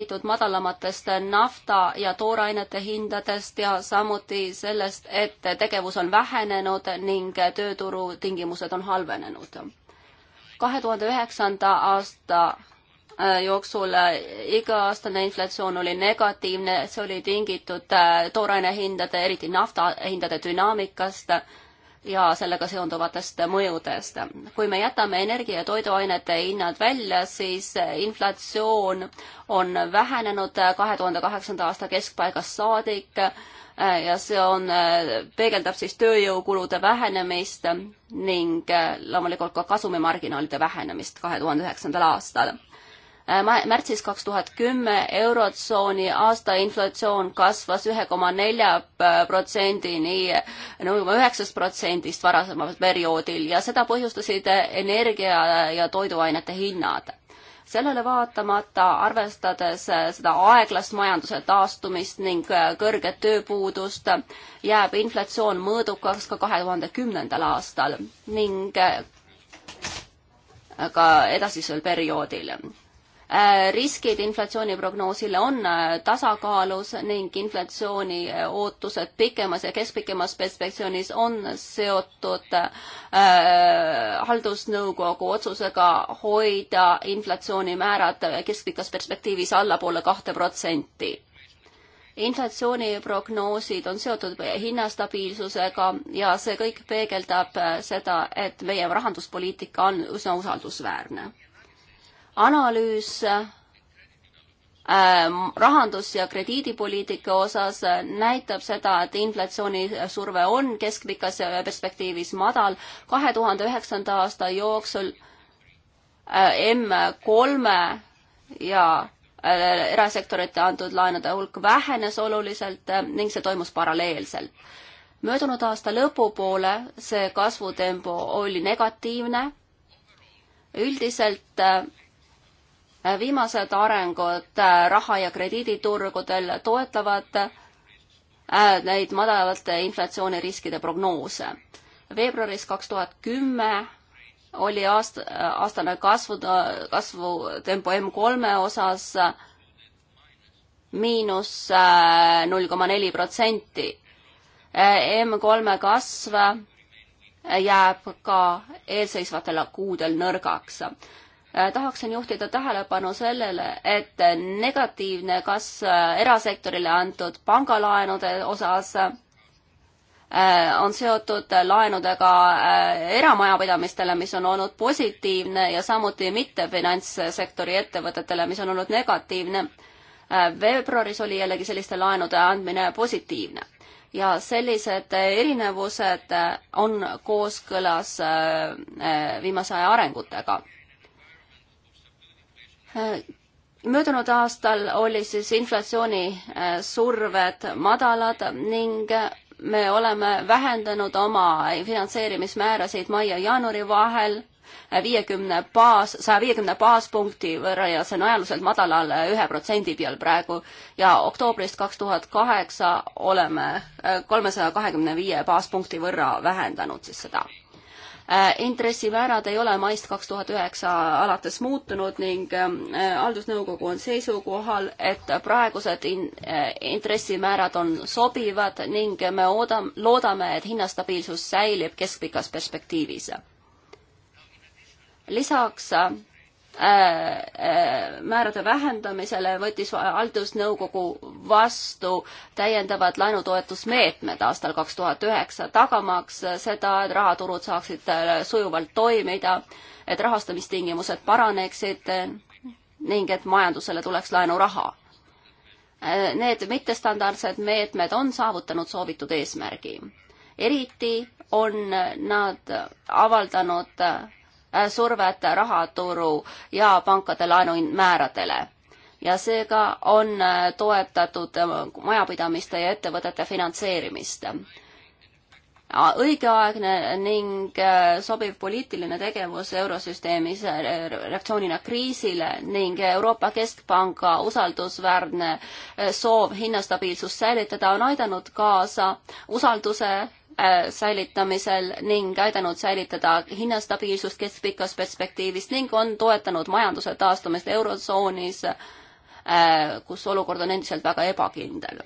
liidud madalamatest nafta ja toorainete hindadest ja samuti sellest, et tegevus on vähenenud ning tööturutingimused on halvenenud. kahe tuhande üheksanda aasta äh, jooksul äh, iga-aastane inflatsioon oli negatiivne, see oli tingitud äh, tooraine hindade, eriti nafta hindade dünaamikast ja sellega seonduvatest mõjudest. kui me jätame energia ja toiduainete hinnad välja, siis inflatsioon on vähenenud kahe tuhande kaheksanda aasta keskpaigast saadik ja see on, peegeldab siis tööjõukulude vähenemist ning loomulikult ka kasumimarginaalide vähenemist kahe tuhande üheksandal aastal Äh, märtsis kaks tuhat kümme Eurotsooni aastainflatsioon kasvas ühe koma nelja protsendini, null koma üheksast protsendist varasemal perioodil ja seda põhjustasid energia ja toiduainete hinnad sellele vaatamata, arvestades seda aeglast majanduse taastumist ning kõrget tööpuudust, jääb inflatsioon mõõdukaks ka kahe tuhande kümnendal aastal ning ka edasisel perioodil Äh, riskid inflatsiooniprognoosile on äh, tasakaalus ning inflatsiooni äh, ootused pikemas ja keskpikemas perspektsioonis on seotud äh, haldusnõukogu otsusega hoida inflatsioonimäärad keskpikas perspektiivis allapoole kahte protsenti inflatsiooniprognoosid on seotud hinnastabiilsusega ja see kõik peegeldab seda, et meie rahanduspoliitika on üsna usaldusväärne analüüs äh, rahandus- ja krediidipoliitika osas näitab seda, et inflatsioonisurve on keskpikas perspektiivis madal. kahe tuhande üheksanda aasta jooksul äh, M kolme ja äh, erasektorite antud laenude hulk vähenes oluliselt ning see toimus paralleelselt. möödunud aasta lõpupoole see kasvutempo oli negatiivne. üldiselt viimased arengud äh, raha- ja krediiditurgudel toetavad äh, neid madalate inflatsiooniriskide prognoose. veebruaris kaks tuhat kümme oli aasta, aastane kasvu, kasvutempo M3 osas miinus äh, null koma neli protsenti. M3 kasv jääb ka eelseisvatel kuudel nõrgaks. Äh, tahaksin juhtida tähelepanu sellele, et negatiivne kasv äh, erasektorile antud pangalaenude osas äh, on seotud laenudega eramajapidamistele, mis on olnud positiivne ja samuti mittefinantssektori ettevõtetele, mis on olnud negatiivne. veebruaris oli jällegi selliste laenude andmine positiivne ja sellised erinevused on kooskõlas viimase aja arengutega möödunud aastal oli siis inflatsiooni äh, surved madalad ning äh, me oleme vähendanud oma finantseerimismäärasid mai ja jaanuari vahel äh, viiekümne baas, saja viiekümne baaspunkti võrra ja see on ajalooliselt madalal ühe protsendi peal praegu ja oktoobrist kaks tuhat kaheksa oleme kolmesaja kahekümne viie baaspunkti võrra vähendanud siis seda Äh, intressimäärad ei ole maist kaks tuhat üheksa alates muutunud ning ähm, äh, haldusnõukogu on seisukohal, et praegused in-, äh, intressimäärad on sobivad ning me oodame, loodame, et hinnastabiilsus säilib keskpikas perspektiivis. lisaks määrade vähendamisele võttis haldusnõukogu vastu täiendavad laenutoetusmeetmed aastal kaks tuhat üheksa, tagamaks seda, et rahaturud saaksid äh, sujuvalt toimida, et rahastamistingimused paraneksid äh, ning et majandusele tuleks laenuraha. Äh, need mittestandardsed meetmed on saavutanud soovitud eesmärgi. eriti on nad avaldanud Äh, survet rahaturu ja pankade laenumääradele. ja seega on äh, toetatud äh, majapidamiste ja ettevõtete finantseerimist õigeaegne ning sobiv poliitiline tegevus eurosüsteemis reaktsioonina kriisile ning Euroopa Keskpanga usaldusväärne soov hinnastabiilsust säilitada on aidanud kaasa usalduse Äh, säilitamisel ning aidanud säilitada hinnastabiilsust keskpikas perspektiivis ning on toetanud majanduse taastumist Eurotsoonis, äh, kus olukord on endiselt väga ebakindel.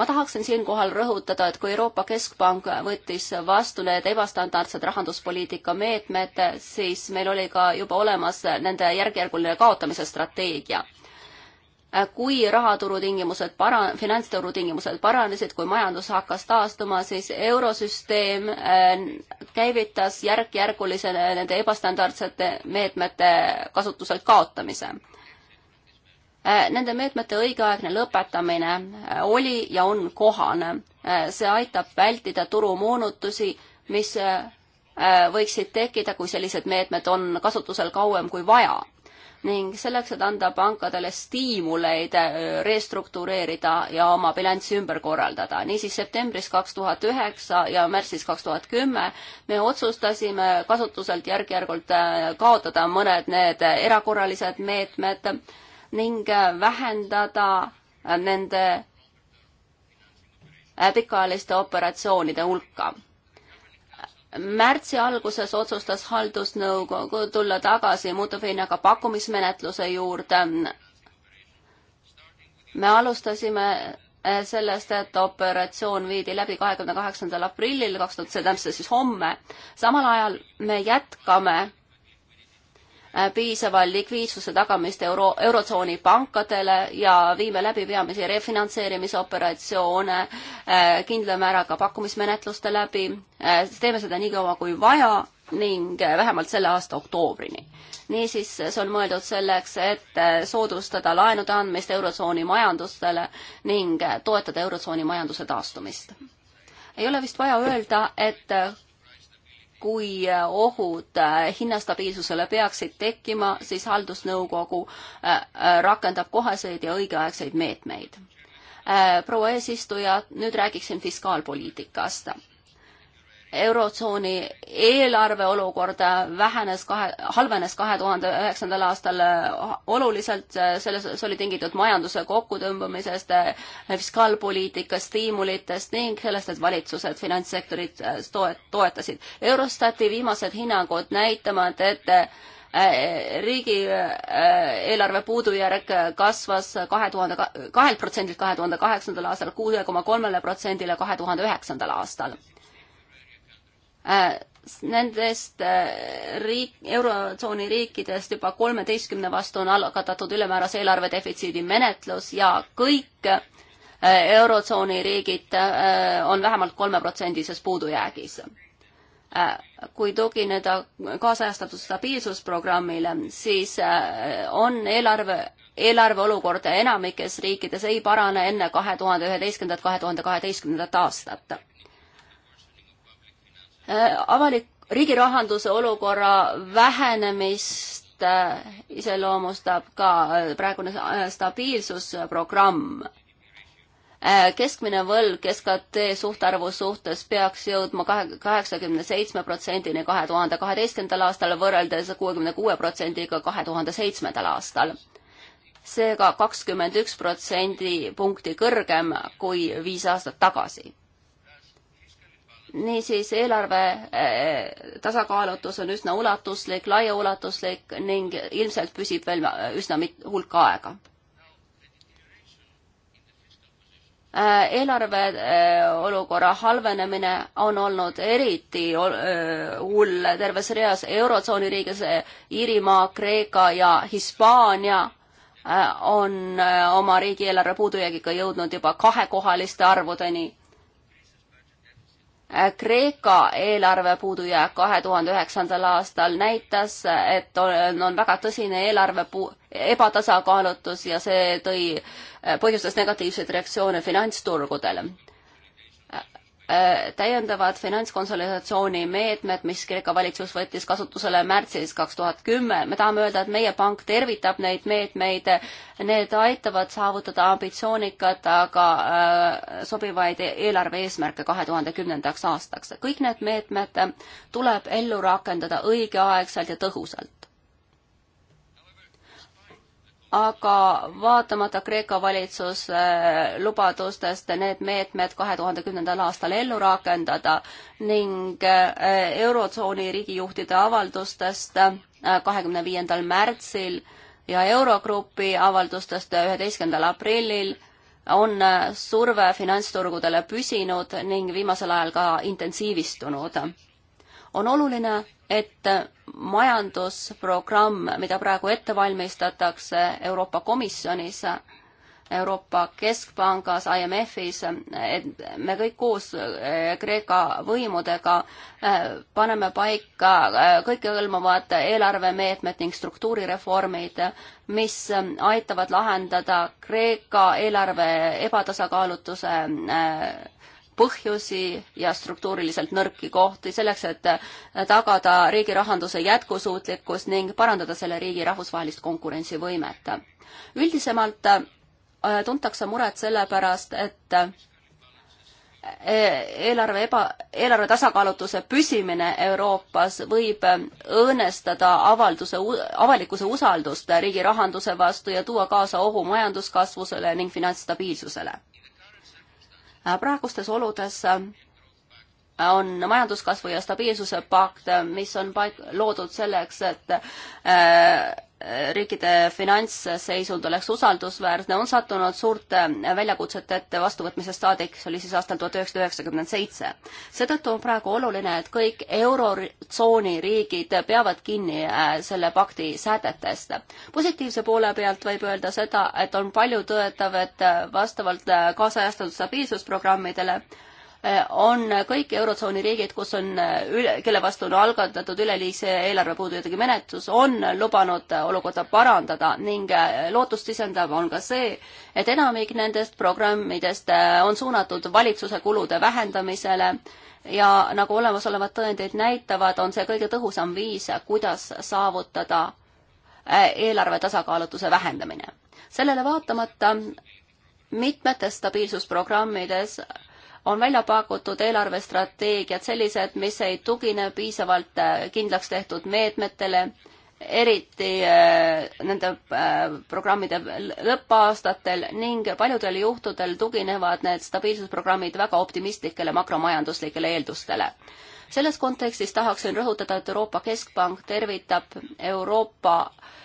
ma tahaksin siinkohal rõhutada, et kui Euroopa Keskpank võttis vastu need ebastandardsed rahanduspoliitika meetmed, siis meil oli ka juba olemas nende järk-järguline kaotamise strateegia Äh, kui rahaturutingimused para-, finantsturutingimused paranesid, kui majandus hakkas taastuma, siis eurosüsteem äh, käivitas järk-järgulise nende ebastandardsete meetmete kasutuselt kaotamise. Äh, nende meetmete õigeaegne lõpetamine oli ja on kohane. see aitab vältida turumoonutusi, mis võiksid tekkida, kui sellised meetmed on kasutusel kauem kui vaja ning selleks, et anda pankadele stiimuleid äh, restruktureerida ja oma bilanssi ümber korraldada. niisiis septembris kaks tuhat üheksa ja märtsis kaks tuhat kümme me otsustasime kasutuselt järk-järgult äh, kaotada mõned need erakorralised meetmed ning äh, vähendada nende pikaajaliste operatsioonide hulka märtsi alguses otsustas haldusnõukogu tulla tagasi muutuvhinnaga pakkumismenetluse juurde. me alustasime eh, sellest, et operatsioon viidi läbi kahekümne kaheksandal aprillil kaks tuhat, see tähendab siis homme. samal ajal me jätkame Äh, piisava likviidsuse tagamist euro, eurotsooni pankadele ja viime läbi peamisi refinantseerimisoperatsioone äh, kindla määraga pakkumismenetluste läbi. Äh, teeme seda nii kaua kui vaja ning vähemalt selle aasta oktoobrini. niisiis, see on mõeldud selleks, et soodustada laenude andmist Eurotsooni majandustele ning toetada Eurotsooni majanduse taastumist. ei ole vist vaja öelda, et kui äh, ohud äh, hinnastabiilsusele peaksid tekkima, siis haldusnõukogu äh, rakendab koheseid ja õigeaegseid meetmeid. proua eesistuja, nüüd räägiksin fiskaalpoliitikast eurotsooni eelarve olukord vähenes kahe, halvenes kahe tuhande üheksandal aastal eh, oluliselt, eh, selles, see oli tingitud majanduse kokkutõmbamisest, eh, fiskaalpoliitikast, stiimulitest ning sellest, et valitsused finantssektorit toet-, toetasid. Eurostati viimased hinnangud näitavad, et riigi eelarve puudujärg kasvas kahe tuhande, kahelt protsendilt kahe tuhande kaheksandal aastal kuue koma kolmele protsendile kahe tuhande üheksandal aastal Äh, nendest äh, riik, eurotsooni riikidest juba kolmeteistkümne vastu on algatatud ülemäärase eelarve defitsiidi menetlus ja kõik äh, eurotsooni riigid on vähemalt kolmeprotsendises puudujäägis. kui tugineda kaasajastatud stabiilsusprogrammile, siis on eelarve eelarve olukord enamikes riikides ei parane enne kahe tuhande üheteistkümnendat, kahe tuhande kaheteistkümnendat aastat Äh, avalik, riigi rahanduse olukorra vähenemist äh, iseloomustab ka äh, praegune stabiilsusprogramm. keskmine võlg SKT suhtarvu suhtes peaks jõudma kahe, kaheksakümne seitsme protsendini kahe tuhande kaheteistkümnendal aastal võrreldes kuuekümne kuue protsendiga kahe tuhande seitsmendal aastal seega kakskümmend üks protsendi punkti kõrgem kui viis aastat tagasi niisiis eelarve eh, tasakaalutus on üsna ulatuslik, laiaulatuslik ning ilmselt püsib veel eh, üsna mit-, hulk aega. Eh, eelarve olukorra halvenemine on olnud eriti hull terves reas Eurotsooni riigis, Iirimaa, Kreeka ja Hispaania on oma riigieelarve puudujäägiga jõudnud juba kahekohaliste arvudeni Kreeka eelarve puudujääk kahe tuhande üheksandal aastal näitas, et on, on väga tõsine eelarve puu-, ebatasakaalutus ja see tõi, põhjustas negatiivseid reaktsioone finantsturgudel. Äh, täiendavad finantskonsolidatsiooni meetmed, mis Kreeka valitsus võttis kasutusele märtsis kaks tuhat kümme. me tahame öelda, et meie pank tervitab neid meetmeid, need aitavad saavutada ambitsioonikat, aga äh, sobivaid eelarve eesmärke kahe tuhande kümnendaks aastaks. kõik need meetmed tuleb ellu rakendada õigeaegselt ja tõhusalt aga vaatamata Kreeka valitsuse lubadustest need meetmed kahe tuhande kümnendal aastal ellu rakendada ning eh, Eurotsooni riigijuhtide avaldustest eh, kahekümne viiendal märtsil ja Eurogrupi avaldustest üheteistkümnendal aprillil on eh, surve finantsturgudele püsinud ning viimasel ajal ka intensiivistunud on oluline, et majandusprogramm, mida praegu ette valmistatakse Euroopa Komisjonis, Euroopa Keskpangas, IMF-is, et me kõik koos eh, Kreeka võimudega eh, paneme paika eh, kõikehõlmavad eelarvemeetmed ning struktuurireformid, mis aitavad lahendada Kreeka eelarve ebatasakaalutuse põhjusi ja struktuuriliselt nõrki kohti selleks, et äh, tagada riigi rahanduse jätkusuutlikkus ning parandada selle riigi rahvusvahelist konkurentsivõimet. üldisemalt äh, tuntakse muret selle pärast, et äh, e-, eelarve eba, eelarve tasakaalutuse püsimine Euroopas võib õõnestada avalduse, avalikkuse usaldust riigi rahanduse vastu ja tuua kaasa ohu majanduskasvusele ning finantsstabiilsusele praegustes oludes äh, on majanduskasvu ja stabiilsuse pakt, äh, mis on paik-, loodud selleks, et äh, riikide finantsseisund oleks usaldusväärne, on sattunud suurte väljakutsete ette vastuvõtmisest saadik, see oli siis aastal tuhat üheksasada üheksakümmend seitse. seetõttu on praegu oluline, et kõik eurotsooni riigid peavad kinni äh, selle pakti sätetest. positiivse poole pealt võib öelda seda, et on palju tõetav, et äh, vastavalt äh, kaasajastatud stabiilsusprogrammidele on kõik Eurotsooni riigid, kus on, kelle vastu on algatatud üleliigse eelarve puudujäägi menetlus, on lubanud olukorda parandada ning äh, lootust sisendav on ka see, et enamik nendest programmidest äh, on suunatud valitsuse kulude vähendamisele ja nagu olemasolevad tõendid näitavad, on see kõige tõhusam viis, kuidas saavutada äh, eelarve tasakaalutuse vähendamine. sellele vaatamata mitmetes stabiilsusprogrammides on välja pakutud eelarvestrateegiad sellised, mis ei tugine piisavalt äh, kindlaks tehtud meetmetele, eriti äh, nende äh, programmide lõppaastatel ning paljudel juhtudel tuginevad need stabiilsusprogrammid väga optimistlikele makromajanduslikele eeldustele. selles kontekstis tahaksin rõhutada, et Euroopa Keskpank tervitab Euroopa äh,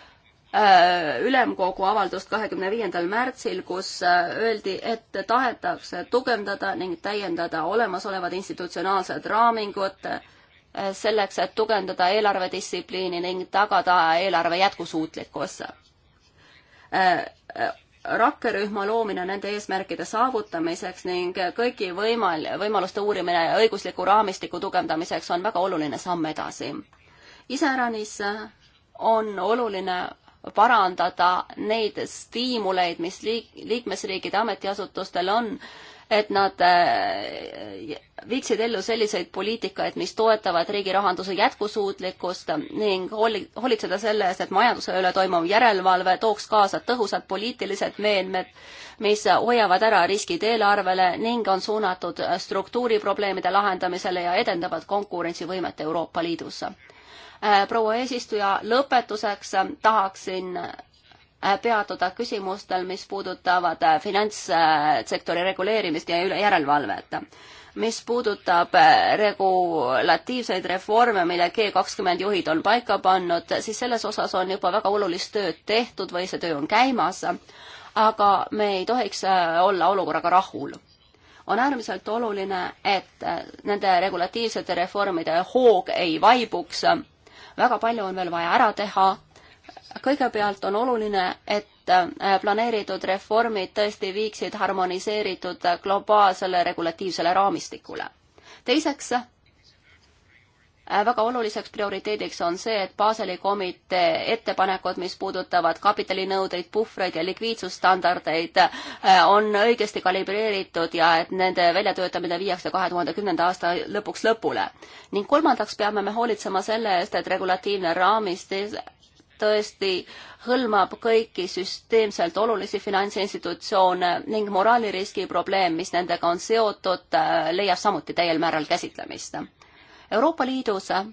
Äh, ülemkogu avaldust kahekümne viiendal märtsil, kus äh, öeldi, et tahetakse tugevdada ning täiendada olemasolevad institutsionaalsed raamingut äh, selleks, et tugevdada eelarvedistsipliini ning tagada eelarve jätkusuutlikkus. rakkerühma loomine nende eesmärkide saavutamiseks ning kõigi võimal-, võimaluste uurimine õigusliku raamistiku tugevdamiseks on väga oluline samm edasi. iseäranis on oluline parandada neid stiimuleid, mis liik-, liikmesriigide ametiasutustel on, et nad äh, viiksid ellu selliseid poliitikaid, mis toetavad riigi rahanduse jätkusuutlikkust ning hooli-, hoolitseda selle eest, et majanduse üle toimuv järelevalve tooks kaasa tõhusad poliitilised meetmed, mis hoiavad ära riskid eelarvele ning on suunatud struktuuriprobleemide lahendamisele ja edendavad konkurentsivõimet Euroopa Liidus Äh, proua eesistuja, lõpetuseks äh, tahaksin äh, peatuda küsimustel, mis puudutavad finantssektori reguleerimist ja järelevalvet. mis puudutab regulatiivseid reforme, mille G kakskümmend juhid on paika pannud, siis selles osas on juba väga olulist tööd tehtud või see töö on käimas, aga me ei tohiks olla olukorraga rahul on äärmiselt oluline, et nende regulatiivsete reformide hoog ei vaibuks väga palju on veel vaja ära teha. kõigepealt on oluline, et äh, planeeritud reformid tõesti viiksid harmoniseeritud globaalsele regulatiivsele raamistikule. teiseks Äh, väga oluliseks prioriteediks on see, et Baseli komitee ettepanekud, mis puudutavad kapitalinõudeid, puhvreid ja likviidsusstandardeid, äh, on õigesti kalibreeritud ja et nende väljatöötamine viiakse kahe tuhande kümnenda aasta lõpuks lõpule. ning kolmandaks peame me hoolitsema selle eest, et regulatiivne raamistik tõesti hõlmab kõiki süsteemselt olulisi finantsinstitutsioone ning moraaliriski probleem, mis nendega on seotud, äh, leiab samuti täiel määral käsitlemist Euroopa Liidus äh,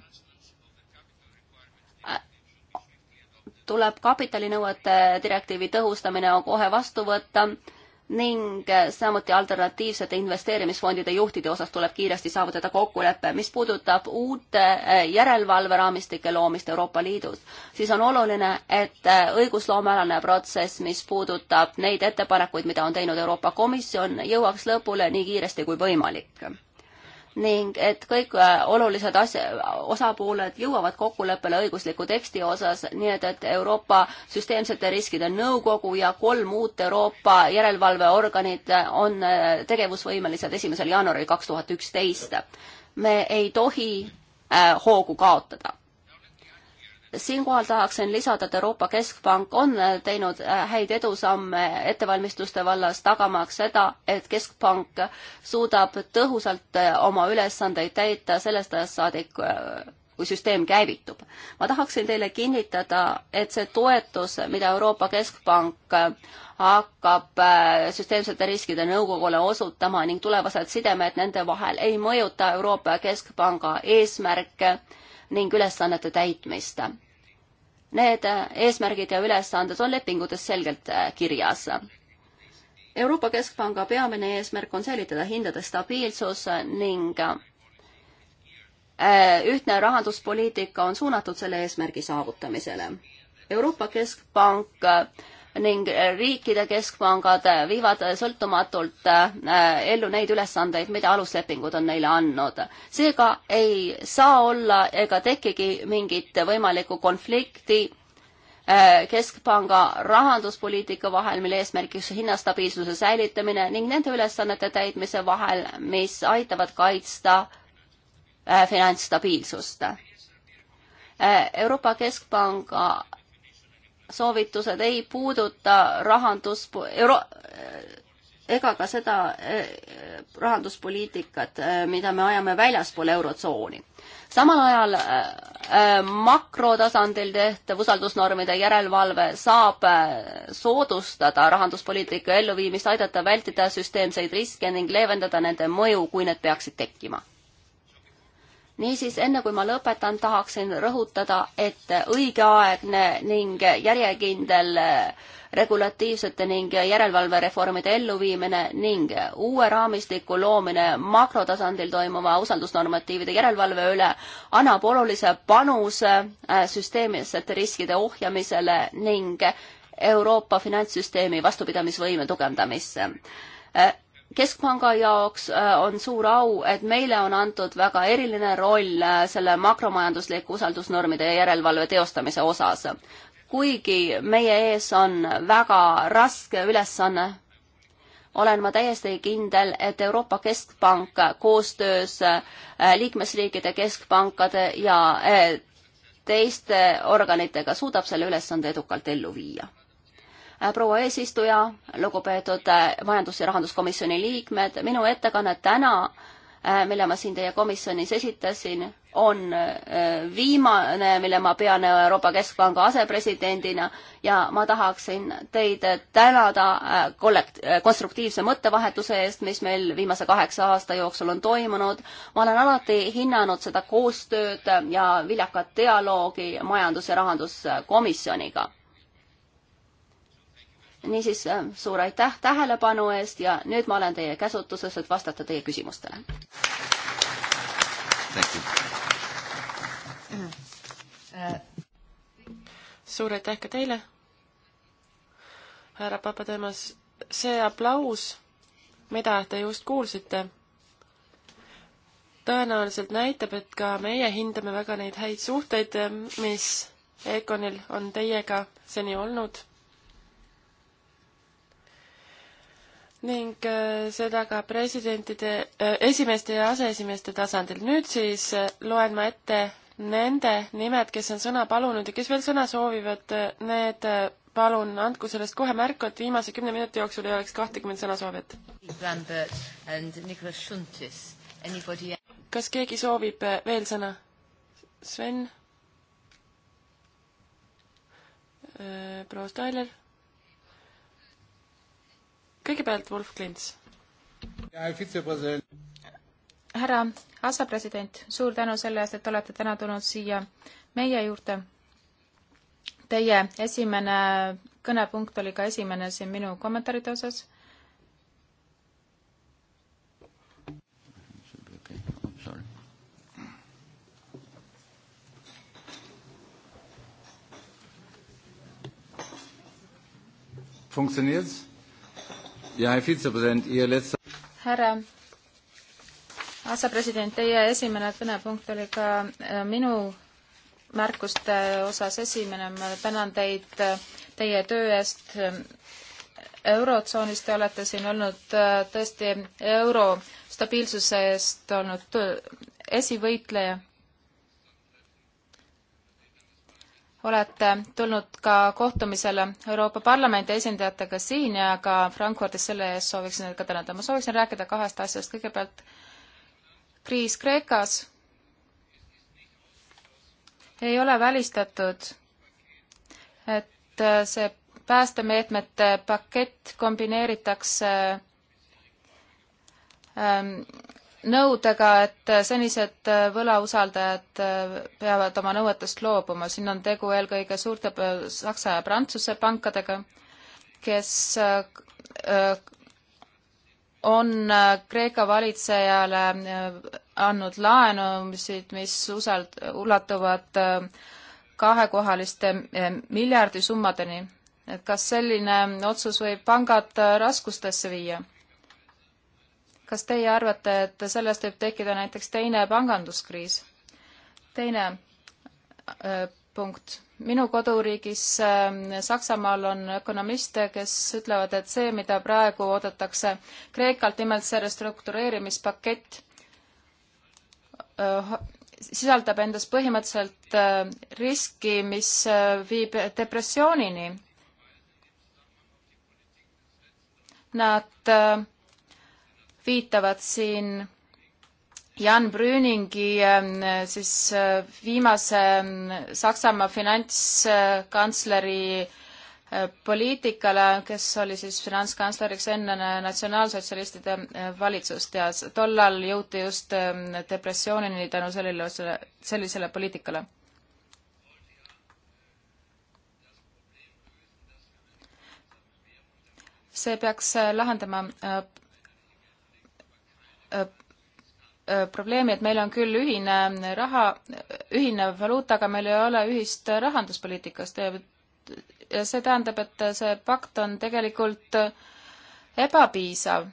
tuleb kapitalinõuete direktiivi tõhustamine kohe vastu võtta ning äh, samuti alternatiivsete investeerimisfondide juhtide osas tuleb kiiresti saavutada kokkulepe. mis puudutab uute äh, järelevalveraamistike loomist Euroopa Liidus, siis on oluline, et õigusloomealane protsess, mis puudutab neid ettepanekuid, mida on teinud Euroopa Komisjon, jõuaks lõpule nii kiiresti kui võimalik ning et kõik äh, olulised asja, osapooled jõuavad kokkuleppele õigusliku teksti osas, nii et, et Euroopa Süsteemsete Riskide Nõukogu ja kolm uut Euroopa järelevalveorganit äh, on äh, tegevusvõimelised esimesel jaanuaril kaks tuhat üksteist. me ei tohi hoogu kaotada siinkohal tahaksin lisada, et Euroopa Keskpank on äh, teinud äh, häid edusamme ettevalmistuste vallas, tagamaks seda, et Keskpank suudab tõhusalt äh, oma ülesandeid täita sellest ajast saadik, kui süsteem käivitub. ma tahaksin teile kinnitada, et see toetus, mida Euroopa Keskpank hakkab süsteemsete riskide nõukogule osutama ning tulevased sidemed nende vahel ei mõjuta Euroopa Keskpanga eesmärke ning ülesannete täitmist. Need eesmärgid ja ülesanded on lepingutes selgelt äh, kirjas. Euroopa Keskpanga peamine eesmärk on säilitada hindade stabiilsus ning äh, ühtne rahanduspoliitika on suunatud selle eesmärgi saavutamisele. Euroopa Keskpank ning äh, riikide keskpangad äh, viivad sõltumatult äh, ellu neid ülesandeid, mida aluslepingud on neile andnud. seega ei saa olla ega tekigi mingit võimalikku konflikti keskpanga rahanduspoliitika vahel, mille eesmärgiks hinnastabiilsuse säilitamine ning nende ülesannete täitmise vahel, mis aitavad kaitsta finantsstabiilsust. Euroopa Keskpanga soovitused ei puuduta rahandus, euro-, ega ka seda e, rahanduspoliitikat, e, mida me ajame väljaspool Eurotsooni. samal ajal e, makrotasandil tehtav usaldusnormide järelevalve saab soodustada rahanduspoliitika elluviimist, aidata vältida süsteemseid riske ning leevendada nende mõju, kui need peaksid tekkima niisiis, enne kui ma lõpetan, tahaksin rõhutada, et õigeaegne ning järjekindel eh, regulatiivsete ning järelevalvereformide elluviimine ning uue raamistiku loomine makrotasandil toimuva usaldusnormatiivide järelevalve üle annab olulise panuse eh, süsteemsete riskide ohjamisele ning Euroopa finantssüsteemi vastupidamisvõime tugevdamisse eh, keskpanga jaoks äh, on suur au, et meile on antud väga eriline roll äh, selle makromajandusliku usaldusnormide järelevalve teostamise osas. kuigi meie ees on väga raske ülesanne, olen ma täiesti kindel, et Euroopa Keskpank koostöös äh, liikmesriikide keskpankade ja teiste organitega suudab selle ülesande edukalt ellu viia Äh, proua eesistuja, lugupeetud äh, majandus- ja rahanduskomisjoni liikmed, minu ettekanne täna, äh, mille ma siin teie komisjonis esitasin, on viimane, mille ma pean Euroopa Keskpanga asepresidendina ja ma tahaksin teid tänada kollekt-, konstruktiivse mõttevahetuse eest, mis meil viimase kaheksa aasta jooksul on toimunud. ma olen alati hinnanud seda koostööd ja viljakat dialoogi majandus- ja rahanduskomisjoniga niisiis äh, suur aitäh tähelepanu eest ja nüüd ma olen teie käsutuses, et vastata teie küsimustele. Äh, suur aitäh ka teile, härra Papademas. see aplaus, mida te just kuulsite, tõenäoliselt näitab, et ka meie hindame väga neid häid suhteid, mis Econil on teiega seni olnud ning äh, seda ka presidentide, äh, esimeeste ja aseesimeeste tasandil. nüüd siis äh, loen ma ette nende nimed, kes on sõna palunud ja kes veel sõna soovivad, need palun andku sellest kohe märku, et viimase kümne minuti jooksul ei oleks kahtekümmend sõnasoovijat. kas keegi soovib veel sõna? Sven? proua Stailer? kõigepealt Wolf Klints. härra asepresident, suur tänu selle eest, et olete täna tulnud siia meie juurde. Teie esimene kõnepunkt oli ka esimene siin minu kommentaaride osas Funktioniert's? härra asepresident, teie esimene kõnepunkt oli ka äh, minu märkuste osas esimene, ma tänan teid äh, teie töö eest Eurotsoonis, te olete siin olnud äh, tõesti euro stabiilsuse eest olnud esivõitleja olete tulnud ka kohtumisele Euroopa Parlamendi esindajatega siin ja ka Frankfurdis, selle eest sooviksin ka tänada. ma sooviksin rääkida kahest asjast, kõigepealt kriis Kreekas ei ole välistatud, et see päästemeetmete pakett kombineeritakse ähm, nõudega, et senised võlausaldajad peavad oma nõuetest loobuma, siin on tegu eelkõige suurte Saksa ja Prantsuse pankadega, kes äh, äh, on äh, Kreeka valitsejale andnud laenusid, mis usald-, ulatuvad kahekohaliste miljardisummadeni. et kas selline otsus võib pangad raskustesse viia? kas teie arvate, et sellest võib tekkida näiteks teine panganduskriis? teine äh, punkt. minu koduriigis äh, Saksamaal on ökonomiste, kes ütlevad, et see, mida praegu oodatakse Kreekalt, nimelt see restruktureerimispakett äh,, sisaldab endas põhimõtteliselt äh, riski, mis äh, viib depressioonini. Nad äh, viitavad siin Jan Brüningi ähm, siis äh, viimase ähm, Saksamaa finantskantsleri äh, poliitikale, kes oli siis finantskantsleriks enne äh, natsionaalsotsialistide valitsust ja tollal jõuti just ähm, depressioonini tänu sellele, sellisele poliitikale. see peaks lahendama Äh, äh, probleemi, et meil on küll ühine raha, ühine valuuta, aga meil ei ole ühist rahanduspoliitikast. ja see tähendab, et see pakt on tegelikult ebapiisav.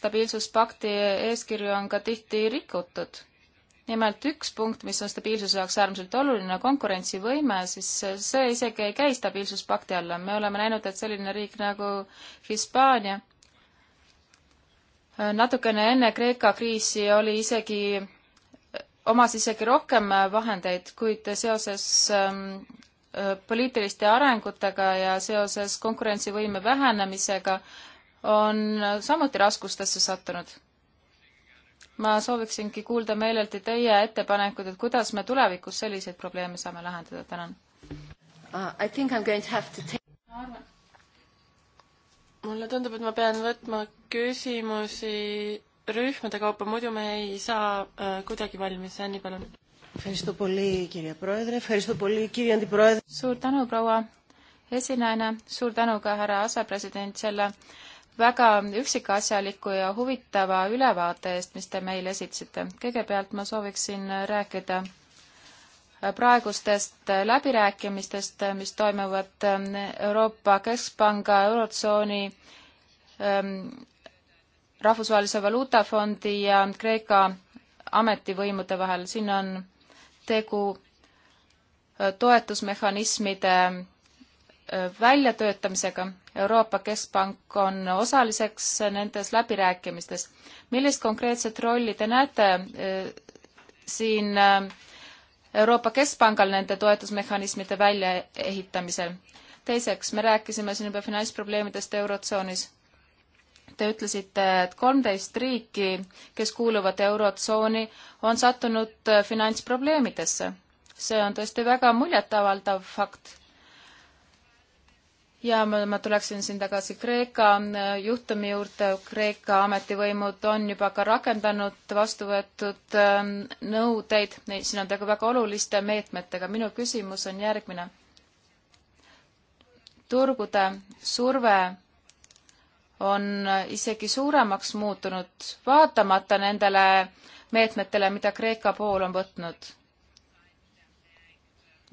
stabiilsuspakti eeskirju on ka tihti rikutud. nimelt üks punkt, mis on stabiilsuse jaoks äärmiselt oluline, konkurentsivõime, siis see isegi ei käi stabiilsuspakti alla. me oleme näinud, et selline riik nagu Hispaania Äh, natukene enne Kreeka kriisi oli isegi, äh, omas isegi rohkem äh, vahendeid, kuid seoses ähm, poliitiliste arengutega ja seoses konkurentsivõime vähenemisega on samuti raskustesse sattunud. ma sooviksingi kuulda meeleldi teie ettepanekud, et kuidas me tulevikus selliseid probleeme saame lahendada, tänan. Uh, ma arvan, mulle tundub, et ma pean võtma küsimusi rühmade kaupa, muidu me ei saa äh, kuidagi valmis. Anni, palun. suur tänu, proua esinaine, suur tänu ka härra asepresident selle väga üksikasjaliku ja huvitava ülevaate eest, mis te meile esitasite. kõigepealt ma sooviksin rääkida äh, praegustest läbirääkimistest, mis toimuvad ähm, Euroopa Keskpanga, Eurotsooni, ähm, Rahvusvahelise Valuutafondi ja Kreeka ametivõimude vahel. siin on tegu äh, toetusmehhanismide äh, väljatöötamisega. Euroopa Keskpank on osaliseks nendes läbirääkimistes. millist konkreetset rolli te näete äh, siin äh, Euroopa Keskpangal nende toetusmehhanismide väljaehitamisel. teiseks, me rääkisime siin juba finantsprobleemidest Eurotsoonis. Te ütlesite, et kolmteist riiki, kes kuuluvad Eurotsooni, on sattunud finantsprobleemidesse. see on tõesti väga muljetavaldav fakt ja ma, ma tuleksin siin tagasi Kreeka äh, juhtumi juurde. Kreeka ametivõimud on juba ka rakendanud vastu võetud ähm, nõudeid, siin on tegu väga oluliste meetmetega. minu küsimus on järgmine. turgude surve on äh, isegi suuremaks muutunud, vaatamata nendele meetmetele, mida Kreeka pool on võtnud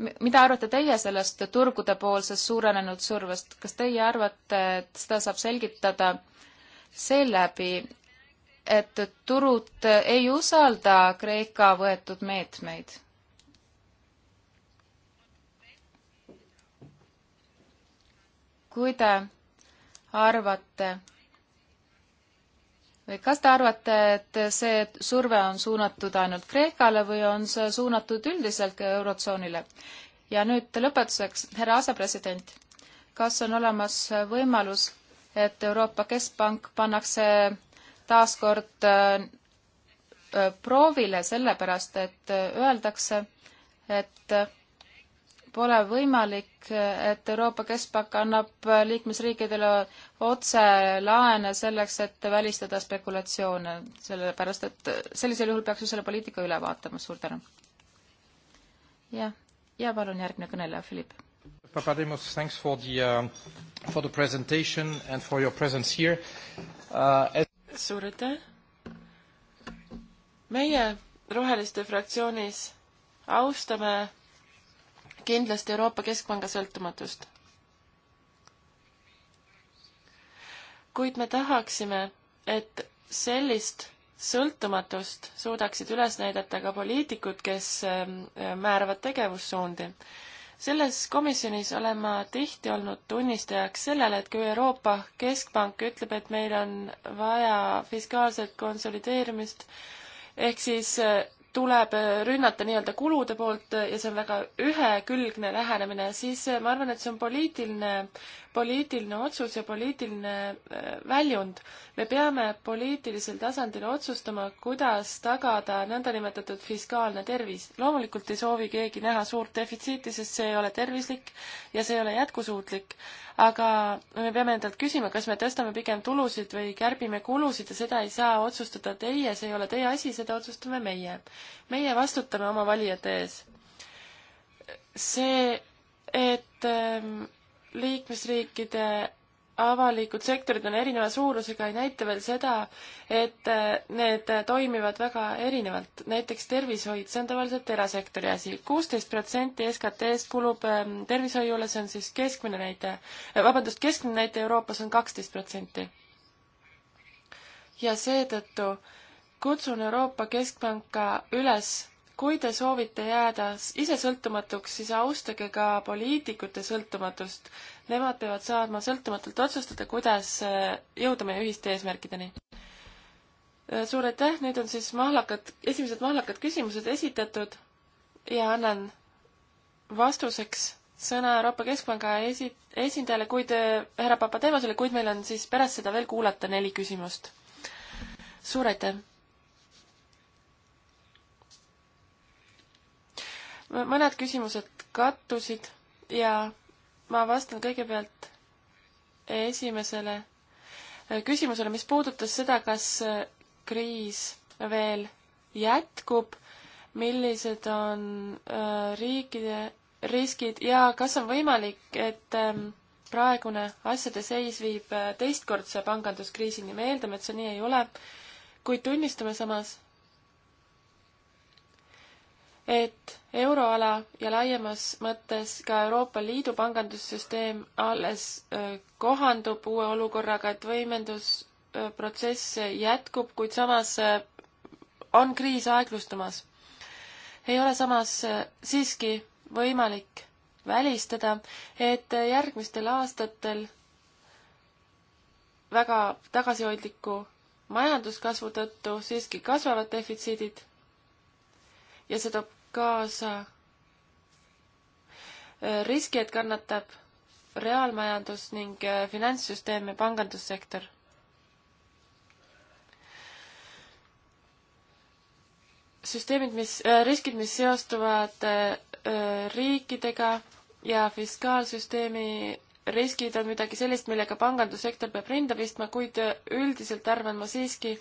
mida arvate teie sellest turgudepoolsest suurenenud survest, kas teie arvate, et seda saab selgitada seeläbi, et turud ei usalda Kreeka võetud meetmeid? kui te arvate, kas te arvate, et see surve on suunatud ainult Kreekale või on see suunatud üldiselt ka Eurotsoonile? ja nüüd lõpetuseks, härra asepresident, kas on olemas võimalus, et Euroopa Keskpank pannakse taas kord äh, proovile, sellepärast et äh, öeldakse, et pole võimalik, et Euroopa Keskpank annab liikmesriikidele otse laene selleks, et välistada spekulatsioone, sellepärast et sellisel juhul peaks ju selle poliitika üle vaatama, suur tänu. jah, ja palun järgmine kõneleja, Philipp. Papademos, thanks for the uh,, for the presentation and for your presence here uh,. As... suur aitäh! meie Roheliste fraktsioonis austame kindlasti Euroopa Keskpanga sõltumatust. kuid me tahaksime, et sellist sõltumatust suudaksid üles näidata ka poliitikud, kes ähm, äh, määravad tegevussuundi selles komisjonis olen ma tihti olnud tunnistajaks sellele, et kui Euroopa Keskpank ütleb, et meil on vaja fiskaalset konsolideerimist, ehk siis äh, tuleb äh, rünnata nii-öelda kulude poolt äh, ja see on väga ühekülgne lähenemine, siis äh, ma arvan, et see on poliitiline, poliitiline otsus ja poliitiline väljund. me peame poliitilisel tasandil otsustama, kuidas tagada nõndanimetatud fiskaalne tervis. loomulikult ei soovi keegi näha suurt defitsiiti, sest see ei ole tervislik ja see ei ole jätkusuutlik aga me peame endalt küsima, kas me tõstame pigem tulusid või kärbime kulusid ja seda ei saa otsustada teie, see ei ole teie asi, seda otsustame meie. meie vastutame oma valijate ees. see, et ähm, liikmesriikide avalikud sektorid on erineva suurusega, ei näita veel seda, et äh, need toimivad väga erinevalt. näiteks tervishoid, see on tavaliselt erasektori asi. kuusteist protsenti SKT-st kulub ähm, tervishoiule, see on siis keskmine näitaja. Äh, vabandust, keskmine näitaja Euroopas on kaksteist protsenti. ja seetõttu kutsun Euroopa Keskpanka üles kui te soovite jääda ise sõltumatuks, siis austage ka poliitikute sõltumatust. Nemad peavad saama sõltumatult otsustada, kuidas äh, jõuda meie ühiste eesmärkideni. Äh, suur aitäh, nüüd on siis mahlakad, esimesed mahlakad küsimused esitatud ja annan vastuseks sõna Euroopa Keskpanga esi-, esindajale, kuid äh, härra Papademasele, kuid meil on siis pärast seda veel kuulata neli küsimust. suur aitäh! mõned küsimused kattusid ja ma vastan kõigepealt esimesele äh, küsimusele, mis puudutas seda, kas äh, kriis veel jätkub, millised on äh, riikide riskid ja kas on võimalik, et ähm, praegune asjade seis viib teistkordse panganduskriisini, me eeldame, et see nii ei ole, kuid tunnistame samas, et euroala ja laiemas mõttes ka Euroopa Liidu pangandussüsteem alles kohandub uue olukorraga, et võimendusprotsess jätkub, kuid samas on kriis aeglustumas. ei ole samas siiski võimalik välistada, et järgmistel aastatel väga tagasihoidliku majanduskasvu tõttu siiski kasvavad defitsiidid ja see toob kaasa äh, riski, et kannatab reaalmajandus ning äh, finantssüsteem ja pangandussektor. süsteemid, mis, äh, riskid, mis seostuvad riikidega ja fiskaalsüsteemi riskid on midagi sellist, millega pangandussektor peab rinda pistma, kuid üldiselt arvan ma siiski,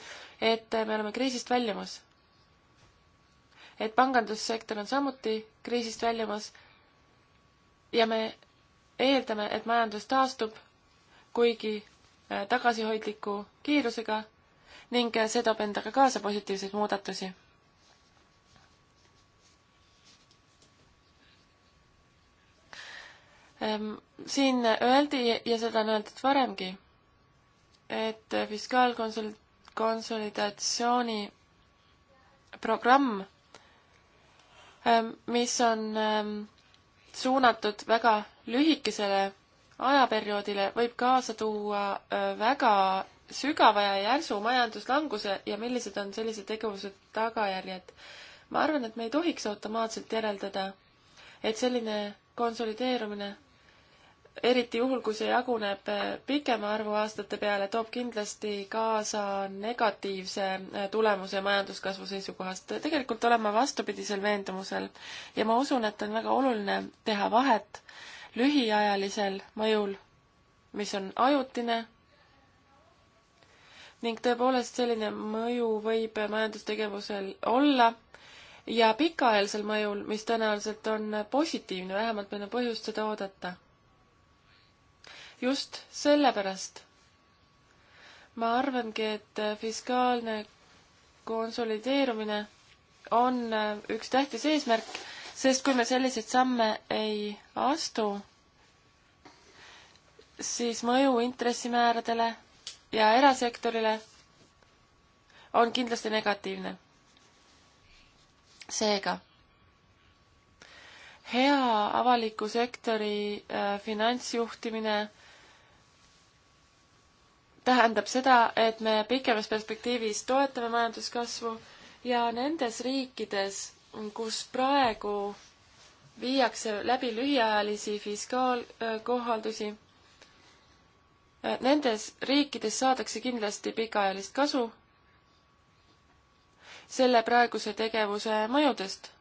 et me oleme kriisist väljumas et pangandussektor on samuti kriisist väljumas ja me eeldame, et majandus taastub, kuigi äh, tagasihoidliku kiirusega ning äh, see toob endaga kaasa positiivseid muudatusi. Ähm, siin öeldi ja seda on öeldud varemgi, et äh, fiskaalkonsul-, konsolidatsiooni programm Ähm, mis on ähm, suunatud väga lühikesele ajaperioodile, võib kaasa tuua äh, väga sügava ja järsu majanduslanguse ja millised on sellise tegevuse tagajärjed. ma arvan, et me ei tohiks automaatselt järeldada, et selline konsolideerumine eriti juhul, kui see jaguneb äh, pikema arvu aastate peale, toob kindlasti kaasa negatiivse äh, tulemuse majanduskasvu seisukohast. tegelikult olen ma vastupidisel veendumusel ja ma usun, et on väga oluline teha vahet lühiajalisel mõjul, mis on ajutine, ning tõepoolest selline mõju võib majandustegevusel olla ja pikaajalisel mõjul, mis tõenäoliselt on positiivne, vähemalt meil on põhjust seda oodata just sellepärast ma arvangi, et fiskaalne konsolideerumine on üks tähtis eesmärk, sest kui me selliseid samme ei astu, siis mõju intressimääradele ja erasektorile on kindlasti negatiivne. seega, hea avaliku sektori äh, finantsjuhtimine tähendab seda, et me pikemas perspektiivis toetame majanduskasvu ja nendes riikides, kus praegu viiakse läbi lühiajalisi fiskaalkohaldusi, nendes riikides saadakse kindlasti pikaajalist kasu selle praeguse tegevuse mõjudest.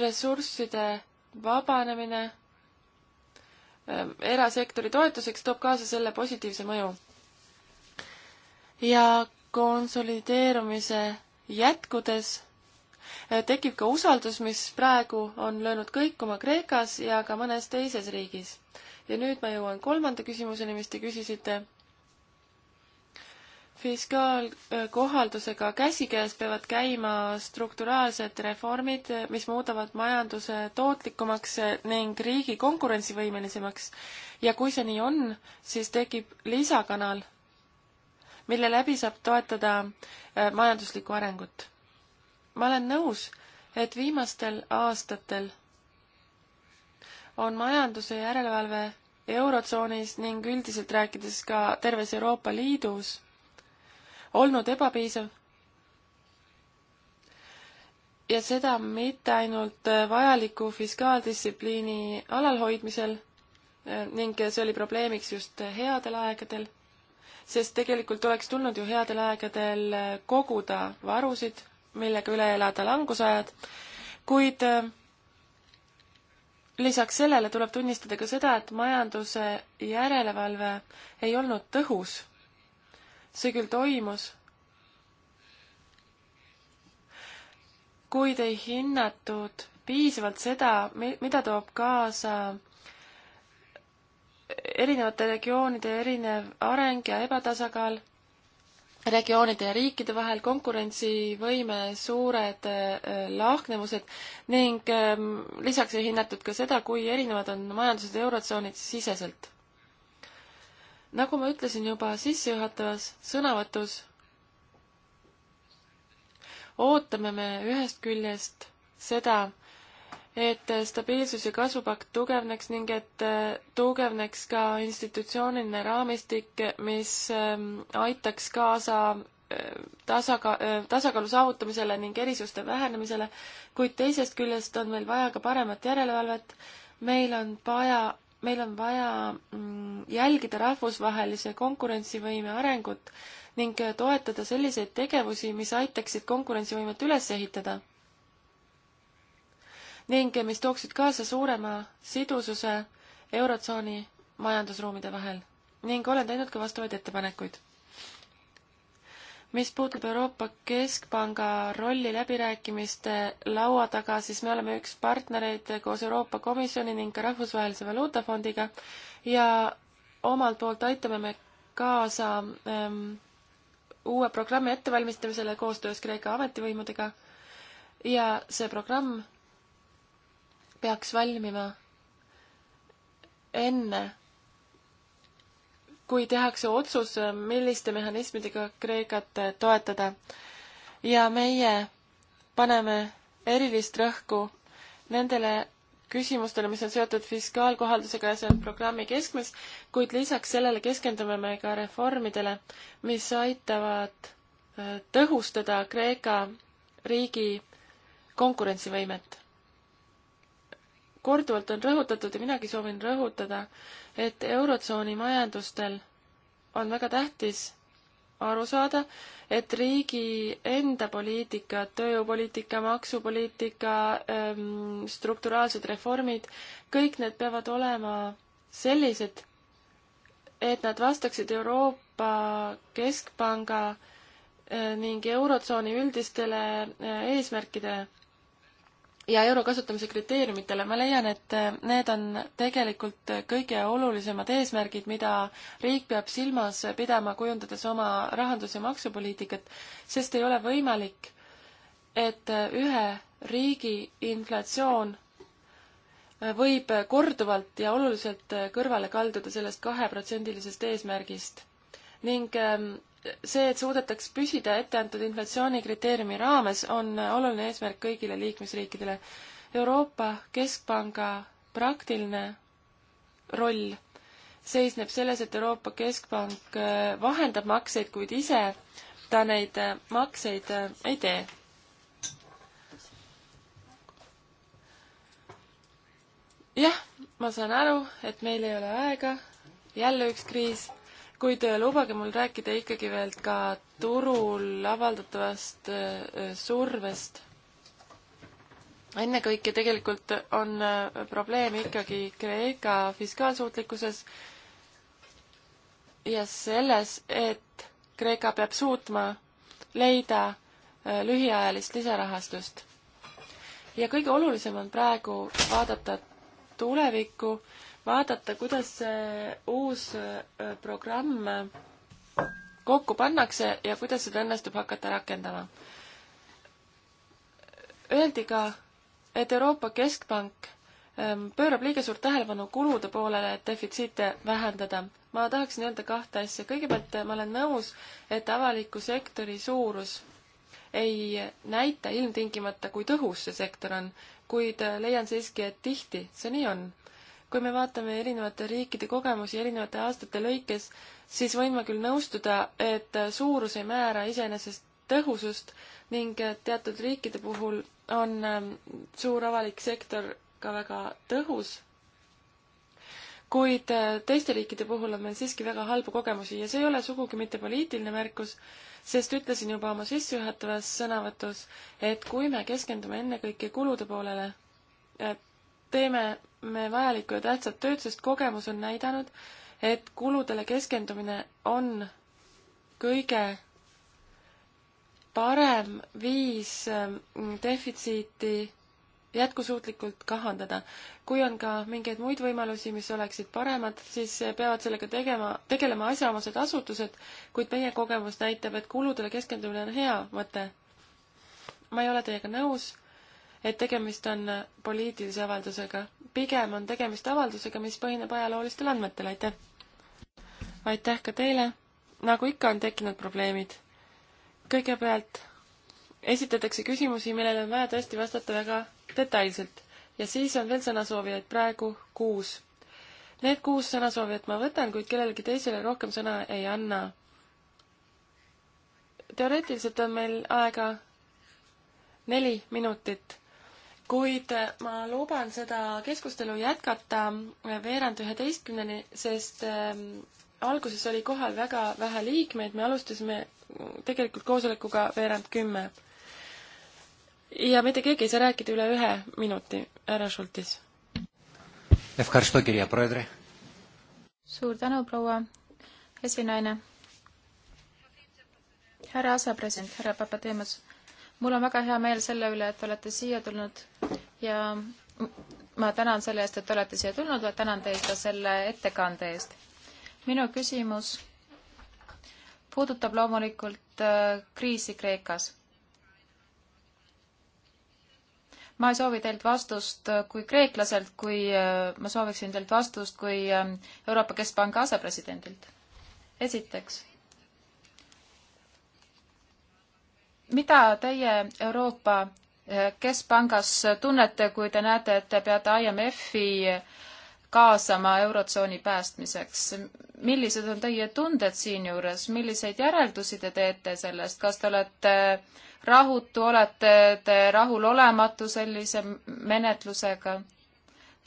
ressursside vabanemine Äh, erasektori toetuseks, toob kaasa selle positiivse mõju. ja konsolideerumise jätkudes äh, tekib ka usaldus, mis praegu on löönud kõikuma Kreekas ja ka mõnes teises riigis. ja nüüd ma jõuan kolmanda küsimuseni, mis te küsisite fiskaalkohaldusega käsikäes peavad käima strukturaalsed reformid, mis muudavad majanduse tootlikumaks ning riigi konkurentsivõimelisemaks. ja kui see nii on, siis tekib lisakanal, mille läbi saab toetada äh, majanduslikku arengut. ma olen nõus, et viimastel aastatel on majanduse järelevalve Eurotsoonis ning üldiselt rääkides ka terves Euroopa Liidus olnud ebapiisav. ja seda mitte ainult äh, vajaliku fiskaaldistsipliini alalhoidmisel äh, ning see oli probleemiks just headel aegadel, sest tegelikult oleks tulnud ju headel aegadel äh, koguda varusid, millega üle elada langusajad, kuid lisaks sellele tuleb tunnistada ka seda, et majanduse järelevalve ei olnud tõhus see küll toimus, kuid ei hinnatud piisavalt seda, mida toob kaasa erinevate regioonide erinev areng ja ebatasakaal regioonide ja riikide vahel konkurentsivõime suured äh, lahknevused ning ähm, lisaks ei hinnatud ka seda, kui erinevad on majandused eurotsoonid siseselt nagu ma ütlesin juba sissejuhatavas sõnavõtus, ootame me ühest küljest seda, et stabiilsus- ja kasvupakt tugevneks ning et äh, tugevneks ka institutsiooniline raamistik, mis ähm, aitaks kaasa äh, tasaka-, äh, tasakaalu saavutamisele ning erisuste vähenemisele, kuid teisest küljest on meil vaja ka paremat järelevalvet, meil on vaja meil on vaja mm, jälgida rahvusvahelise konkurentsivõime arengut ning toetada selliseid tegevusi, mis aitaksid konkurentsivõimet üles ehitada ning mis tooksid kaasa suurema sidususe Eurotsooni majandusruumide vahel ning olen teinud ka vastavaid ettepanekuid mis puutub Euroopa Keskpanga rolli läbirääkimiste laua taga, siis me oleme üks partnereid koos Euroopa Komisjoni ning ka Rahvusvahelise Valuutafondiga ja omalt poolt aitame me kaasa ähm, uue programmi ettevalmistamisele koostöös Kreeka ametivõimudega ja see programm peaks valmima enne kui tehakse otsus, milliste mehhanismidega Kreekat toetada. ja meie paneme erilist rõhku nendele küsimustele, mis on seotud fiskaalkohaldusega ja see on programmi keskmes, kuid lisaks sellele keskendume me ka reformidele, mis aitavad äh, tõhustada Kreeka riigi konkurentsivõimet korduvalt on rõhutatud ja minagi soovin rõhutada, et Eurotsooni majandustel on väga tähtis aru saada, et riigi enda poliitika, tööjõupoliitika, maksupoliitika, ähm, strukturaalsed reformid, kõik need peavad olema sellised, et nad vastaksid Euroopa Keskpanga äh, ning Eurotsooni üldistele äh, eesmärkidele ja euro kasutamise kriteeriumitele, ma leian, et äh, need on tegelikult kõige olulisemad eesmärgid, mida riik peab silmas pidama, kujundades oma rahandus- ja maksupoliitikat, sest ei ole võimalik, et äh, ühe riigi inflatsioon äh, võib korduvalt ja oluliselt kõrvale kalduda sellest kaheprotsendilisest eesmärgist ning ähm, see, et suudetaks püsida etteantud inflatsioonikriteeriumi raames, on oluline eesmärk kõigile liikmesriikidele. Euroopa Keskpanga praktiline roll seisneb selles, et Euroopa Keskpank äh, vahendab makseid, kuid ise ta neid äh, makseid äh, ei tee. jah, ma saan aru, et meil ei ole aega, jälle üks kriis kuid äh, lubage mul rääkida ikkagi veel ka turul avaldatavast äh, survest. ennekõike tegelikult on äh, probleem ikkagi Kreeka fiskaalsuutlikkuses ja selles, et Kreeka peab suutma leida lühiajalist lisarahastust. ja kõige olulisem on praegu vaadata tulevikku vaadata, kuidas see uus äh, programm äh, kokku pannakse ja kuidas seda õnnestub hakata rakendama. Öeldi ka, et Euroopa Keskpank ähm, pöörab liiga suurt tähelepanu kulude poolele, et defitsiite vähendada. ma tahaksin öelda kahte asja. kõigepealt äh, ma olen nõus, et avaliku sektori suurus ei näita ilmtingimata, kui tõhus see sektor on, kuid leian siiski, et tihti see nii on kui me vaatame erinevate riikide kogemusi erinevate aastate lõikes, siis võin ma küll nõustuda, et suurus ei määra iseenesest tõhusust ning teatud riikide puhul on ähm, suur avalik sektor ka väga tõhus, kuid äh, teiste riikide puhul on meil siiski väga halbu kogemusi ja see ei ole sugugi mitte poliitiline märkus, sest ütlesin juba oma sissejuhatavas sõnavõtus, et kui me keskendume ennekõike kulude poolele, teeme me vajalikku ja tähtsat tööd, sest kogemus on näidanud, et kuludele keskendumine on kõige parem viis ähm, defitsiiti jätkusuutlikult kahandada. kui on ka mingeid muid võimalusi, mis oleksid paremad, siis peavad sellega tegema, tegelema asjaomased asutused, kuid meie kogemus näitab, et kuludele keskendumine on hea mõte. ma ei ole teiega nõus, et tegemist on poliitilise avaldusega. pigem on tegemist avaldusega, mis põhineb ajaloolistel andmetel, aitäh! aitäh ka teile! nagu ikka, on tekkinud probleemid. kõigepealt esitatakse küsimusi, millele on vaja tõesti vastata väga detailselt ja siis on veel sõnasoovijaid praegu kuus. Need kuus sõnasoovijat ma võtan, kuid kellelegi teisele rohkem sõna ei anna. teoreetiliselt on meil aega neli minutit kuid ma luban seda keskustelu jätkata veerand üheteistkümneni, sest ähm, alguses oli kohal väga vähe liikmeid, me alustasime tegelikult koosolekuga veerand kümme. ja mitte keegi ei saa rääkida üle ühe minuti, härra Šultis. suur tänu, proua esinaine. härra asepresident, härra Papateemas mul on väga hea meel selle üle, et te olete siia tulnud ja ma tänan selle eest, et te olete siia tulnud, ma tänan teid ka selle ettekande eest. minu küsimus puudutab loomulikult äh, kriisi Kreekas. ma ei soovi teilt vastust äh, kui kreeklaselt, kui äh, ma sooviksin teilt vastust kui Euroopa Keskpanga asepresidendilt. esiteks mida teie Euroopa eh, Keskpangas tunnete, kui te näete, et te peate IMF-i eh, kaasama Eurotsooni päästmiseks. millised on teie tunded siinjuures, milliseid järeldusi te teete sellest, kas te olete rahutu, olete te rahulolematu sellise menetlusega?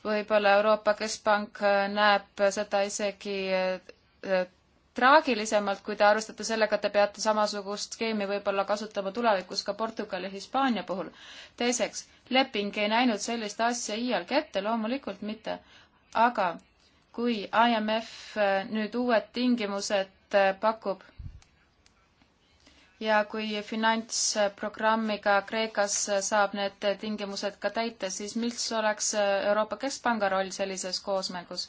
võib-olla Euroopa Keskpank eh, näeb seda isegi traagilisemalt, kui te arvestate sellega, et te peate samasugust skeemi võib-olla kasutama tulevikus ka Portugali ja Hispaania puhul. teiseks, leping ei näinud sellist asja iialgi ette, loomulikult mitte. aga kui IMF eh, nüüd uued tingimused eh, pakub ja kui finantsprogrammiga Kreekas eh, saab need tingimused ka täita, siis mis oleks Euroopa Keskpanga roll sellises koosmängus?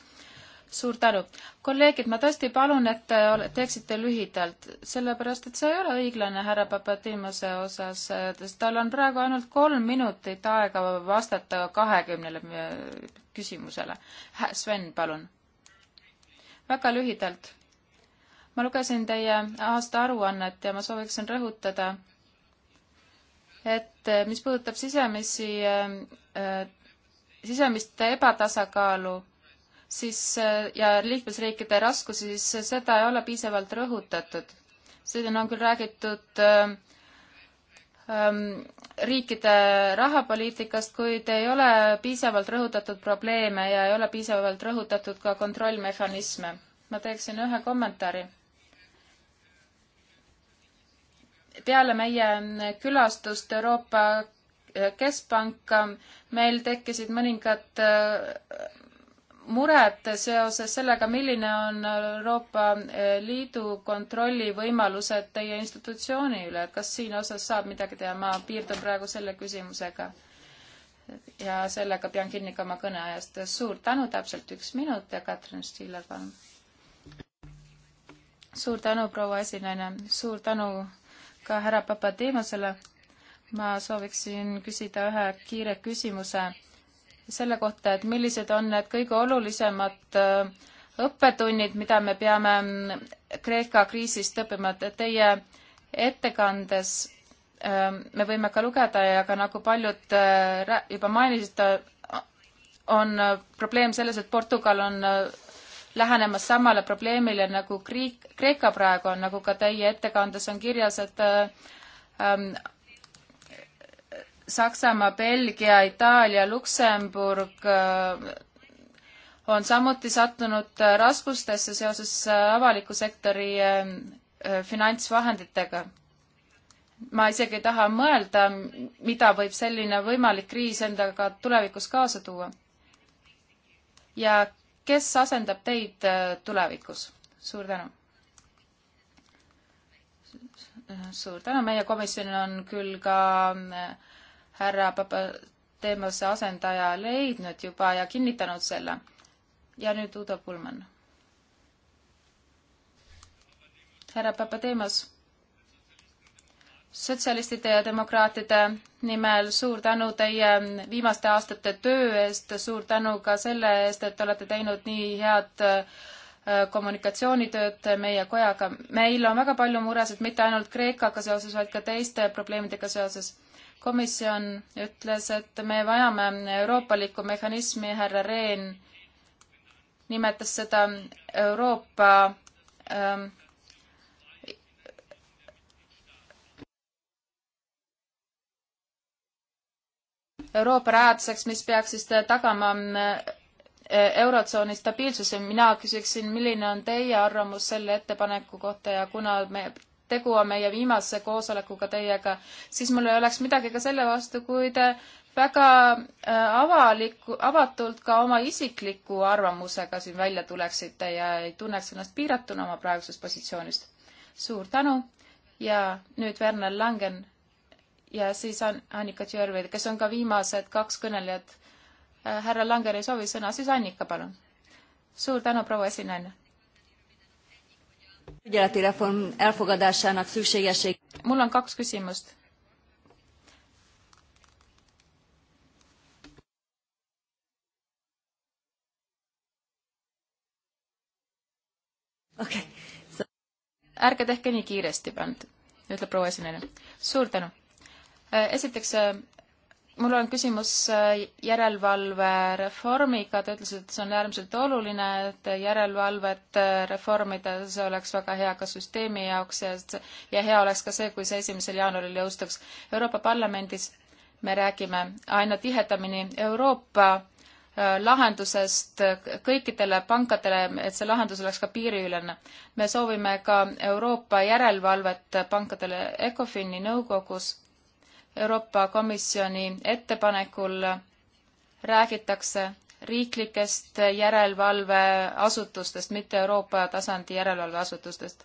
suur tänu. kolleegid, ma tõesti palun, et te teeksite lühidalt, sellepärast et see ei ole õiglane härra Papatimose osas, sest tal on praegu ainult kolm minutit aega vastata kahekümnele äh, küsimusele. Sven, palun. väga lühidalt. ma lugesin teie aastaaruannet ja ma sooviksin rõhutada, et äh, mis puudutab sisemisi, äh, sisemist ebatasakaalu siis äh, ja liikmesriikide raskusi, siis seda ei ole piisavalt rõhutatud. siin on küll räägitud äh, ähm, riikide rahapoliitikast, kuid ei ole piisavalt rõhutatud probleeme ja ei ole piisavalt rõhutatud ka kontrollmehhanisme. ma teeksin ühe kommentaari. peale meie külastust Euroopa Keskpanka meil tekkisid mõningad äh, muret seoses sellega, milline on Euroopa eh, Liidu kontrollivõimalused teie institutsiooni üle, et kas siin osas saab midagi teha, ma piirdun praegu selle küsimusega. ja sellega pean kinni ka oma kõneajast. suur tänu, täpselt üks minut ja Katrin Stiller, palun. suur tänu, proua esinaine, suur tänu ka härra Papademosele. ma sooviksin küsida ühe kiire küsimuse selle kohta, et millised on need kõige olulisemad äh, õppetunnid, mida me peame mm, Kreeka kriisist õppima, et teie ettekandes äh, me võime ka lugeda ja ka nagu paljud äh, juba mainisid, on probleem selles, et Portugal on lähenemas samale probleemile nagu Kreeka praegu on, nagu ka teie ettekandes on kirjas, et ähm, Saksamaa, Belgia, Itaalia, Luksemburg äh, on samuti sattunud äh, raskustesse seoses äh, avaliku sektori finantsvahenditega. ma isegi ei taha mõelda, mida võib selline võimalik kriis endaga tulevikus kaasa tuua. ja kes asendab teid tulevikus? suur tänu! suur tänu, meie komisjon on küll ka äh, härra Papateemose asendaja leidnud juba ja kinnitanud selle. ja nüüd Udo Pulman. härra Papateemos, sotsialistide ja demokraatide nimel suur tänu teie viimaste aastate töö eest, suur tänu ka selle eest, et olete teinud nii head äh, kommunikatsioonitööd meie kojaga. meil on väga palju muresid, mitte ainult Kreekaga seoses, vaid ka teiste probleemidega seoses komisjon ütles, et me vajame euroopalikku mehhanismi, härra Rehn nimetas seda Euroopa ähm, Euroopa rajaduseks, mis peaks siis tagama äh, eurotsooni stabiilsuse, mina küsiksin, milline on teie arvamus selle ettepaneku kohta ja kuna me tegu on meie viimase koosolekuga teiega, siis mul ei oleks midagi ka selle vastu, kui te äh, väga äh, avaliku, avatult ka oma isikliku arvamusega siin välja tuleksite ja ei tunneks ennast piiratuna oma praegusest positsioonist. suur tänu ja nüüd Werner Langen ja siis on Annika Tjörvid, kes on ka viimased kaks kõnelejat. Äh, härra Langer ei soovi sõna, siis Annika, palun. suur tänu, proua esinaine ügyeletireform elfogadásának szükségesség. mul on kaks küsimust. okei okay. so.... ärge tehke nii kiiresti, Brand, ütleb proua esineja. suur tänu. esiteks mul on küsimus äh, järelevalvereformiga, te ütlesite, et see on äärmiselt oluline, et järelevalvet äh, reformida, see oleks väga hea ka süsteemi jaoks ja, ja hea oleks ka see, kui see esimesel jaanuaril jõustuks. Euroopa Parlamendis me räägime aina tihedamini Euroopa äh, lahendusest kõikidele pankadele, et see lahendus oleks ka piiriülene. me soovime ka Euroopa järelevalvet pankadele ECOFIN-i nõukogus Euroopa Komisjoni ettepanekul räägitakse riiklikest järelevalveasutustest, mitte Euroopa tasandi järelevalveasutustest.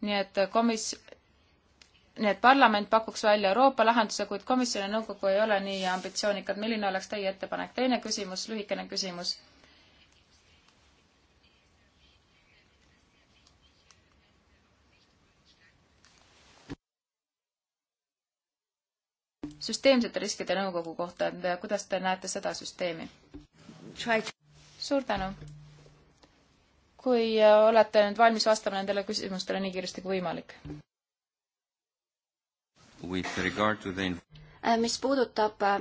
nii et komis-, nii et parlament pakuks välja Euroopa lahenduse, kuid komisjon ja nõukogu ei ole nii ambitsioonikad. milline oleks teie ettepanek? teine küsimus, lühikene küsimus süsteemsete riskide nõukogu kohta, et kuidas te näete seda süsteemi? suur tänu! kui äh, olete nüüd valmis vastama nendele küsimustele nii kiiresti kui võimalik. The... Äh, mis puudutab äh,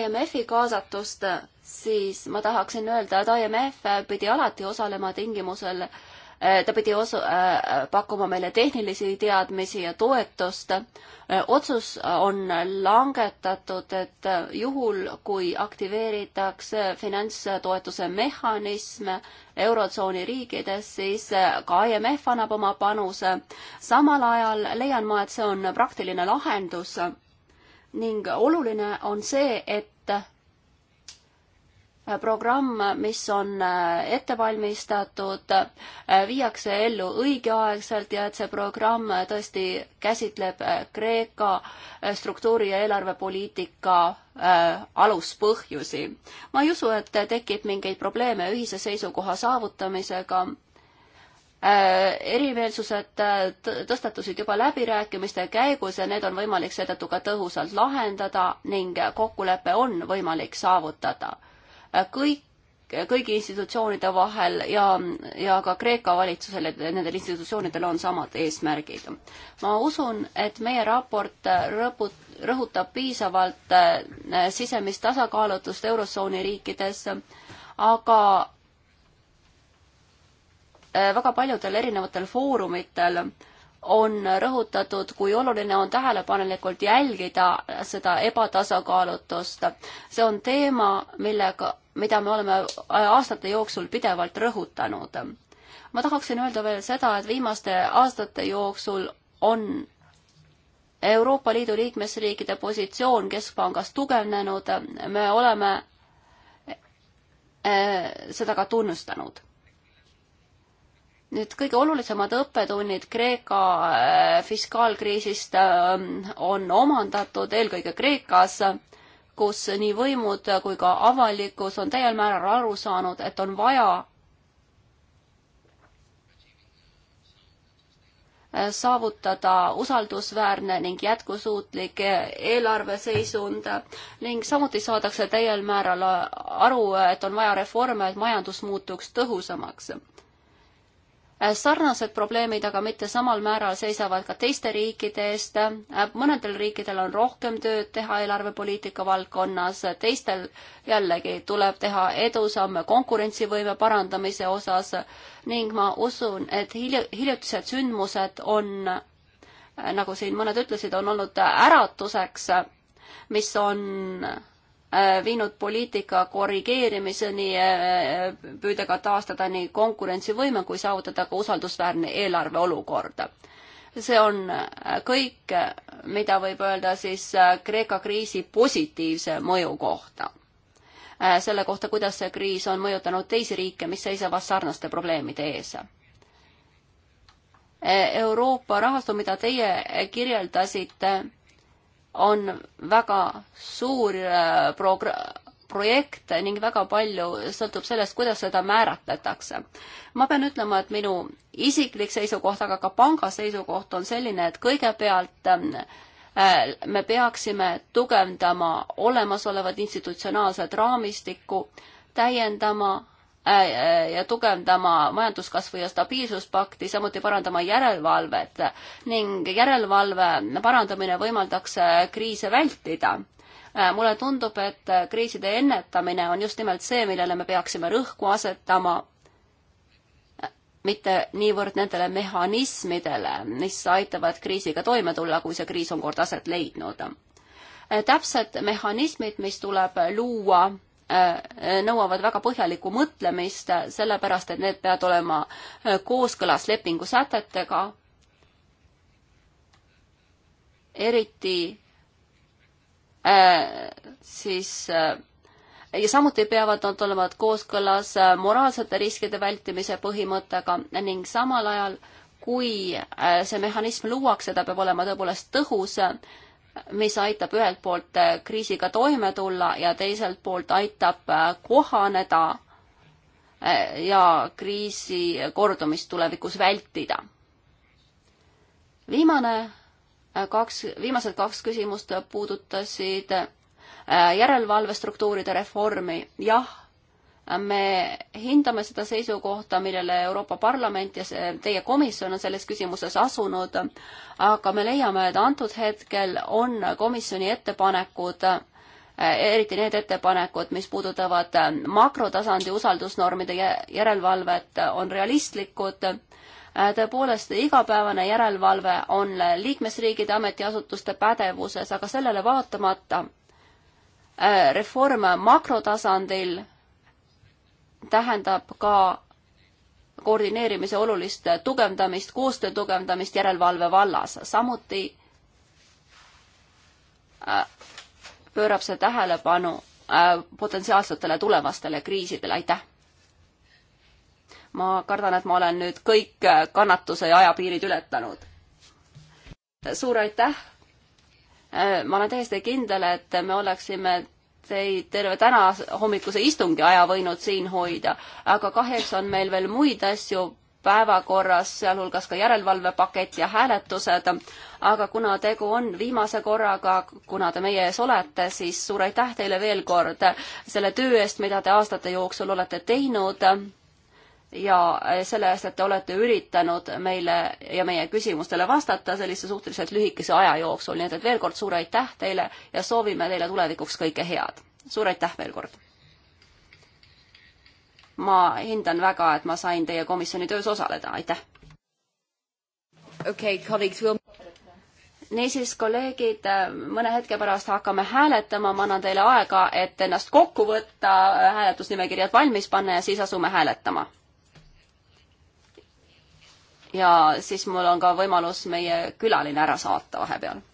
IMF-i kaasatust, siis ma tahaksin öelda, et IMF pidi alati osalema tingimusel, Äh, ta pidi osu- äh, äh,, pakkuma meile tehnilisi teadmisi ja toetust. Äh, otsus on langetatud, et juhul, kui aktiveeritakse finantstoetuse mehhanism Eurotsooni riikides, siis ka IMF annab oma panuse. samal ajal leian ma, et see on praktiline lahendus ning oluline on see, et programm, mis on äh, ette valmistatud, äh, viiakse ellu õigeaegselt ja et see programm tõesti käsitleb äh, Kreeka struktuuri- ja eelarvepoliitika aluspõhjusi. ma ei usu, et tekib mingeid probleeme ühise seisukoha saavutamisega erimeelsused tõstatusid juba läbirääkimiste käigus ja need on võimalik seetõttu ka tõhusalt lahendada ning kokkulepe on võimalik saavutada kõik, kõigi institutsioonide vahel ja, ja ka Kreeka valitsusel, et nendel institutsioonidel on samad eesmärgid. ma usun, et meie raport rõput-, rõhutab piisavalt äh, sisemist tasakaalutust Eurotsooni riikides, aga äh, väga paljudel erinevatel foorumitel äh, on rõhutatud, kui oluline on tähelepanelikult jälgida seda ebatasakaalutust. see on teema, millega, mida me oleme aastate jooksul pidevalt rõhutanud. ma tahaksin öelda veel seda, et viimaste aastate jooksul on Euroopa Liidu liikmesriikide positsioon Keskpangas tugevnenud, me oleme eh, seda ka tunnustanud nüüd kõige olulisemad õppetunnid Kreeka äh, fiskaalkriisist ähm, on omandatud eelkõige Kreekas, kus nii võimud kui ka avalikkus on täiel määral aru saanud, et on vaja äh, saavutada usaldusväärne ning jätkusuutlik eelarveseisund ning samuti saadakse täiel määral aru, et on vaja reforme, et majandus muutuks tõhusamaks Äh, sarnased probleemid, aga mitte samal määral, seisavad ka teiste riikide eest. Äh, mõnedel riikidel on rohkem tööd teha eelarvepoliitika valdkonnas, teistel jällegi tuleb teha edusamme konkurentsivõime parandamise osas ning ma usun, et hilju-, hiljutised sündmused on, äh, nagu siin mõned ütlesid, on olnud äratuseks, mis on Äh, viinud poliitika korrigeerimiseni, äh, püüdega taastada nii konkurentsivõime kui saavutada ka usaldusväärne eelarve olukord. see on äh, kõik, mida võib öelda siis Kreeka kriisi positiivse mõju kohta. selle kohta, kuidas see kriis on mõjutanud teisi riike, mis seisavad sarnaste probleemide ees Euroopa rahastu, mida teie kirjeldasite, on väga suur äh, progr-, projekt ning väga palju sõltub sellest, kuidas seda määratletakse. ma pean ütlema, et minu isiklik seisukoht, aga ka panga seisukoht on selline, et kõigepealt ähm, äh, me peaksime tugevdama olemasolevat institutsionaalset raamistikku, täiendama Äh, äh, ja tugevdama majanduskasvu ja stabiilsuspakti, samuti parandama järelevalvet ning järelevalve parandamine võimaldaks äh, kriise vältida mulle tundub, et kriiside ennetamine on just nimelt see, millele me peaksime rõhku asetama, mitte niivõrd nendele mehhanismidele, mis aitavad kriisiga toime tulla, kui see kriis on kord aset leidnud. täpsed mehhanismid, mis tuleb luua Äh, nõuavad väga põhjalikku mõtlemist, sellepärast et need peavad olema äh, kooskõlas lepingu sätetega. eriti äh, siis äh, ja samuti peavad nad olema kooskõlas äh, moraalsete riskide vältimise põhimõttega ning samal ajal, kui see mehhanism luuakse, ta peab olema tõepoolest tõhus äh, mis aitab ühelt poolt äh, kriisiga toime tulla ja teiselt poolt aitab äh, kohaneda äh, ja kriisi kordumist tulevikus vältida. viimane kaks, viimased kaks küsimust puudutasid järelevalvestruktuuride reformi. jah me hindame seda seisukohta, millele Euroopa Parlament ja see, teie komisjon on selles küsimuses asunud, aga me leiame, et antud hetkel on komisjoni ettepanekud eriti need ettepanekud, mis puudutavad makrotasandi usaldusnormide järelevalvet, on realistlikud. tõepoolest, igapäevane järelevalve on liikmesriigide ametiasutuste pädevuses, aga sellele vaatamata eh, reform makrotasandil tähendab ka koordineerimise olulist tugevdamist, koostöö tugevdamist järelevalve vallas. samuti äh, pöörab see tähelepanu äh, potentsiaalsetele tulevastele kriisidele, aitäh! ma kardan, et ma olen nüüd kõik äh, kannatuse ja ajapiirid ületanud. suur aitäh! ma olen täiesti kindel, et me oleksime teid terve täna hommikuse istungi aja võinud siin hoida, aga kahjuks on meil veel muid asju päevakorras, sealhulgas ka järelevalvepakett ja hääletused. aga kuna tegu on viimase korraga, kuna te meie ees olete, siis suur aitäh teile veel kord selle töö eest, mida te aastate jooksul olete teinud ja selle eest, et te olete üritanud meile ja meie küsimustele vastata sellise suhteliselt lühikese aja jooksul, nii et, et veel kord suur aitäh teile ja soovime teile tulevikuks kõike head. suur aitäh veel kord! ma hindan väga, et ma sain teie komisjoni töös osaleda, aitäh! okei okay,, colleagues, we'll niisiis, kolleegid, mõne hetke pärast hakkame hääletama, ma annan teile aega, et ennast kokku võtta, hääletusnimekirjad valmis panna ja siis asume hääletama ja siis mul on ka võimalus meie külaline ära saata vahepeal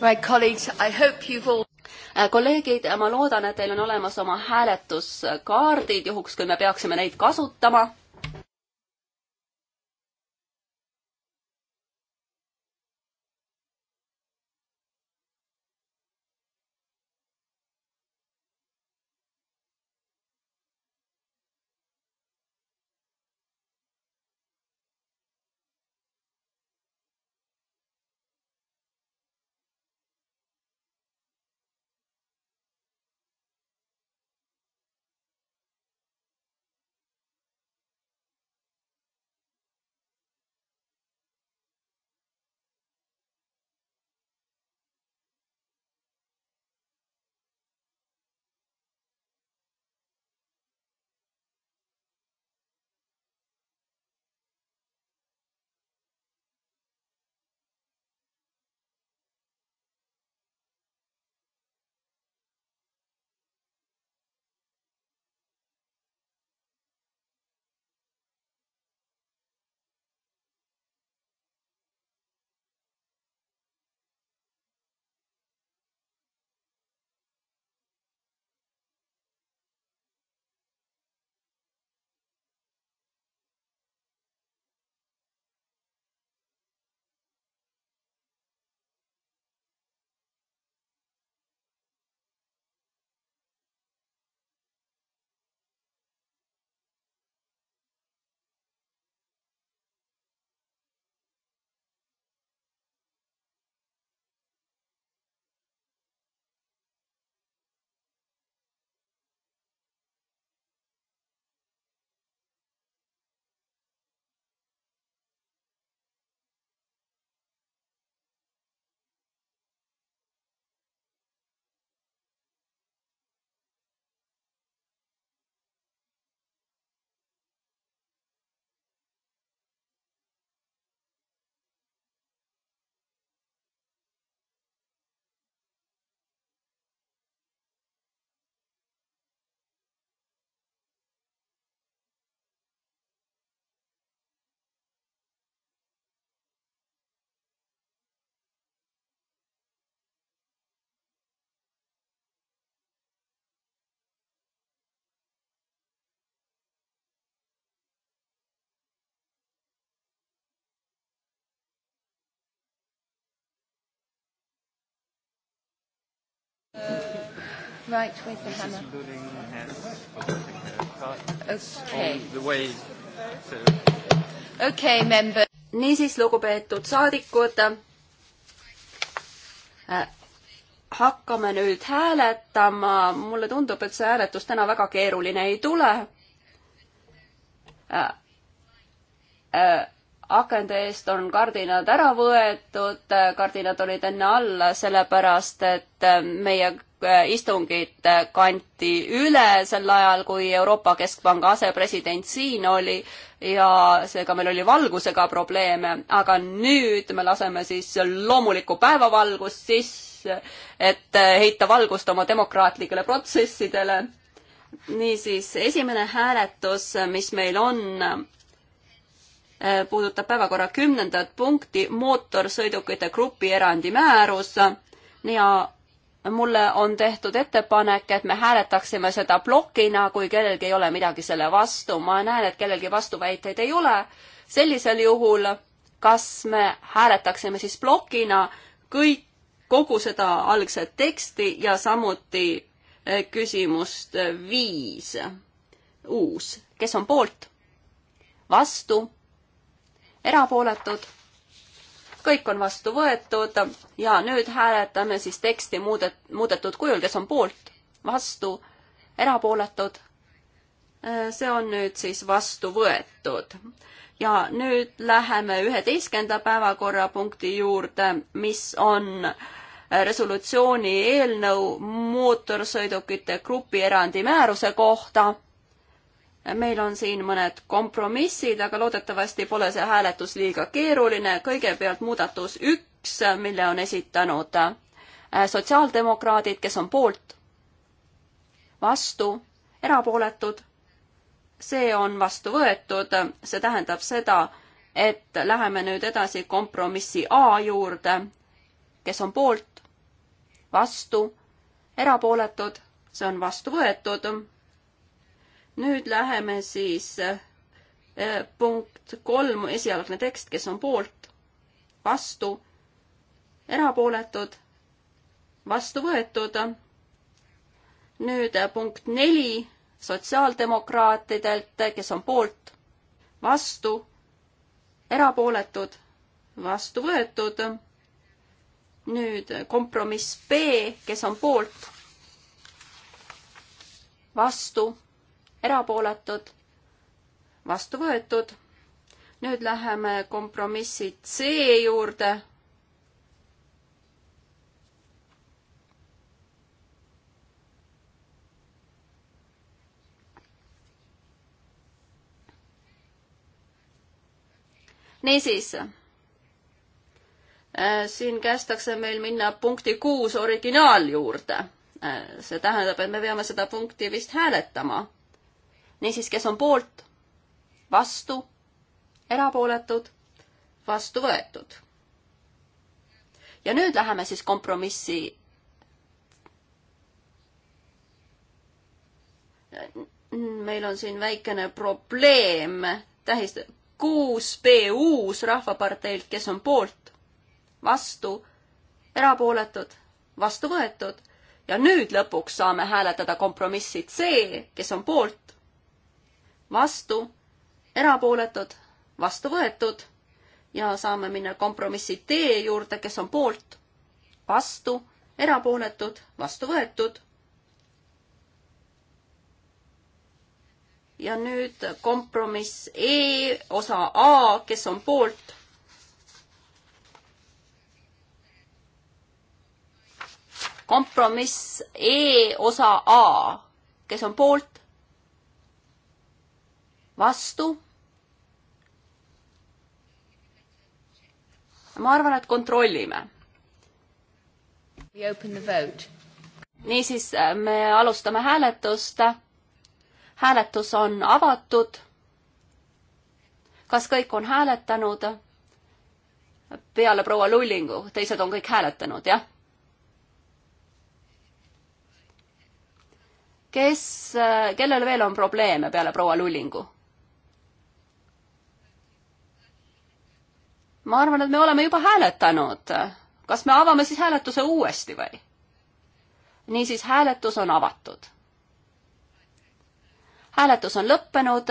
All... Äh, kolleegid, ma loodan, et teil on olemas oma hääletuskaardid, juhuks kui me peaksime neid kasutama Right, where's the this hammer? Is building hands, okay. on the way to... okay, member. niisiis, lugupeetud saadikud, äh, hakkame nüüd hääletama, mulle tundub, et see hääletus täna väga keeruline ei tule äh,. Äh, akende eest on kardinad ära võetud, kardinad olid enne all, sellepärast et äh, meie äh, istungid äh, kanti üle sel ajal, kui Euroopa Keskpanga asepresident siin oli ja seega meil oli valgusega probleeme, aga nüüd me laseme siis loomulikku päevavalgust sisse, et heita valgust oma demokraatlikele protsessidele. niisiis, esimene hääletus, mis meil on, Eh, puudutab päevakorra kümnendat punkti, mootorsõidukite grupierandi määrus ja mulle on tehtud ettepanek, et me hääletaksime seda plokina, kui kellelgi ei ole midagi selle vastu. ma näen, et kellelgi vastuväiteid ei ole. sellisel juhul, kas me hääletaksime siis plokina kõik, kogu seda algset teksti ja samuti eh, küsimust viis, uus, kes on poolt, vastu erapooletud, kõik on vastu võetud ja nüüd hääletame siis teksti muudet-, muudetud kujul, kes on poolt, vastu, erapooletud. see on nüüd siis vastu võetud. ja nüüd läheme üheteistkümnenda päevakorrapunkti juurde, mis on resolutsiooni eelnõu mootorsõidukite grupierandi määruse kohta meil on siin mõned kompromissid, aga loodetavasti pole see hääletus liiga keeruline. kõigepealt muudatus üks, mille on esitanud äh, sotsiaaldemokraadid, kes on poolt, vastu, erapooletud. see on vastu võetud, see tähendab seda, et läheme nüüd edasi kompromissi A juurde, kes on poolt, vastu, erapooletud, see on vastu võetud nüüd läheme siis eh, punkt kolm, esialgne tekst, kes on poolt, vastu, erapooletud, vastu võetud. nüüd eh, punkt neli sotsiaaldemokraatidelt, eh, kes on poolt, vastu, erapooletud, vastu võetud. nüüd kompromiss B, kes on poolt, vastu erapooletud, vastu võetud. nüüd läheme kompromissi C juurde. niisiis äh, siin kästakse meil minna punkti kuus originaal juurde. Äh, see tähendab, et me peame seda punkti vist hääletama niisiis, kes on poolt, vastu, erapooletud, vastu võetud. ja nüüd läheme siis kompromissi meil on siin väikene probleem tähist-, kuus B uus Rahvaparteilt, kes on poolt, vastu, erapooletud, vastu võetud ja nüüd lõpuks saame hääletada kompromissi C, kes on poolt, vastu, erapooletud, vastu võetud ja saame minna kompromissi D juurde, kes on poolt, vastu, erapooletud, vastu võetud. ja nüüd kompromiss E osa A, kes on poolt kompromiss E osa A, kes on poolt, vastu. ma arvan, et kontrollime. niisiis, äh, me alustame hääletust. hääletus on avatud. kas kõik on hääletanud? peale proua Lullingu, teised on kõik hääletanud, jah kes, äh, kellel veel on probleeme peale proua Lullingu? ma arvan, et me oleme juba hääletanud. kas me avame siis hääletuse uuesti või? niisiis, hääletus on avatud. hääletus on lõppenud.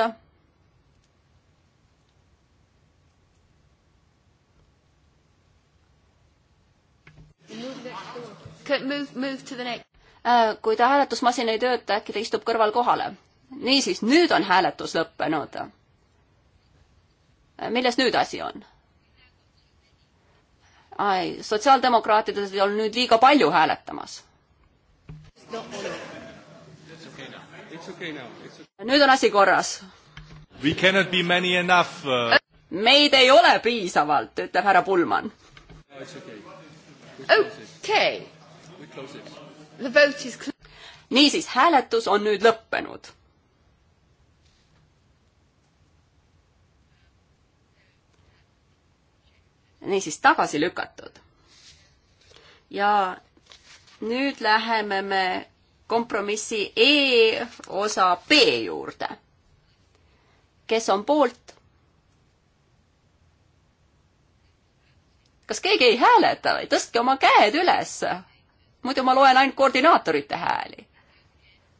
Äh, kui ta hääletusmasin ei tööta, äkki ta istub kõrval kohale. niisiis, nüüd on hääletus lõppenud. Äh, milles nüüd asi on? sotsiaaldemokraatidest on nüüd liiga palju hääletamas. nüüd on asi korras. Uh, meid ei ole piisavalt, ütleb härra Pullmann. okei. niisiis, hääletus on nüüd lõppenud niisiis tagasi lükatud. ja nüüd läheme me kompromissi E osa B juurde. kes on poolt? kas keegi ei hääleta või? tõstke oma käed üles. muidu ma loen ainult koordinaatorite hääli.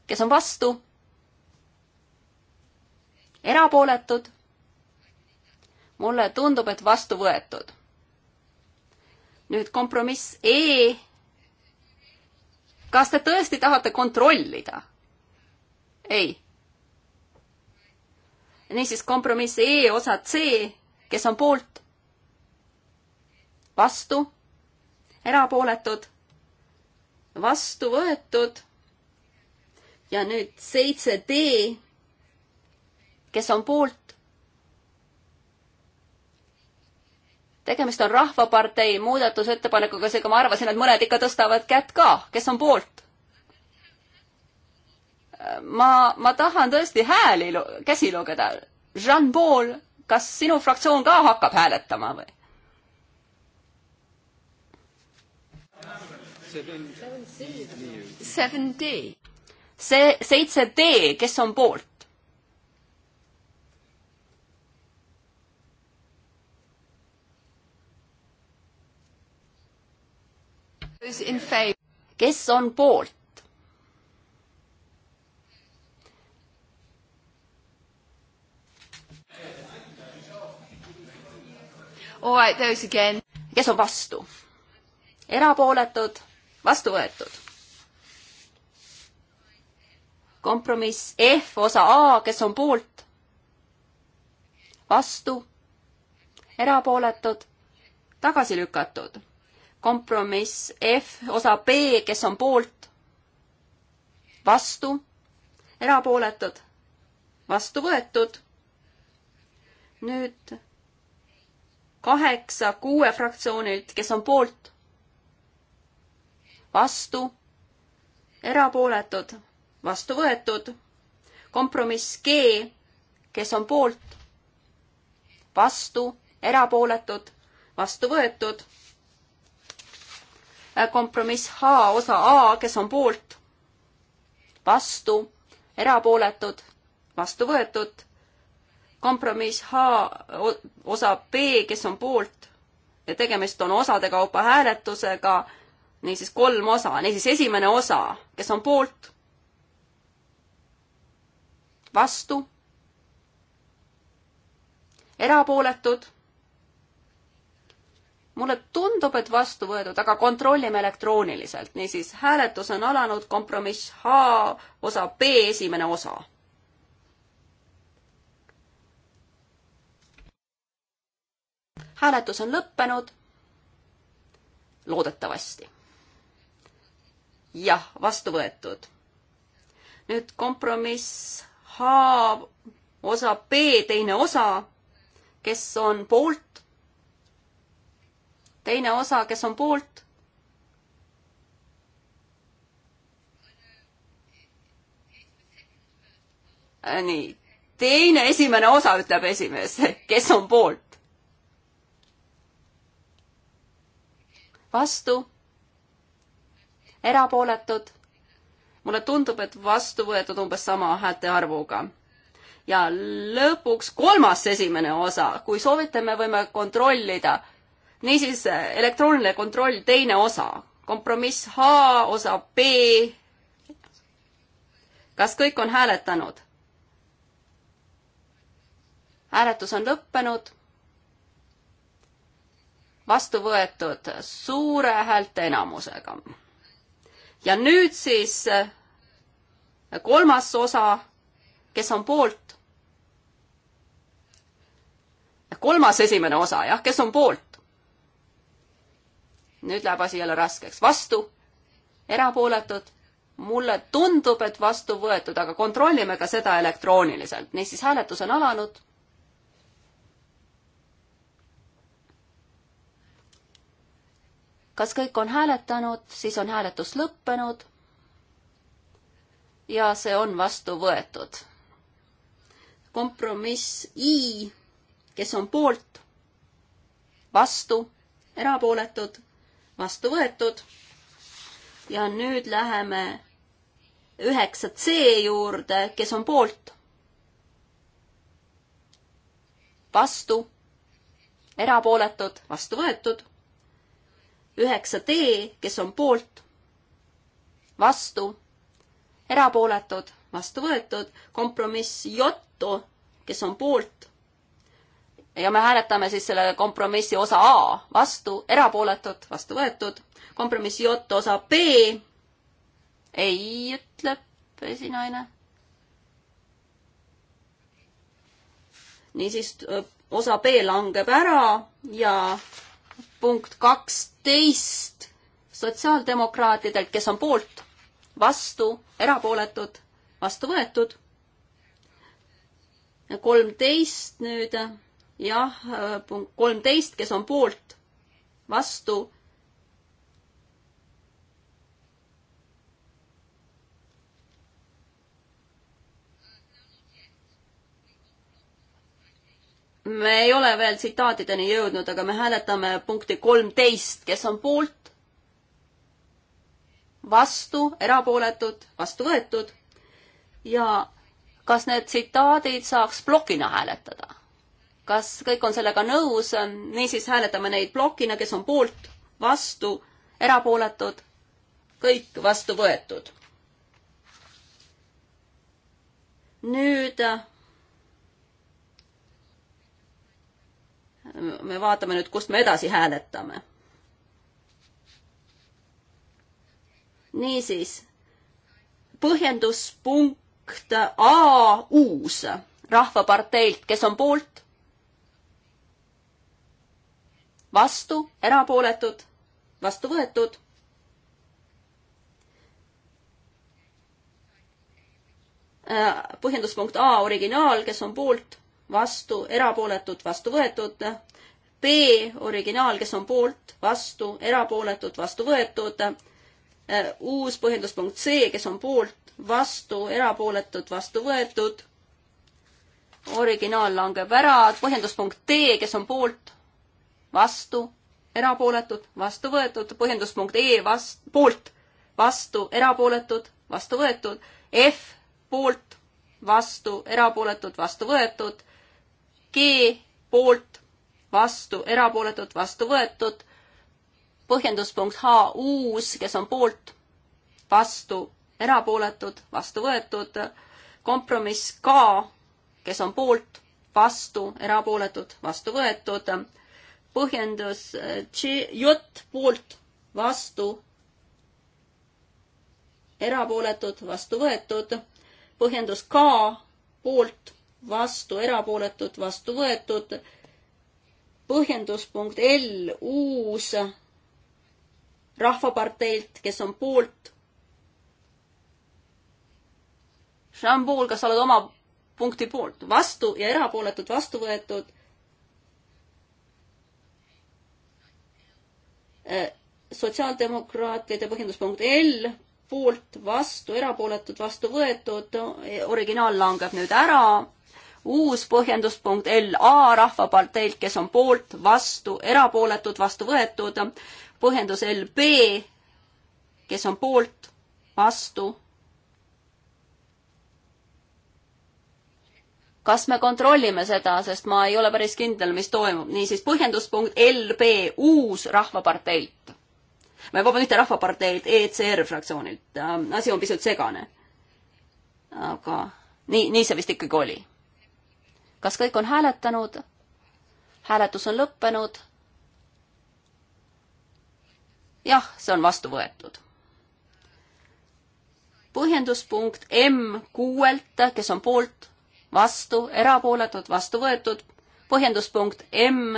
kes on vastu? erapooletud? mulle tundub, et vastu võetud nüüd kompromiss E. kas te tõesti tahate kontrollida? ei. niisiis kompromiss E osa C, kes on poolt? vastu? erapooletud? vastu võetud? ja nüüd seitse D, kes on poolt? tegemist on Rahvapartei muudatusettepanekuga, seega ma arvasin, et mõned ikka tõstavad kätt ka, kes on poolt? ma, ma tahan tõesti hääli, käsi lugeda. Jean-Paul, kas sinu fraktsioon ka hakkab hääletama või? Seven D. see seitse D, kes on poolt? kes on poolt? kes on vastu? erapooletud, vastu võetud. kompromiss F osa A, kes on poolt? vastu, erapooletud, tagasi lükatud kompromiss F osa B, kes on poolt, vastu, erapooletud, vastu võetud. nüüd kaheksa kuue fraktsioonilt, kes on poolt, vastu, erapooletud, vastu võetud. kompromiss G, kes on poolt, vastu, erapooletud, vastu võetud kompromiss H osa A, kes on poolt, vastu, erapooletud, vastu võetud. kompromiss H osa B, kes on poolt ja tegemist on osade kaupa hääletusega, niisiis kolm osa, niisiis esimene osa, kes on poolt, vastu, erapooletud mulle tundub, et vastu võetud, aga kontrollime elektrooniliselt. niisiis, hääletus on alanud, kompromiss H, osa B, esimene osa. hääletus on lõppenud. loodetavasti. jah, vastu võetud. nüüd kompromiss H, osa B, teine osa. kes on poolt? teine osa, kes on poolt? Äh, nii, teine esimene osa, ütleb esimees, kes on poolt? vastu, erapooletud. mulle tundub, et vastu võetud umbes sama häälte arvuga. ja lõpuks kolmas esimene osa, kui soovite, me võime kontrollida niisiis elektrooniline kontroll, teine osa, kompromiss H, osa B. kas kõik on hääletanud? hääletus on lõppenud. vastu võetud suure häälteenamusega. ja nüüd siis kolmas osa, kes on poolt? kolmas esimene osa, jah, kes on poolt? nüüd läheb asi jälle raskeks. vastu, erapooletud, mulle tundub, et vastu võetud, aga kontrollime ka seda elektrooniliselt. niisiis, hääletus on alanud. kas kõik on hääletanud, siis on hääletus lõppenud. ja see on vastu võetud. kompromiss I, kes on poolt, vastu, erapooletud vastu võetud. ja nüüd läheme üheksa C juurde, kes on poolt? vastu, erapooletud, vastu võetud. üheksa D, kes on poolt? vastu, erapooletud, vastu võetud. kompromiss J, kes on poolt? ja me hääletame siis selle kompromissi osa A vastu, erapooletud, vastu võetud, kompromissi J osa B. ei, ütleb esinaine. niisiis osa B langeb ära ja punkt kaksteist sotsiaaldemokraatidelt, kes on poolt, vastu, erapooletud, vastu võetud. kolmteist nüüd jah, äh, punkt kolmteist, kes on poolt, vastu. me ei ole veel tsitaatideni jõudnud, aga me hääletame punkti kolmteist, kes on poolt, vastu, erapooletud, vastu võetud ja kas need tsitaadid saaks plokina hääletada? kas kõik on sellega nõus, niisiis hääletame neid plokina, kes on poolt, vastu, erapooletud, kõik vastu võetud. nüüd me vaatame nüüd, kust me edasi hääletame. niisiis, põhjenduspunkt A uus rahvaparteilt, kes on poolt vastu, erapooletud, vastu võetud. Äh, põhjenduspunkt A originaal, kes on poolt, vastu, erapooletud, vastu võetud. B originaal, kes on poolt, vastu, erapooletud, vastu võetud. Äh, uus põhjenduspunkt C, kes on poolt, vastu, erapooletud, vastu võetud originaal langeb ära, põhjenduspunkt D, kes on poolt, vastu, erapooletud, vastu võetud, põhjenduspunkt E vast-, poolt, vastu, erapooletud, vastu võetud, F poolt, vastu, erapooletud, vastu võetud, G poolt, vastu, erapooletud, vastu võetud, põhjenduspunkt H uus, kes on poolt, vastu, erapooletud, vastu võetud, kompromiss K, kes on poolt, vastu, erapooletud, vastu võetud, põhjendus äh, J poolt vastu, erapooletud, vastu võetud. põhjendus K poolt vastu, erapooletud, vastu võetud. põhjenduspunkt L uus rahvaparteilt, kes on poolt. Jean-Paul, kas sa oled oma punkti poolt vastu ja erapooletud vastu võetud? sotsiaaldemokraatide põhjenduspunkt L poolt vastu, erapooletud vastu võetud, originaal langeb nüüd ära. uus põhjenduspunkt LA Rahvaparteilt, kes on poolt, vastu, erapooletud, vastu võetud. põhjendus LB, kes on poolt, vastu, kas me kontrollime seda, sest ma ei ole päris kindel, mis toimub. niisiis põhjenduspunkt LB uus Rahvaparteilt. või vabandust, mitte Rahvaparteilt, ECR fraktsioonilt. Äh, asi on pisut segane. aga nii, nii see vist ikkagi oli. kas kõik on hääletanud? hääletus on lõppenud. jah, see on vastu võetud põhjenduspunkt M kuuelt, kes on poolt, vastu, erapooletud, vastu võetud. põhjenduspunkt M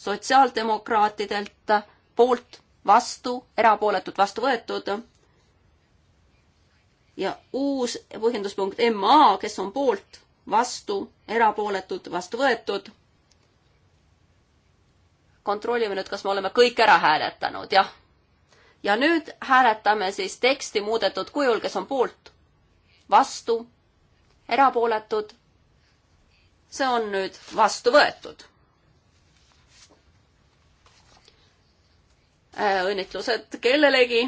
sotsiaaldemokraatidelt poolt, vastu, erapooletud, vastu võetud. ja uus põhjenduspunkt MA, kes on poolt, vastu, erapooletud, vastu võetud. kontrollime nüüd, kas me oleme kõik ära hääletanud, jah. ja nüüd hääletame siis teksti muudetud kujul, kes on poolt, vastu erapooletud. see on nüüd vastu võetud. Äh, õnnitlused kellelegi.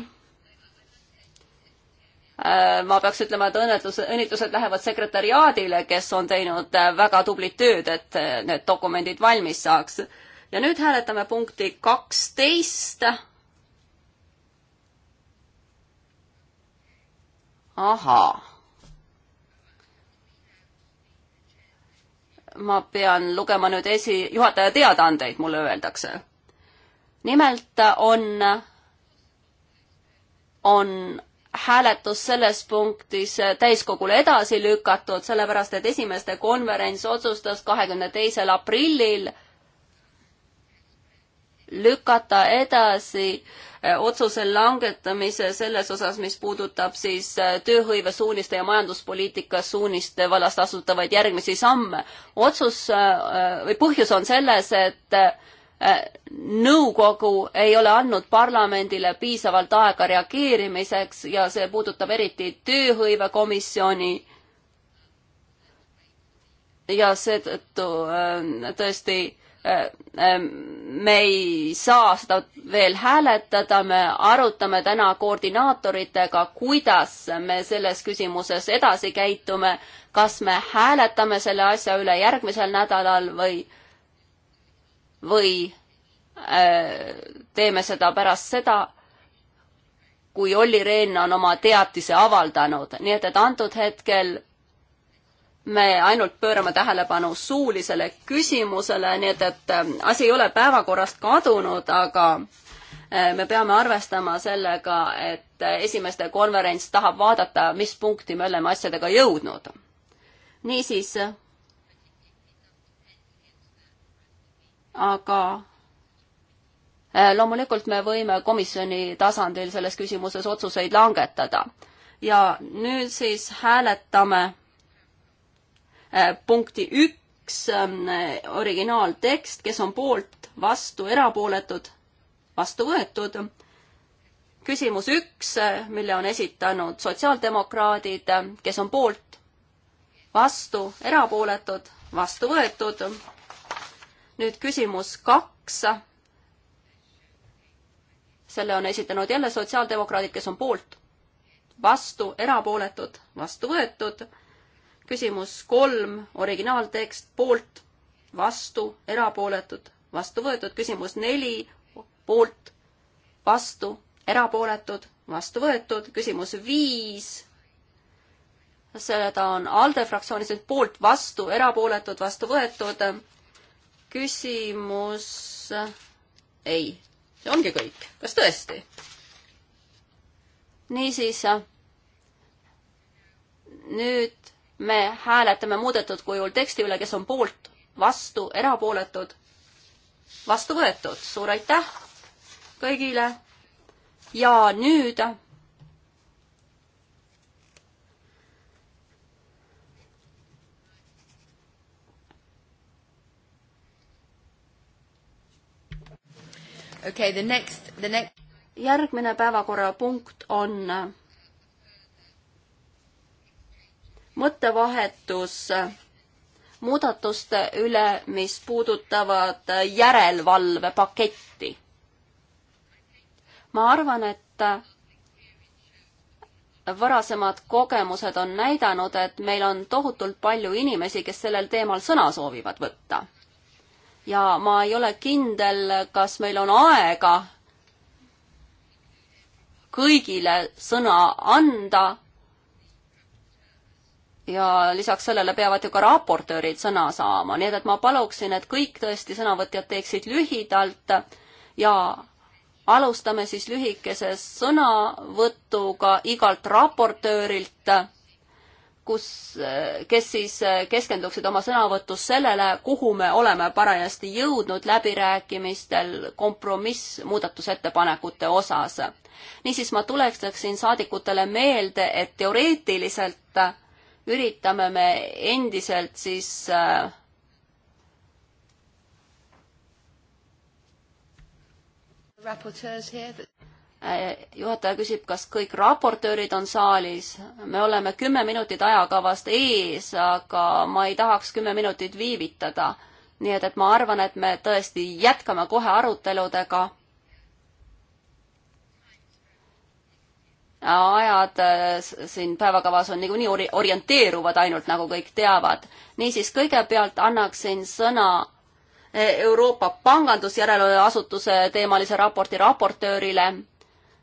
Äh, ma peaks ütlema, et õnnetlus, õnnitlused lähevad sekretäriaadile, kes on teinud äh, väga tublit tööd, et need dokumendid valmis saaks. ja nüüd hääletame punkti kaksteist ahaa. ma pean lugema nüüd esi, juhataja teadaandeid, mulle öeldakse. nimelt on, on hääletus selles punktis täiskogule edasi lükatud, sellepärast et esimeste konverents otsustas kahekümne teisel aprillil äh, lükata edasi äh, otsuse langetamise selles osas, mis puudutab siis äh, tööhõivesuuniste ja majanduspoliitika suuniste vallast astutavaid järgmisi samme. otsus äh, või põhjus on selles, et nõukogu ei ole andnud parlamendile piisavalt aega reageerimiseks ja see puudutab eriti tööhõivekomisjoni ja seetõttu tõesti Äh, ähm, me ei saa seda veel hääletada, me arutame täna koordinaatoritega, kuidas me selles küsimuses edasi käitume, kas me hääletame selle asja üle järgmisel nädalal või, või äh, teeme seda pärast seda, kui Olli Rehn on oma teatise avaldanud, nii et, et antud hetkel me ainult pöörame tähelepanu suulisele küsimusele, nii et, et ähm, asi ei ole päevakorrast kadunud, aga äh, me peame arvestama sellega, et äh, esimeste konverents tahab vaadata, mis punkti me oleme asjadega jõudnud. niisiis. aga äh, loomulikult me võime komisjoni tasandil selles küsimuses otsuseid langetada ja nüüd siis hääletame Äh, punkti üks ähm, originaaltekst, kes on poolt, vastu, erapooletud, vastu võetud. küsimus üks, äh, mille on esitanud sotsiaaldemokraadid, äh, kes on poolt, vastu, erapooletud, vastu võetud. nüüd küsimus kaks. selle on esitanud jälle sotsiaaldemokraadid, kes on poolt, vastu, erapooletud, vastu võetud küsimus kolm, originaaltekst, poolt, vastu, erapooletud, vastu võetud. küsimus neli, poolt, vastu, erapooletud, vastu võetud. küsimus viis, seda on ALDE fraktsioonis nüüd poolt, vastu, erapooletud, vastu võetud. küsimus, ei, see ongi kõik. kas tõesti? niisiis, nüüd me hääletame muudetud kujul teksti üle, kes on poolt, vastu, erapooletud, vastu võetud. suur aitäh kõigile. ja nüüd. okei okay,, the next, the next. järgmine päevakorrapunkt on mõttevahetus muudatuste üle, mis puudutavad järelevalvepaketti. ma arvan, et varasemad kogemused on näidanud, et meil on tohutult palju inimesi, kes sellel teemal sõna soovivad võtta. ja ma ei ole kindel, kas meil on aega kõigile sõna anda ja lisaks sellele peavad ju ka raportöörid sõna saama, nii et, et ma paluksin, et kõik tõesti sõnavõtjad teeksid lühidalt ja alustame siis lühikese sõnavõtuga igalt raportöörilt, kus, kes siis keskenduksid oma sõnavõtus sellele, kuhu me oleme parajasti jõudnud läbirääkimistel kompromiss muudatusettepanekute osas. niisiis ma tuletaksin saadikutele meelde, et teoreetiliselt üritame me endiselt siis äh, äh, juhataja küsib, kas kõik raportöörid on saalis. me oleme kümme minutit ajakavast ees, aga ma ei tahaks kümme minutit viivitada. nii et, et ma arvan, et me tõesti jätkame kohe aruteludega ajad äh, siin päevakavas on niikuinii ori-, orienteeruvad ainult, nagu kõik teavad. niisiis, kõigepealt annaksin sõna äh, Euroopa Pangandusjärelevalveasutuse teemalise raporti raportöörile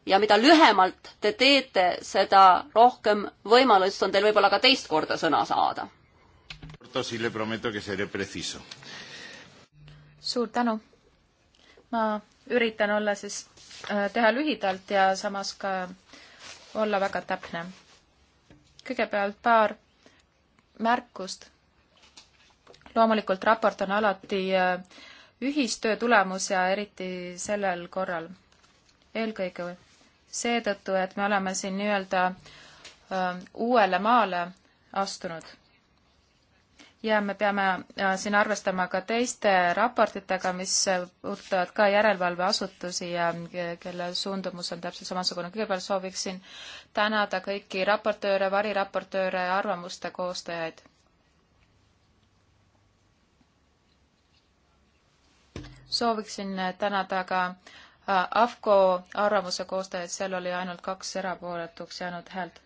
ja mida lühemalt te teete, seda rohkem võimalust on teil võib-olla ka teist korda sõna saada. suur tänu. ma üritan olla siis, äh, teha lühidalt ja samas ka olla väga täpne. kõigepealt paar märkust. loomulikult raport on alati äh, ühistöö tulemus ja eriti sellel korral eelkõige seetõttu, et me oleme siin nii-öelda äh, uuele maale astunud ja me peame äh, siin arvestama ka teiste raportitega, mis puudutavad ka järelevalveasutusi ja äh, kelle suundumus on täpselt samasugune. kõigepealt sooviksin tänada kõiki raportööre, variraportööre ja arvamuste koostajaid. sooviksin tänada ka äh, AFCO arvamuse koostajaid, seal oli ainult kaks erapooletuks jäänud häält.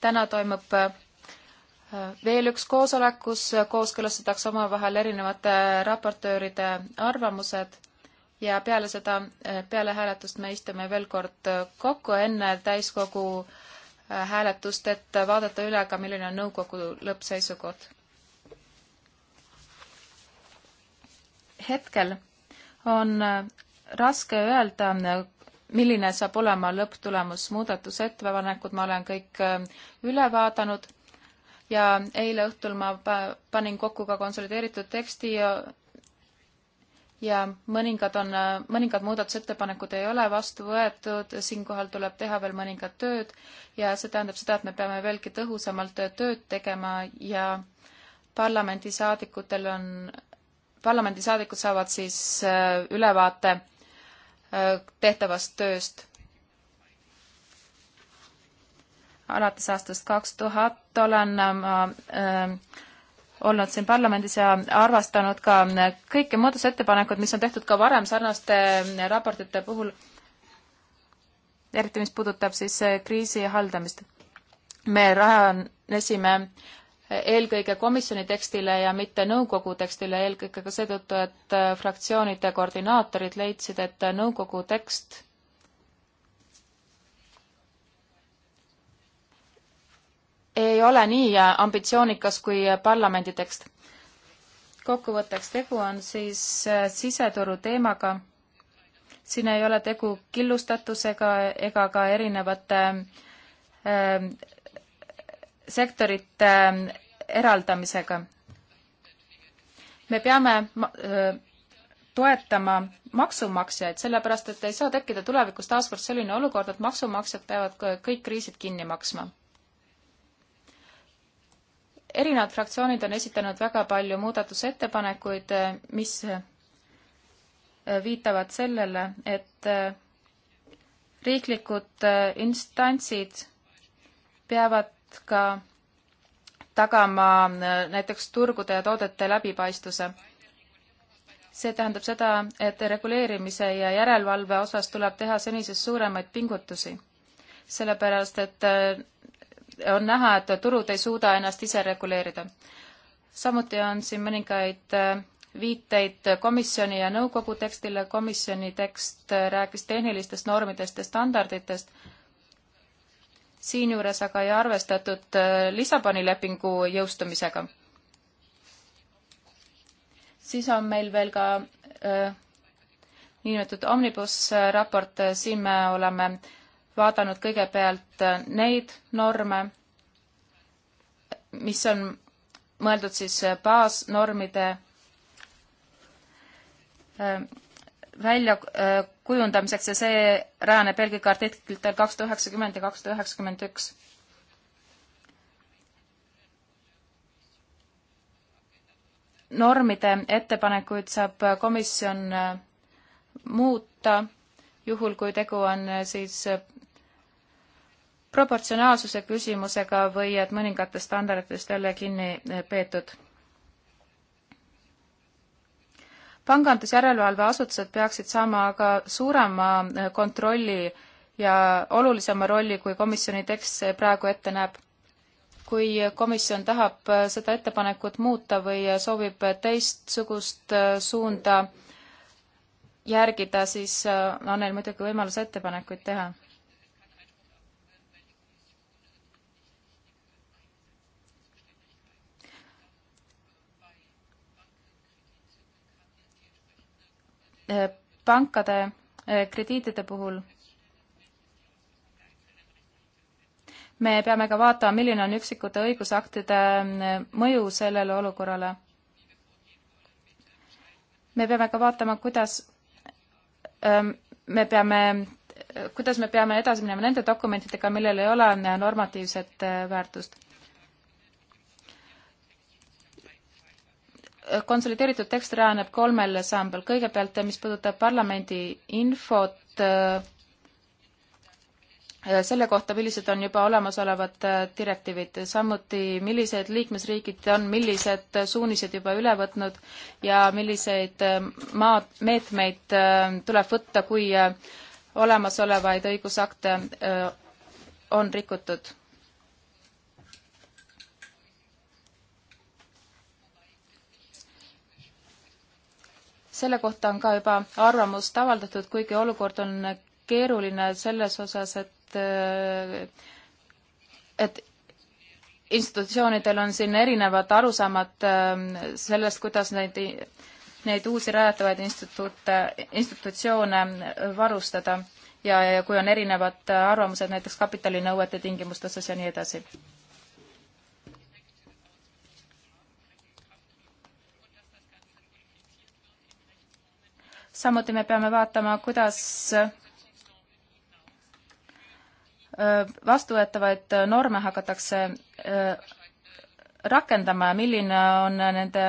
täna toimub veel üks koosolek, kus kooskõlastatakse omavahel erinevate raportööride arvamused ja peale seda, peale hääletust me istume veel kord kokku enne täiskogu äh, hääletust, et vaadata üle ka, milline on nõukogu lõppseisukoht. hetkel on äh, raske öelda, milline saab olema lõpptulemus. muudatusettepanekud ma olen kõik äh, üle vaadanud ja eile õhtul ma panin kokku ka konsolideeritud teksti ja, ja mõningad on, mõningad muudatusettepanekud ei ole vastu võetud, siinkohal tuleb teha veel mõningad tööd ja see tähendab seda, et me peame veelgi tõhusamalt tööd tegema ja parlamendisaadikutel on, parlamendisaadikud saavad siis äh, ülevaate äh, tehtavast tööst alates aastast kaks tuhat olen ma ähm, äh, olnud siin parlamendis ja arvestanud ka kõiki muudatusettepanekud, mis on tehtud ka varem sarnaste raportite puhul, eriti mis puudutab siis äh, kriisi haldamist. me rajanesime eelkõige komisjoni tekstile ja mitte nõukogu tekstile, eelkõige ka seetõttu, et äh, fraktsioonide koordinaatorid leidsid, et äh, nõukogu tekst ei ole nii äh, ambitsioonikas kui äh, parlamendi tekst. kokkuvõtteks, tegu on siis äh, siseturu teemaga. siin ei ole tegu killustatusega ega ka erinevate äh, sektorite äh, eraldamisega. me peame äh, toetama maksumaksjaid, sellepärast et ei saa tekkida tulevikus taaskord selline olukord, et maksumaksjad peavad kõik kriisid kinni maksma erinevad fraktsioonid on esitanud väga palju muudatusettepanekuid, eh, mis eh, viitavad sellele, et eh, riiklikud instantsid peavad ka tagama näiteks turgude ja toodete läbipaistvuse. see tähendab seda, et reguleerimise ja järelevalve osas tuleb teha senisest suuremaid pingutusi, sellepärast et on näha, et turud ei suuda ennast ise reguleerida. samuti on siin mõningaid äh, viiteid komisjoni ja nõukogu tekstile, komisjoni tekst äh, rääkis tehnilistest normidest ja standarditest, siinjuures aga ei arvestatud äh, Lissaboni lepingu jõustumisega. siis on meil veel ka äh, niinimetatud omnibus raport, siin me oleme äh, vaadanud kõigepealt äh, neid norme, mis on mõeldud siis äh, baasnormide äh, väljakujundamiseks ja see rajaneb eelkõige artiklitel kakssada üheksakümmend ja kakssada üheksakümmend üks. normide ettepanekuid saab komisjon muuta, juhul kui tegu on siis proportsionaalsuse küsimusega või et mõningatest standarditest jälle kinni eh, peetud. pangandusjärelevalve asutused peaksid saama aga suurema eh, kontrolli ja olulisema rolli, kui komisjoni tekst praegu ette näeb. kui komisjon tahab eh, seda ettepanekut muuta või soovib teistsugust suunda järgida, siis on neil muidugi võimalus ettepanekuid teha Äh, pankade äh, krediitide puhul me peame ka vaatama, milline on üksikute õigusaktide äh, mõju sellele olukorrale. me peame ka vaatama, kuidas ähm, me peame, kuidas me peame edasi minema nende dokumentidega, millel ei ole normatiivset väärtust konsolideeritud tekst rajaneb kolmel sambal. kõigepealt, mis puudutab parlamendi infot äh, selle kohta, millised on juba olemasolevad äh, direktiivid, samuti millised liikmesriigid on millised suunised juba üle võtnud ja milliseid äh, maad, meetmeid tuleb võtta, kui olemasolevaid õigusakte on rikutud selle kohta on ka juba arvamust avaldatud, kuigi olukord on keeruline selles osas, et äh, et institutsioonidel on siin erinevad arusaamad äh, sellest, kuidas neid, neid uusi rajatavaid instituute, institutsioone varustada ja, ja kui on erinevad äh, arvamused näiteks kapitalinõuete tingimustes ja nii edasi samuti me peame vaatama, kuidas äh, vastuvõetavaid norme hakatakse äh, rakendama ja milline on nende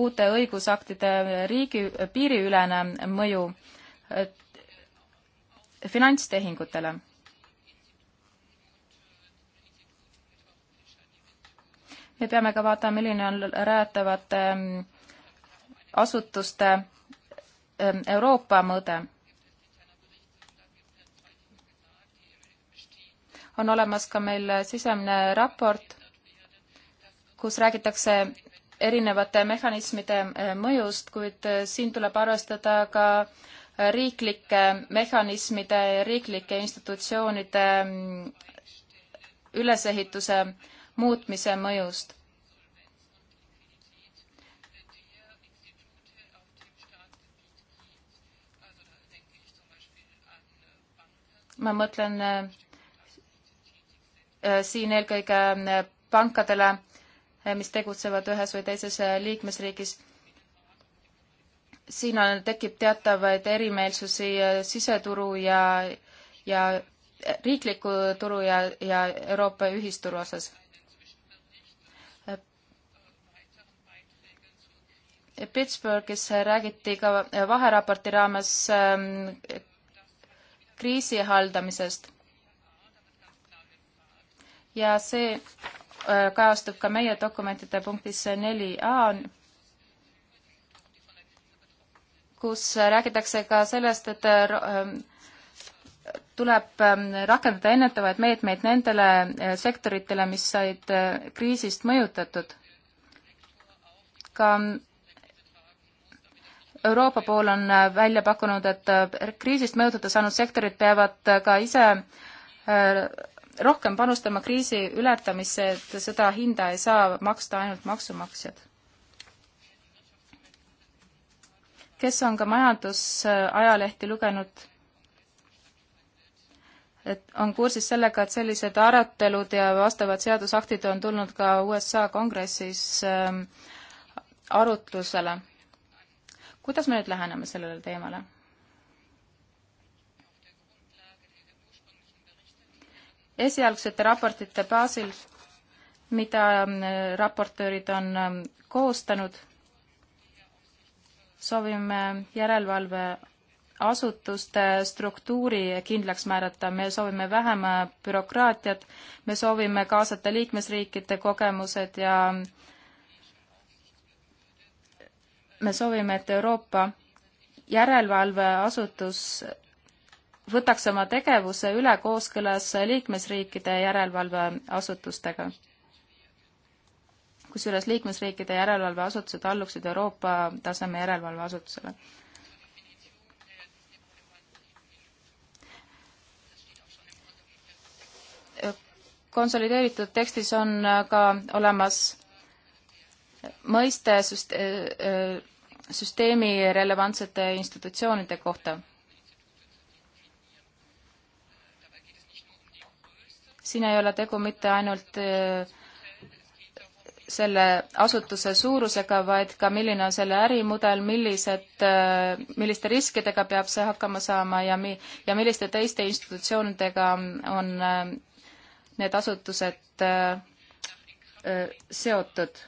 uute õigusaktide riigi, piiriülene mõju finantstehingutele. me peame ka vaatama, milline on rajatavate mm, asutuste Ähm, Euroopa mõõde. on olemas ka meil sisemine raport, kus räägitakse erinevate mehhanismide äh, mõjust, kuid äh, siin tuleb arvestada ka äh, riiklike mehhanismide ja riiklike institutsioonide mm, ülesehituse muutmise mõjust ma mõtlen äh, äh, siin eelkõige äh, pankadele, mis tegutsevad ühes või teises liikmesriigis. siin on, tekib teatavaid erimeelsusi siseturu ja, ja riikliku turu ja, ja Euroopa ühisturu osas. Pittsburghis räägiti ka vaheraporti raames ähm, kriisi haldamisest. ja see äh, kajastub ka meie dokumentide punktis neli A, kus räägitakse ka sellest, et äh, tuleb ähm, rakendada ennetavaid meetmeid nendele äh, sektoritele, mis said kriisist mõjutatud. ka Euroopa pool on äh, välja pakkunud, et äh, kriisist mõjutada saanud sektorid peavad äh, ka ise rohkem panustama kriisi ületamisse, et seda hinda ei saa maksta ainult maksumaksjad. kes on ka majandusajalehti lugenud, et on kursis sellega, et sellised arutelud ja vastavad seadusaktid on tulnud ka USA kongressis ähm, arutlusele kuidas me nüüd läheneme sellele teemale? esialgsete raportite baasil, mida ähm, raportöörid on ähm, koostanud, soovime järelevalve asutuste struktuuri kindlaks määrata, me soovime vähem äh, bürokraatiat, me soovime kaasata liikmesriikide kogemused ja me soovime, et Euroopa järelevalveasutus võtaks oma tegevuse üle kooskõlas liikmesriikide järelevalveasutustega. kusjuures liikmesriikide järelevalveasutused alluksid Euroopa taseme järelevalveasutusele. konsolideeritud tekstis on ka olemas mõiste äh, äh, süsteemi relevantsete institutsioonide kohta. siin ei ole tegu mitte ainult äh, selle asutuse suurusega, vaid ka milline on selle ärimudel, millised, milliste riskidega peab see hakkama saama ja mi-, ja milliste teiste institutsioonidega on need asutused seotud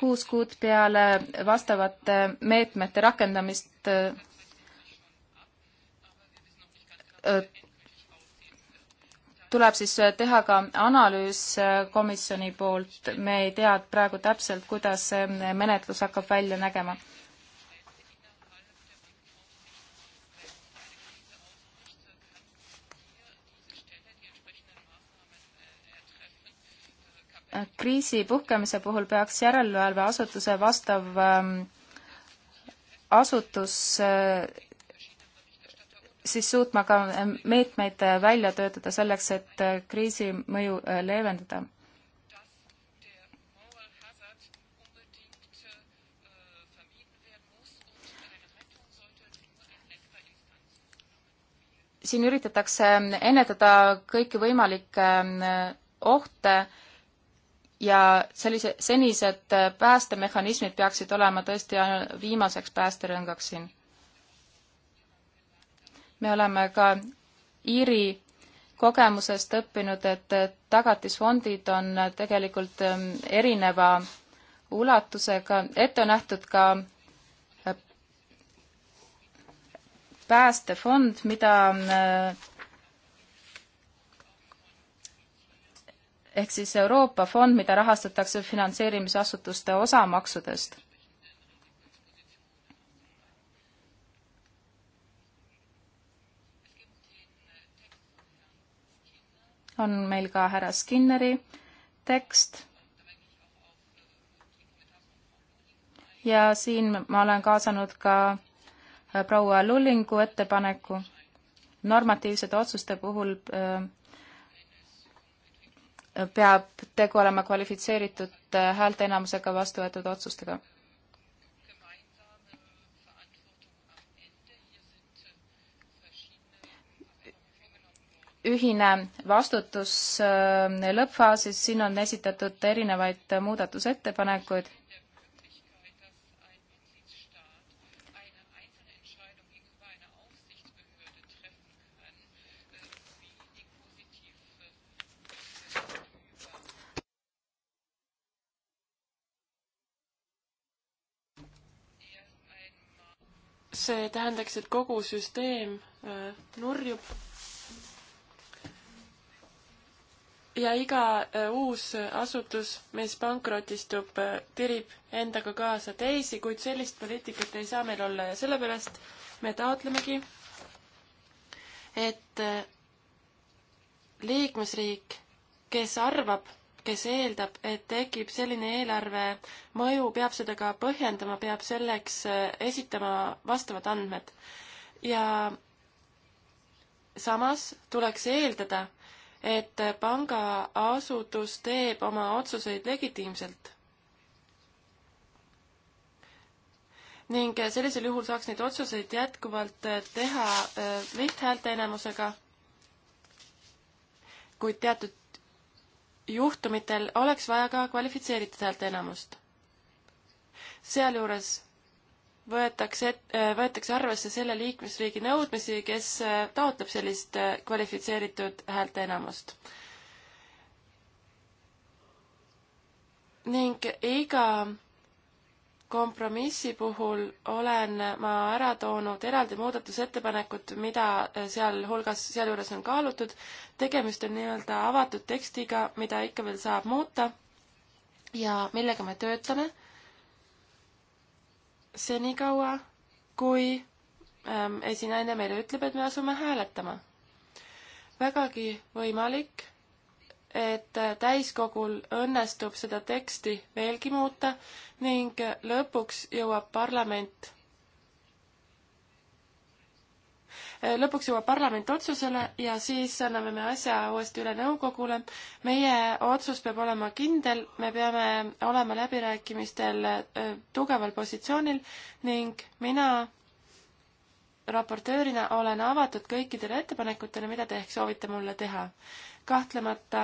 kuus kuud peale vastavate meetmete rakendamist äh, äh, tuleb siis teha ka analüüs äh, komisjoni poolt, me ei tea praegu täpselt, kuidas see menetlus hakkab välja nägema. kriisi puhkemise puhul peaks järelevalveasutuse vastav ähm, asutus äh, siis suutma ka ähm, meetmeid välja töötada selleks, et äh, kriisi mõju äh, leevendada. siin üritatakse ähm, ennetada kõiki võimalikke ohte ja sellise, senised äh, päästemehhanismid peaksid olema tõesti ainult viimaseks päästerõngaks siin. me oleme ka Iiri kogemusest õppinud, et tagatisfondid on tegelikult ähm, erineva ulatusega, ette on nähtud ka äh, päästefond, mida äh, ehk siis Euroopa fond, mida rahastatakse finantseerimisasutuste osamaksudest. on meil ka härra Skinneri tekst. ja siin ma olen kaasanud ka äh, proua Lullingu ettepaneku normatiivsete otsuste puhul äh, peab tegu olema kvalifitseeritud äh, häälteenamusega vastu võetud otsustega. ühine vastutus äh, lõppfaasis, siin on esitatud erinevaid muudatusettepanekuid see tähendaks, et kogu süsteem äh, nurjub. ja iga äh, uus asutus, mis pankrotistub, äh, tirib endaga kaasa teisi, kuid sellist poliitikat ei saa meil olla ja sellepärast me taotlemegi, et liikmesriik, kes arvab, kes eeldab, et tekib selline eelarve mõju, peab seda ka põhjendama, peab selleks äh, esitama vastavad andmed. ja samas tuleks eeldada, et pangaasutus teeb oma otsuseid legitiimselt. ning sellisel juhul saaks neid otsuseid jätkuvalt äh, teha lihthäälteenamusega, äh, kuid teatud juhtumitel oleks vaja ka kvalifitseeritud häälteenamust. sealjuures võetakse, äh, võetakse arvesse selle liikmesriigi nõudmisi, kes äh, taotleb sellist äh, kvalifitseeritud häälteenamust. ning iga kompromissi puhul olen ma ära toonud eraldi muudatusettepanekud, mida eh, sealhulgas, sealjuures on kaalutud. tegemist on nii-öelda avatud tekstiga, mida ikka veel saab muuta ja millega me töötame senikaua, kui ähm, esinaine meile ütleb, et me asume hääletama. vägagi võimalik et täiskogul õnnestub seda teksti veelgi muuta ning lõpuks jõuab parlament lõpuks jõuab parlament otsusele ja siis anname me asja uuesti üle nõukogule. meie otsus peab olema kindel, me peame olema läbirääkimistel äh, tugeval positsioonil ning mina raportöörina olen avatud kõikidele ettepanekutele, mida te ehk soovite mulle teha. kahtlemata,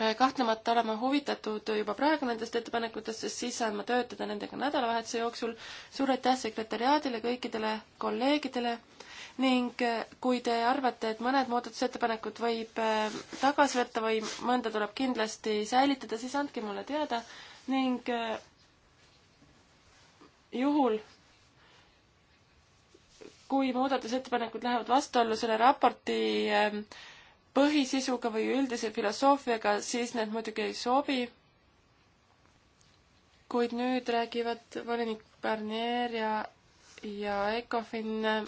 äh, kahtlemata olen ma huvitatud juba praegu nendest ettepanekutest, sest siis saan ma töötada nendega nädalavahetuse jooksul. suur aitäh sekretäriaadile, kõikidele kolleegidele ning äh, kui te arvate, et mõned muudatusettepanekud võib äh, tagasi võtta või mõnda tuleb kindlasti säilitada, siis andke mulle teada ning juhul, kui muudatusettepanekud lähevad vastuollu selle raporti ähm, põhisisuga või üldise filosoofiaga, siis need muidugi ei sobi. kuid nüüd räägivad volinik Barnier ja, ja Ecofin ähm,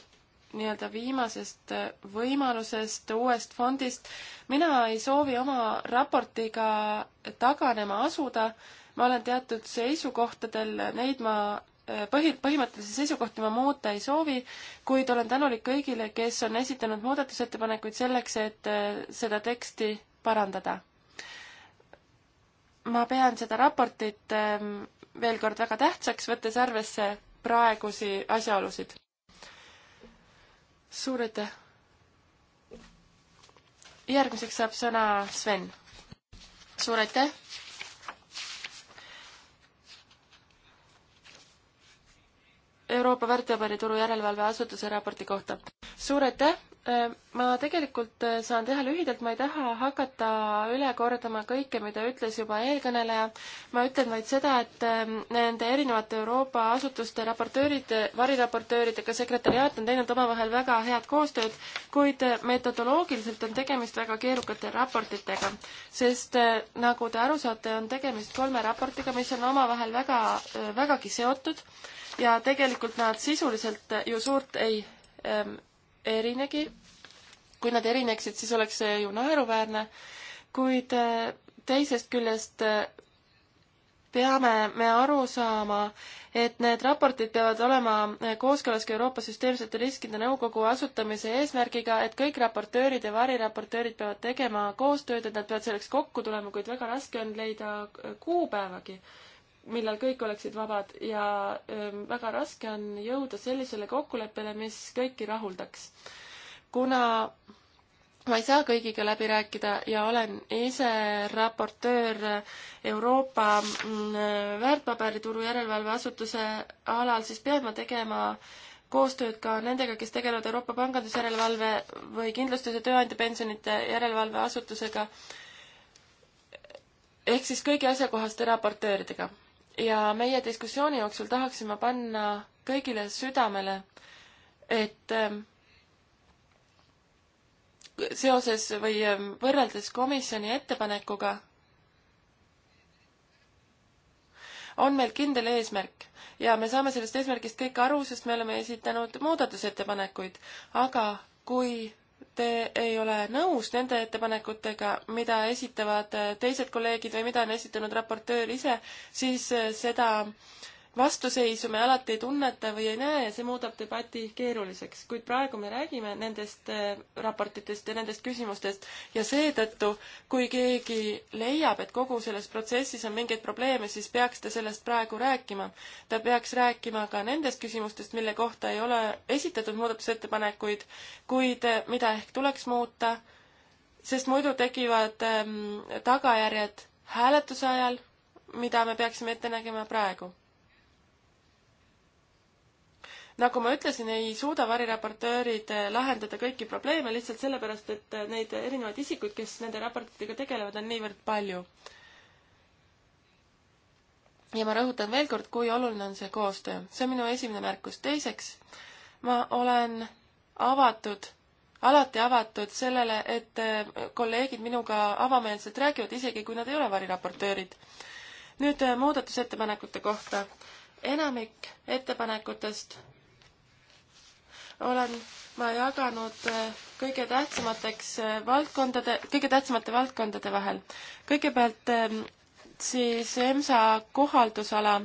nii-öelda viimasest äh, võimalusest, uuest fondist. mina ei soovi oma raportiga taganema asuda, ma olen teatud seisukohtadel, neid ma põhi, põhimõttelisi seisukohti ma muuta ei soovi, kuid olen tänulik kõigile, kes on esitanud muudatusettepanekuid selleks, et äh, seda teksti parandada. ma pean seda raportit ähm, veel kord väga tähtsaks, võttes arvesse praegusi asjaolusid. suur aitäh! järgmiseks saab sõna Sven. suur aitäh! Euroopa väärtpaberituru järelevalveasutuse raporti kohta. suur aitäh! Äh, ma tegelikult äh, saan teha lühidalt, ma ei taha hakata üle kordama kõike, mida ütles juba eelkõneleja. ma ütlen vaid seda, et äh, nende erinevate Euroopa asutuste raportöörid, variraportöörid ja ka sekretäriaat on teinud omavahel väga head koostööd, kuid metodoloogiliselt on tegemist väga keerukate raportitega. sest nagu te aru saate, on tegemist kolme raportiga, mis on omavahel väga, vägagi seotud ja tegelikult nad sisuliselt ju suurt ei ähm, erinegi. kui nad erineksid, siis oleks see ju naeruväärne, kuid äh, teisest küljest äh, peame me aru saama, et need raportid peavad olema äh, kooskõlas ka Euroopa Süsteemsete Riskide Nõukogu asutamise eesmärgiga, et kõik raportöörid ja variraportöörid peavad tegema koostööd, et nad peavad selleks kokku tulema, kuid väga raske on leida äh, kuupäevagi millal kõik oleksid vabad ja ähm, väga raske on jõuda sellisele kokkuleppele, mis kõiki rahuldaks. kuna ma ei saa kõigiga läbi rääkida ja olen ise raportöör Euroopa mm, väärtpaberituru järelevalveasutuse alal, siis pean ma tegema koostööd ka nendega, kes tegelevad Euroopa pangandusjärelevalve või kindlustuse tööandjapensionite järelevalveasutusega, ehk siis kõigi asjakohaste raportööridega ja meie diskussiooni jooksul tahaksin ma panna kõigile südamele, et ähm, seoses või ähm, võrreldes komisjoni ettepanekuga on meil kindel eesmärk ja me saame sellest eesmärgist kõik aru, sest me oleme esitanud muudatusettepanekuid, aga kui te ei ole nõus nende ettepanekutega, mida esitavad teised kolleegid või mida on esitanud raportöör ise, siis eh, seda äh, vastuseisu me alati ei tunneta või ei näe ja see muudab debati keeruliseks, kuid praegu me räägime nendest äh, raportitest ja nendest küsimustest ja seetõttu, kui keegi leiab, et kogu selles protsessis on mingeid probleeme, siis peaks ta sellest praegu rääkima. ta peaks rääkima ka nendest küsimustest, mille kohta ei ole esitatud muudatusettepanekuid, kuid äh, mida ehk tuleks muuta, sest muidu tekivad ähm, tagajärjed hääletuse ajal, mida me peaksime ette nägema praegu nagu ma ütlesin, ei suuda variraportöörid eh, lahendada kõiki probleeme lihtsalt sellepärast, et eh, neid erinevaid isikuid, kes nende raportitega tegelevad, on niivõrd palju. ja ma rõhutan veel kord, kui oluline on see koostöö. see on minu esimene märkus. teiseks, ma olen avatud, alati avatud sellele, et eh, kolleegid minuga avameelselt räägivad, isegi kui nad ei ole variraportöörid. nüüd muudatusettepanekute kohta. enamik ettepanekutest olen ma jaganud äh, kõige tähtsamateks äh, valdkondade, kõige tähtsamate valdkondade vahel. kõigepealt ähm, siis EMSA kohaldusala.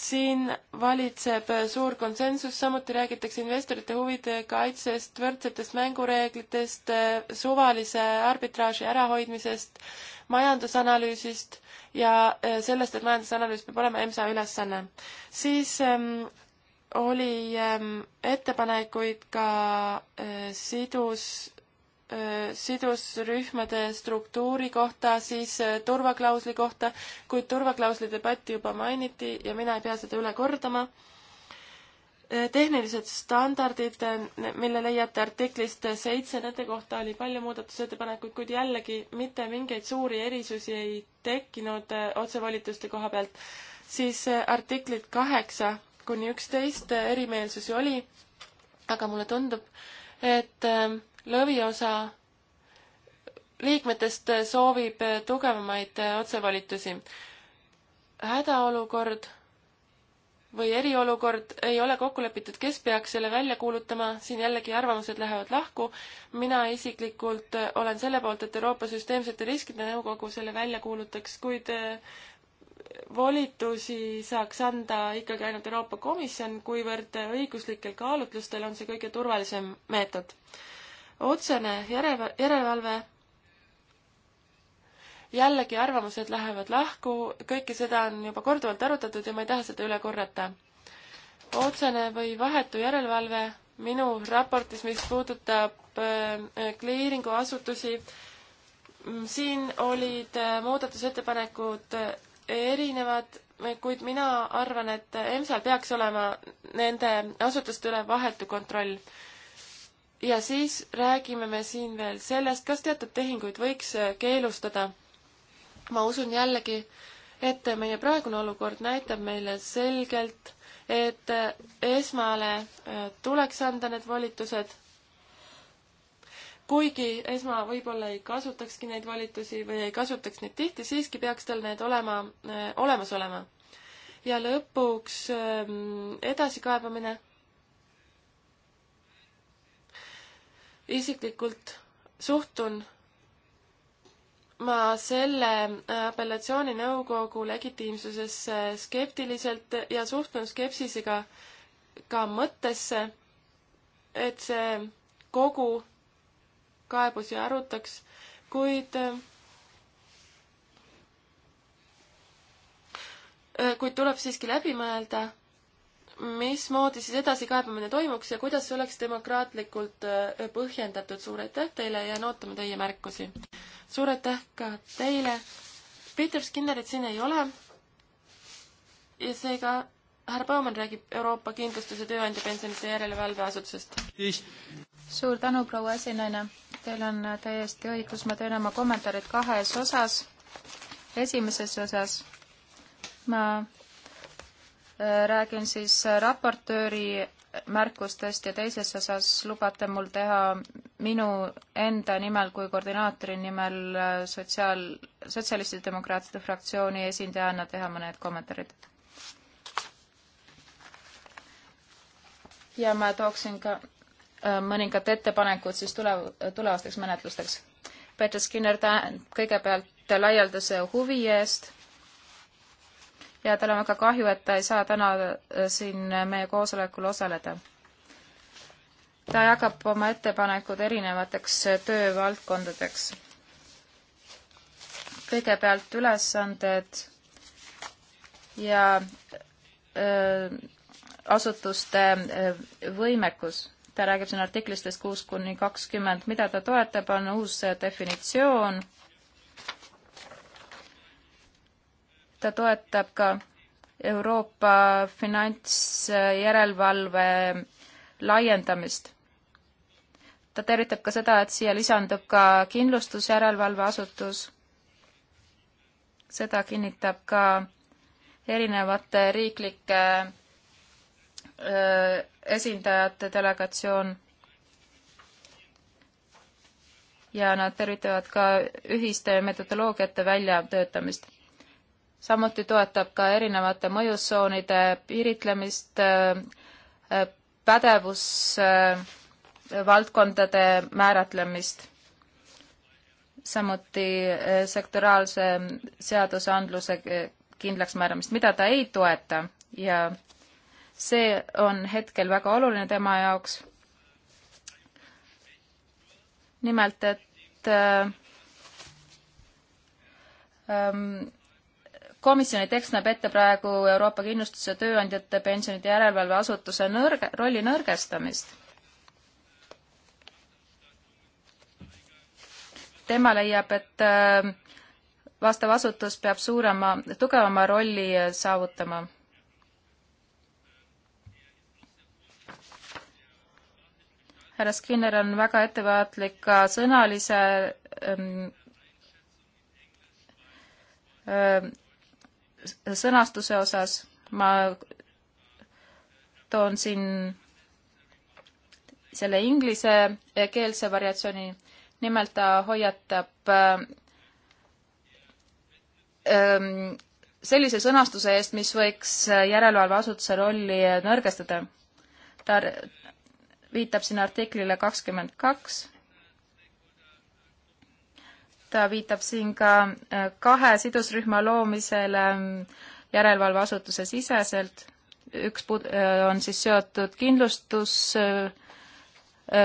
siin valitseb äh, suur konsensus, samuti räägitakse investorite huvide kaitsest, võrdsetest mängureeglitest, suvalise arbitraaži ärahoidmisest, majandusanalüüsist ja sellest, et majandusanalüüs peab olema EMSA ülesanne. siis ähm, oli ähm, ettepanekuid ka äh, sidus, äh, sidusrühmade struktuuri kohta, siis äh, turvaklausli kohta, kuid turvaklausli debatti juba mainiti ja mina ei pea seda üle kordama. tehnilised standardid, mille leiate artiklist seitse, nende kohta oli palju muudatusettepanekuid, kuid jällegi mitte mingeid suuri erisusi ei tekkinud otsevolituste koha pealt. siis artiklid kaheksa kuni üksteist erimeelsusi oli, aga mulle tundub, et ähm, lõviosa liikmetest soovib tugevamaid äh, otsevolitusi. hädaolukord või eriolukord ei ole kokku lepitud, kes peaks selle välja kuulutama, siin jällegi arvamused lähevad lahku. mina isiklikult äh, olen selle poolt, et Euroopa Süsteemsete Riskide Nõukogu selle välja kuulutaks, kuid äh, volitusi saaks anda ikkagi ainult Euroopa Komisjon, kuivõrd õiguslikel kaalutlustel on see kõige turvalisem meetod. otsene järelevalve, järelevalve jällegi arvamused lähevad lahku, kõike seda on juba korduvalt arutatud ja ma ei taha seda üle korrata. otsene või vahetu järelevalve minu raportis, mis puudutab äh, kliiringuasutusi, mm, siin olid äh, muudatusettepanekud äh, erinevad, kuid mina arvan, et EMSA-l peaks olema nende asutuste üle vahetu kontroll. ja siis räägime me siin veel sellest, kas teatud tehinguid võiks keelustada. ma usun jällegi, et meie praegune olukord näitab meile selgelt, et esmale tuleks anda need volitused kuigi esma võib-olla ei kasutakski neid volitusi või ei kasutaks neid tihti, siiski peaks tal need olema, äh, olemas olema. ja lõpuks ähm, edasikaebamine. isiklikult suhtun ma selle äh, apellatsiooninõukogu legitiimsusesse skeptiliselt ja suhtun skepsisega ka mõttesse, et see kogu kaebusi arutaks, kuid äh, kuid tuleb siiski läbi mõelda, mismoodi siis edasikaebamine toimuks ja kuidas see oleks demokraatlikult äh, põhjendatud. suur aitäh teile ja ootame teie märkusi. suur aitäh ka teile. Peter Skinnerit siin ei ole. ja seega härra Baumann räägib Euroopa Kindlustuse Tööandja Pensionite Järelevalveasutusest. suur tänu, proua esinaine Teil on täiesti õigus, ma teen oma kommentaarid kahes osas. esimeses osas ma äh, räägin siis raportööri märkustest ja teises osas lubate mul teha minu enda nimel kui koordinaatori nimel äh, sotsiaal, sotsialistide demokraatide fraktsiooni esindajana teha mõned kommentaarid. ja ma tooksin ka Äh, mõningad ettepanekud siis tule, tulevasteks menetlusteks. Peeter Skinner tähendab kõigepealt laialdase huvi eest ja tal on väga kahju, et ta ei saa täna äh, siin äh, meie koosolekul osaleda. ta jagab oma ettepanekud erinevateks töövaldkondadeks. kõigepealt ülesanded ja öö, asutuste öö, võimekus ta räägib siin artiklistest kuus kuni kakskümmend, mida ta toetab, on uus definitsioon. ta toetab ka Euroopa finantsjärelevalve laiendamist. ta tervitab ka seda, et siia lisandub ka kindlustusjärelevalveasutus. seda kinnitab ka erinevate riiklike Äh, esindajate delegatsioon ja nad tervitavad ka ühiste metodoloogiate väljatöötamist. samuti toetab ka erinevate mõjustsoonide piiritlemist, äh, äh, pädevusvaldkondade määratlemist, samuti sektoraalse seadusandluse kindlaksmääramist, mida ta ei toeta ja see on hetkel väga oluline tema jaoks. nimelt, et äh, ähm, komisjoni tekst näeb ette praegu Euroopa Kindlustuse Tööandjate Pensionide Järelevalveasutuse nõrge, rolli nõrgestamist. tema leiab, et äh, vastav asutus peab suurema, tugevama rolli äh, saavutama härra Skinner on väga ettevaatlik ka sõnalise ähm, ähm, sõnastuse osas. ma toon siin selle inglisekeelse variatsiooni, nimelt ta hoiatab ähm, sellise sõnastuse eest, mis võiks järelevalveasutuse rolli nõrgestada. ta viitab siin artiklile kakskümmend kaks. ta viitab siin ka äh, kahe sidusrühma loomisele mm, järelevalveasutuse siseselt. üks äh, on siis seotud kindlustus äh,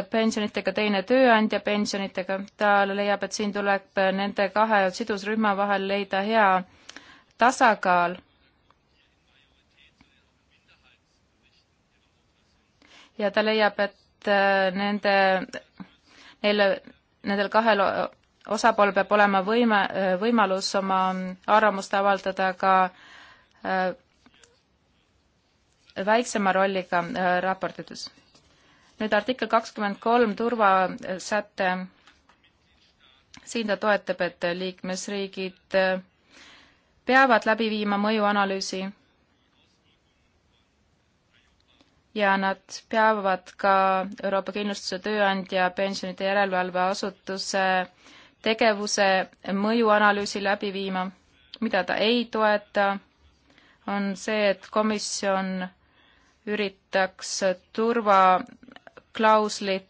pensionitega, teine tööandja pensionitega. ta leiab, et siin tuleb nende kahe sidusrühma vahel leida hea tasakaal ja ta leiab, et äh, nende, neile, nendel kahel osapool peab olema võime, äh, võimalus oma arvamust avaldada ka äh, väiksema rolliga raportides. nüüd artikkel kakskümmend kolm, turvasäte, siin ta toetab, et liikmesriigid peavad läbi viima mõjuanalüüsi ja nad peavad ka Euroopa Kindlustuse Tööandja Pensionide Järelevalveasutuse tegevuse mõjuanalüüsi läbi viima. mida ta ei toeta, on see, et komisjon üritaks turvaklauslit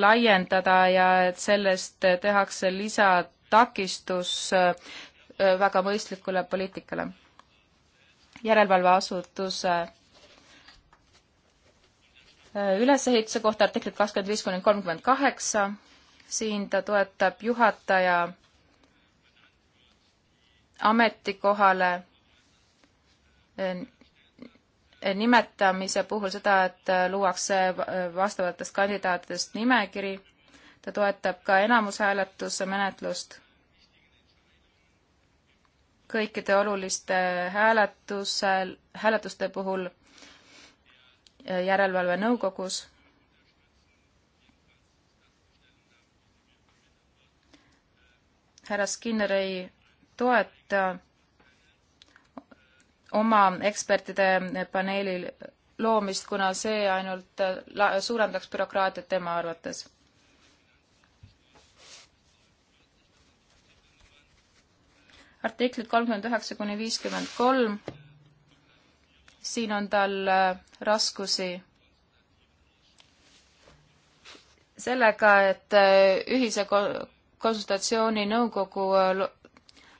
laiendada ja et sellest tehakse lisatakistus väga mõistlikule poliitikale. järelevalveasutuse Äh, ülesehituse kohta artiklit kakskümmend viis kuni kolmkümmend kaheksa. siin ta toetab juhataja ametikohale äh, nimetamise puhul seda, et äh, luuakse vastavatest kandidaatidest nimekiri. ta toetab ka enamushääletuse menetlust kõikide oluliste hääletusel, hääletuste puhul järelevalve nõukogus. härra Skinner ei toeta oma ekspertide paneeli loomist, kuna see ainult suurendaks bürokraatiat tema arvates artiklid kolmkümmend üheksa kuni viiskümmend kolm siin on tal äh, raskusi sellega, et äh, ühise konsultatsiooni nõukogu äh,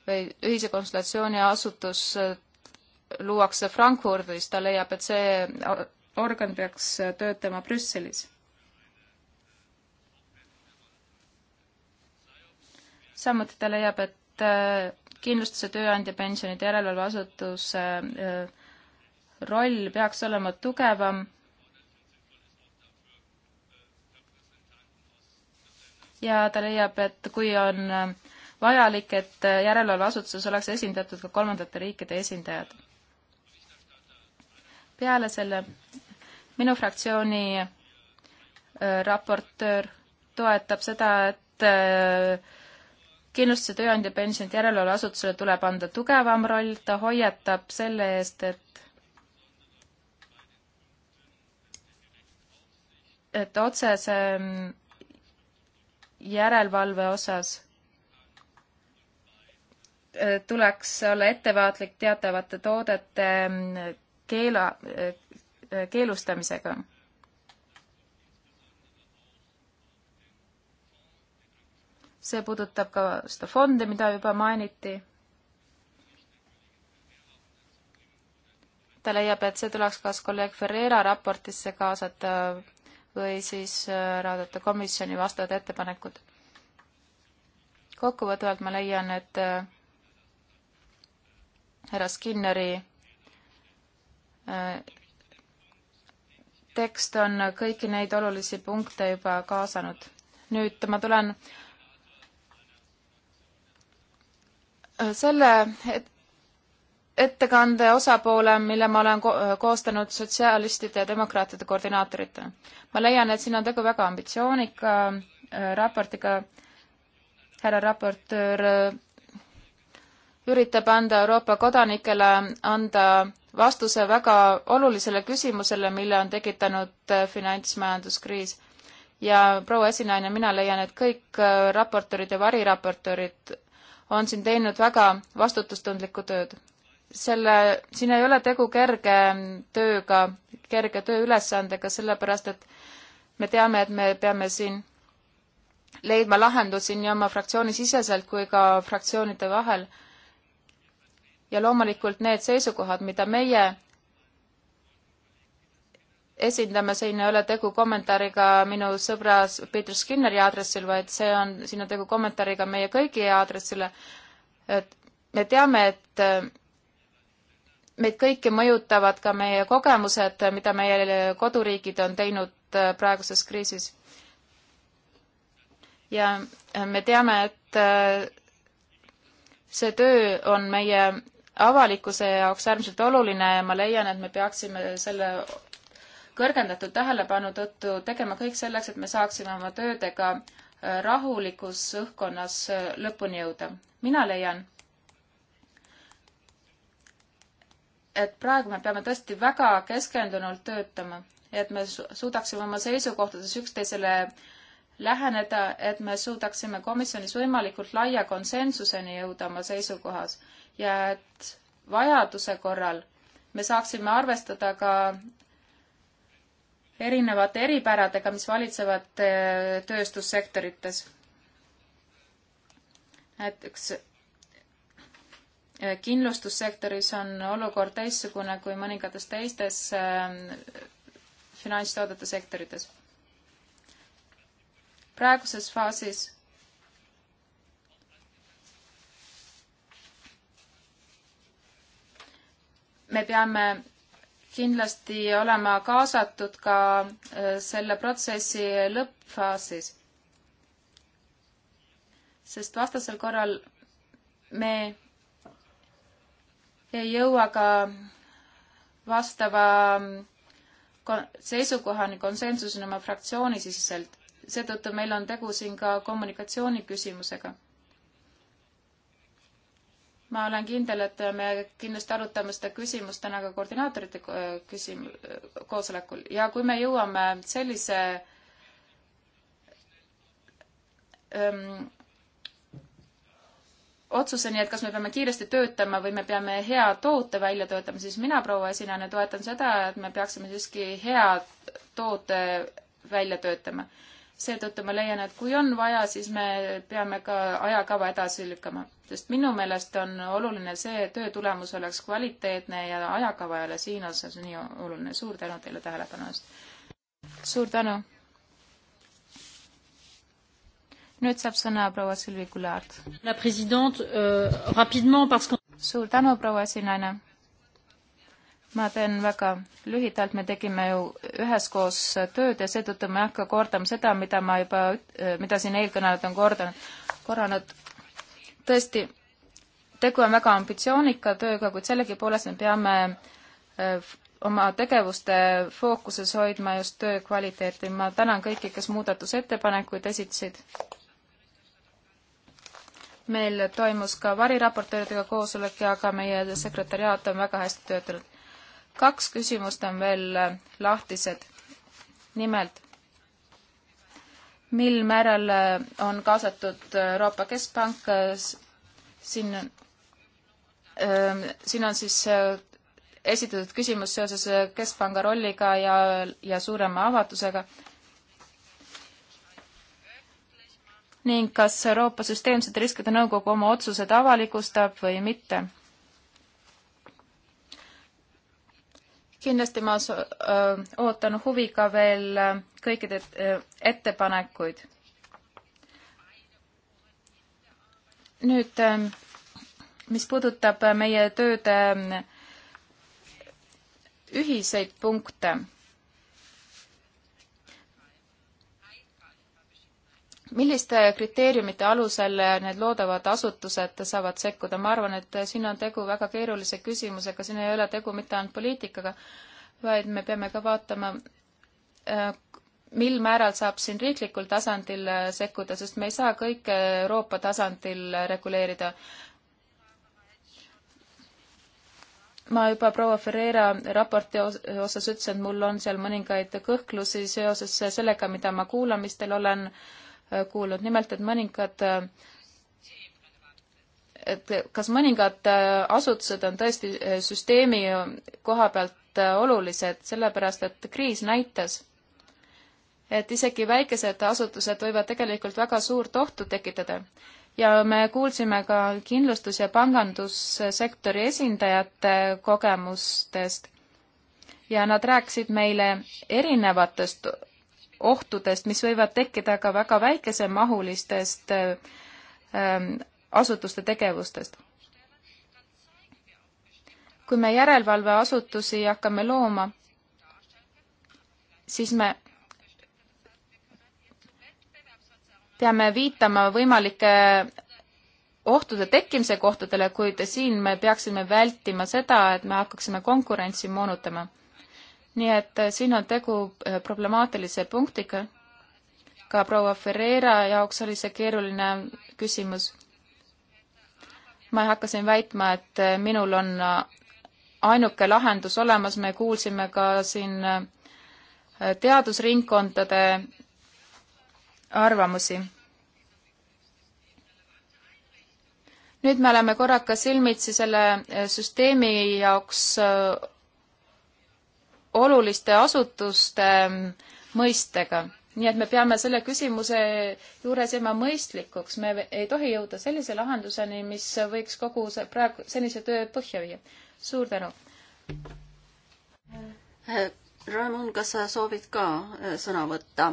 või ühise konsultatsiooni asutus luuakse Frankfurdis, ta leiab, et see organ peaks töötama Brüsselis. samuti ta leiab, et kindlustuse tööandja pensionide järelevalveasutuse äh, roll peaks olema tugevam ja ta leiab, et kui on äh, vajalik, et äh, järelevalveasutuses oleks esindatud ka kolmandate riikide esindajad. peale selle minu fraktsiooni äh, raportöör toetab seda, et kindlustuse tööandja pensionit järelevalveasutusele tuleb anda tugevam roll, ta hoiatab selle eest, et et otsese mm, järelevalve osas äh, tuleks olla ettevaatlik teatavate toodete mm, keela, äh, äh, keelustamisega. see puudutab ka seda fondi, mida juba mainiti. ta leiab, et see tuleks kas kolleeg Ferreira raportisse kaasata või siis vaadata äh, komisjoni vastavad ettepanekud. kokkuvõtvalt ma leian, et äh, härra Skinneri äh, tekst on kõiki neid olulisi punkte juba kaasanud. nüüd ma tulen selle ettekande osapoole, mille ma olen ko koostanud sotsialistide ja demokraatide koordinaatoritena. ma leian, et siin on tegu väga ambitsioonika äh, raportiga. härra raportöör äh, üritab anda Euroopa kodanikele, anda vastuse väga olulisele küsimusele, mille on tekitanud äh, finantsmajanduskriis. ja proua esinaine, mina leian, et kõik raportöörid ja variraportöörid on siin teinud väga vastutustundlikku tööd selle, siin ei ole tegu kerge tööga, kerge tööülesandega, sellepärast et me teame, et me peame siin leidma lahendusi nii oma fraktsiooni siseselt kui ka fraktsioonide vahel. ja loomulikult need seisukohad, mida meie esindame, siin ei ole tegu kommentaariga minu sõbra Peter Skinneri aadressil, vaid see on, siin on tegu kommentaariga meie kõigi aadressile, et me teame, et meid kõiki mõjutavad ka meie kogemused, mida meie koduriigid on teinud äh, praeguses kriisis. ja äh, me teame, et äh, see töö on meie avalikkuse jaoks äärmiselt oluline ja ma leian, et me peaksime selle kõrgendatud tähelepanu tõttu tegema kõik selleks, et me saaksime oma töödega rahulikus õhkkonnas lõpuni jõuda. mina leian et praegu me peame tõesti väga keskendunult töötama, et me suudaksime oma seisukohtades üksteisele läheneda, et me suudaksime komisjonis võimalikult laia konsensuseni jõuda oma seisukohas ja et vajaduse korral me saaksime arvestada ka erinevate eripäradega, mis valitsevad eh, tööstussektorites. näiteks Äh, kindlustussektoris on olukord teistsugune kui mõningates teistes äh, finantstoodete sektorites. praeguses faasis me peame kindlasti olema kaasatud ka äh, selle protsessi lõppfaasis. sest vastasel korral me ei jõua ka vastava seisukohani, konsensuseni oma fraktsiooni siseselt. seetõttu meil on tegu siin ka kommunikatsiooni küsimusega. ma olen kindel, et me kindlasti arutame seda küsimust täna ka koordinaatorite äh, küsim-, äh, koosolekul ja kui me jõuame sellise öö, ähm, otsuseni, et kas me peame kiiresti töötama või me peame hea toote välja töötama, siis mina proua esinejana toetan seda, et me peaksime siiski hea toote välja töötama. seetõttu ma leian, et kui on vaja, siis me peame ka ajakava edasi lükkama, sest minu meelest on oluline see, et töö tulemus oleks kvaliteetne ja ajakava ei ole siin osas nii oluline. suur tänu teile tähelepanu eest! suur tänu! nüüd saab sõna proua Silvi Kulaart. Euh, suur tänu, proua esinaine. ma teen väga lühidalt, me tegime ju üheskoos tööd ja seetõttu ma ei hakka kordama seda, mida ma juba, äh, mida siin eelkõnelejad on kordanud, korranud. tõesti, tegu on väga ambitsioonika tööga, kuid sellegipoolest me peame äh, oma tegevuste fookuses hoidma just töö kvaliteeti. ma tänan kõiki, kes muudatusettepanekuid esitasid meil toimus ka variraportööridega koosolek ja ka meie sekretäriaat on väga hästi töötanud. kaks küsimust on veel lahtised. nimelt, mil määral on kaasatud Euroopa Keskpank, siin on, ähm, siin on siis äh, esitatud küsimus seoses Keskpanga rolliga ja, ja suurema avatusega ning kas Euroopa Süsteemsete Riskide Nõukogu oma otsused avalikustab või mitte. kindlasti ma ootan huviga veel kõikide ettepanekuid. nüüd, mis puudutab meie tööde ühiseid punkte milliste kriteeriumite alusel need loodavad asutused saavad sekkuda, ma arvan, et siin on tegu väga keerulise küsimusega, siin ei ole tegu mitte ainult poliitikaga, vaid me peame ka vaatama, äh, mil määral saab siin riiklikul tasandil äh, sekkuda, sest me ei saa kõike Euroopa tasandil reguleerida. ma juba proua Ferreira raporti osas ütlesin, et mul on seal mõningaid kõhklusi seoses sellega, mida ma kuulamistel olen äh, kuulnud, nimelt et mõningad et kas mõningad äh, asutused on tõesti äh, süsteemi koha pealt äh, olulised, sellepärast et kriis näitas, et isegi väikesed asutused võivad tegelikult väga suurt ohtu tekitada. ja me kuulsime ka kindlustus- ja pangandussektori esindajate kogemustest ja nad rääkisid meile erinevatest ohtudest, mis võivad tekkida ka väga väikesemahulistest ähm, asutuste tegevustest. kui me järelevalveasutusi hakkame looma, siis me peame viitama võimalike ohtude tekkimise kohtadele, kuid siin me peaksime vältima seda, et me hakkaksime konkurentsi moonutama nii et äh, siin on tegu äh, problemaatilise punktiga. ka proua Ferreira jaoks oli see keeruline küsimus. ma ei hakka siin väitma, et äh, minul on ainuke lahendus olemas, me kuulsime ka siin teadusringkondade arvamusi. nüüd me oleme korraga silmitsi selle süsteemi jaoks oluliste asutuste ähm, mõistega. nii et me peame selle küsimuse juures jääma mõistlikuks, me ei tohi jõuda sellise lahenduseni, mis võiks kogu see praegu, senise töö põhja viia. suur tänu! Äh, Raimond, kas sa soovid ka äh, sõna võtta?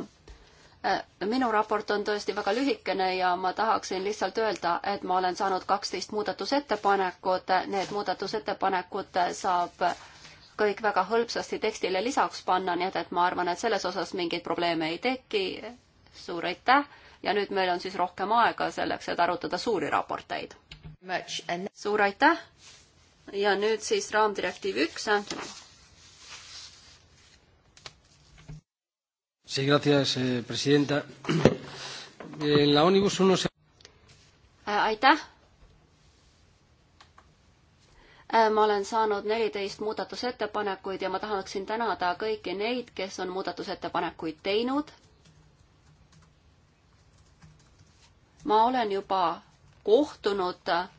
Äh, minu raport on tõesti väga lühikene ja ma tahaksin lihtsalt öelda, et ma olen saanud kaksteist muudatusettepanekut, need muudatusettepanekud saab kõik väga hõlpsasti tekstile lisaks panna, nii et, et ma arvan, et selles osas mingeid probleeme ei teki. suur aitäh ja nüüd meil on siis rohkem aega selleks, et arutada suuri raporteid. suur aitäh ja nüüd siis raamdirektiiv üks. Sí, gracias, eh, presidenta. En la Omnibus 1 se... Äh, aitäh, Äh, ma olen saanud neliteist muudatusettepanekuid ja ma tahaksin tänada kõiki neid, kes on muudatusettepanekuid teinud. ma olen juba kohtunud äh,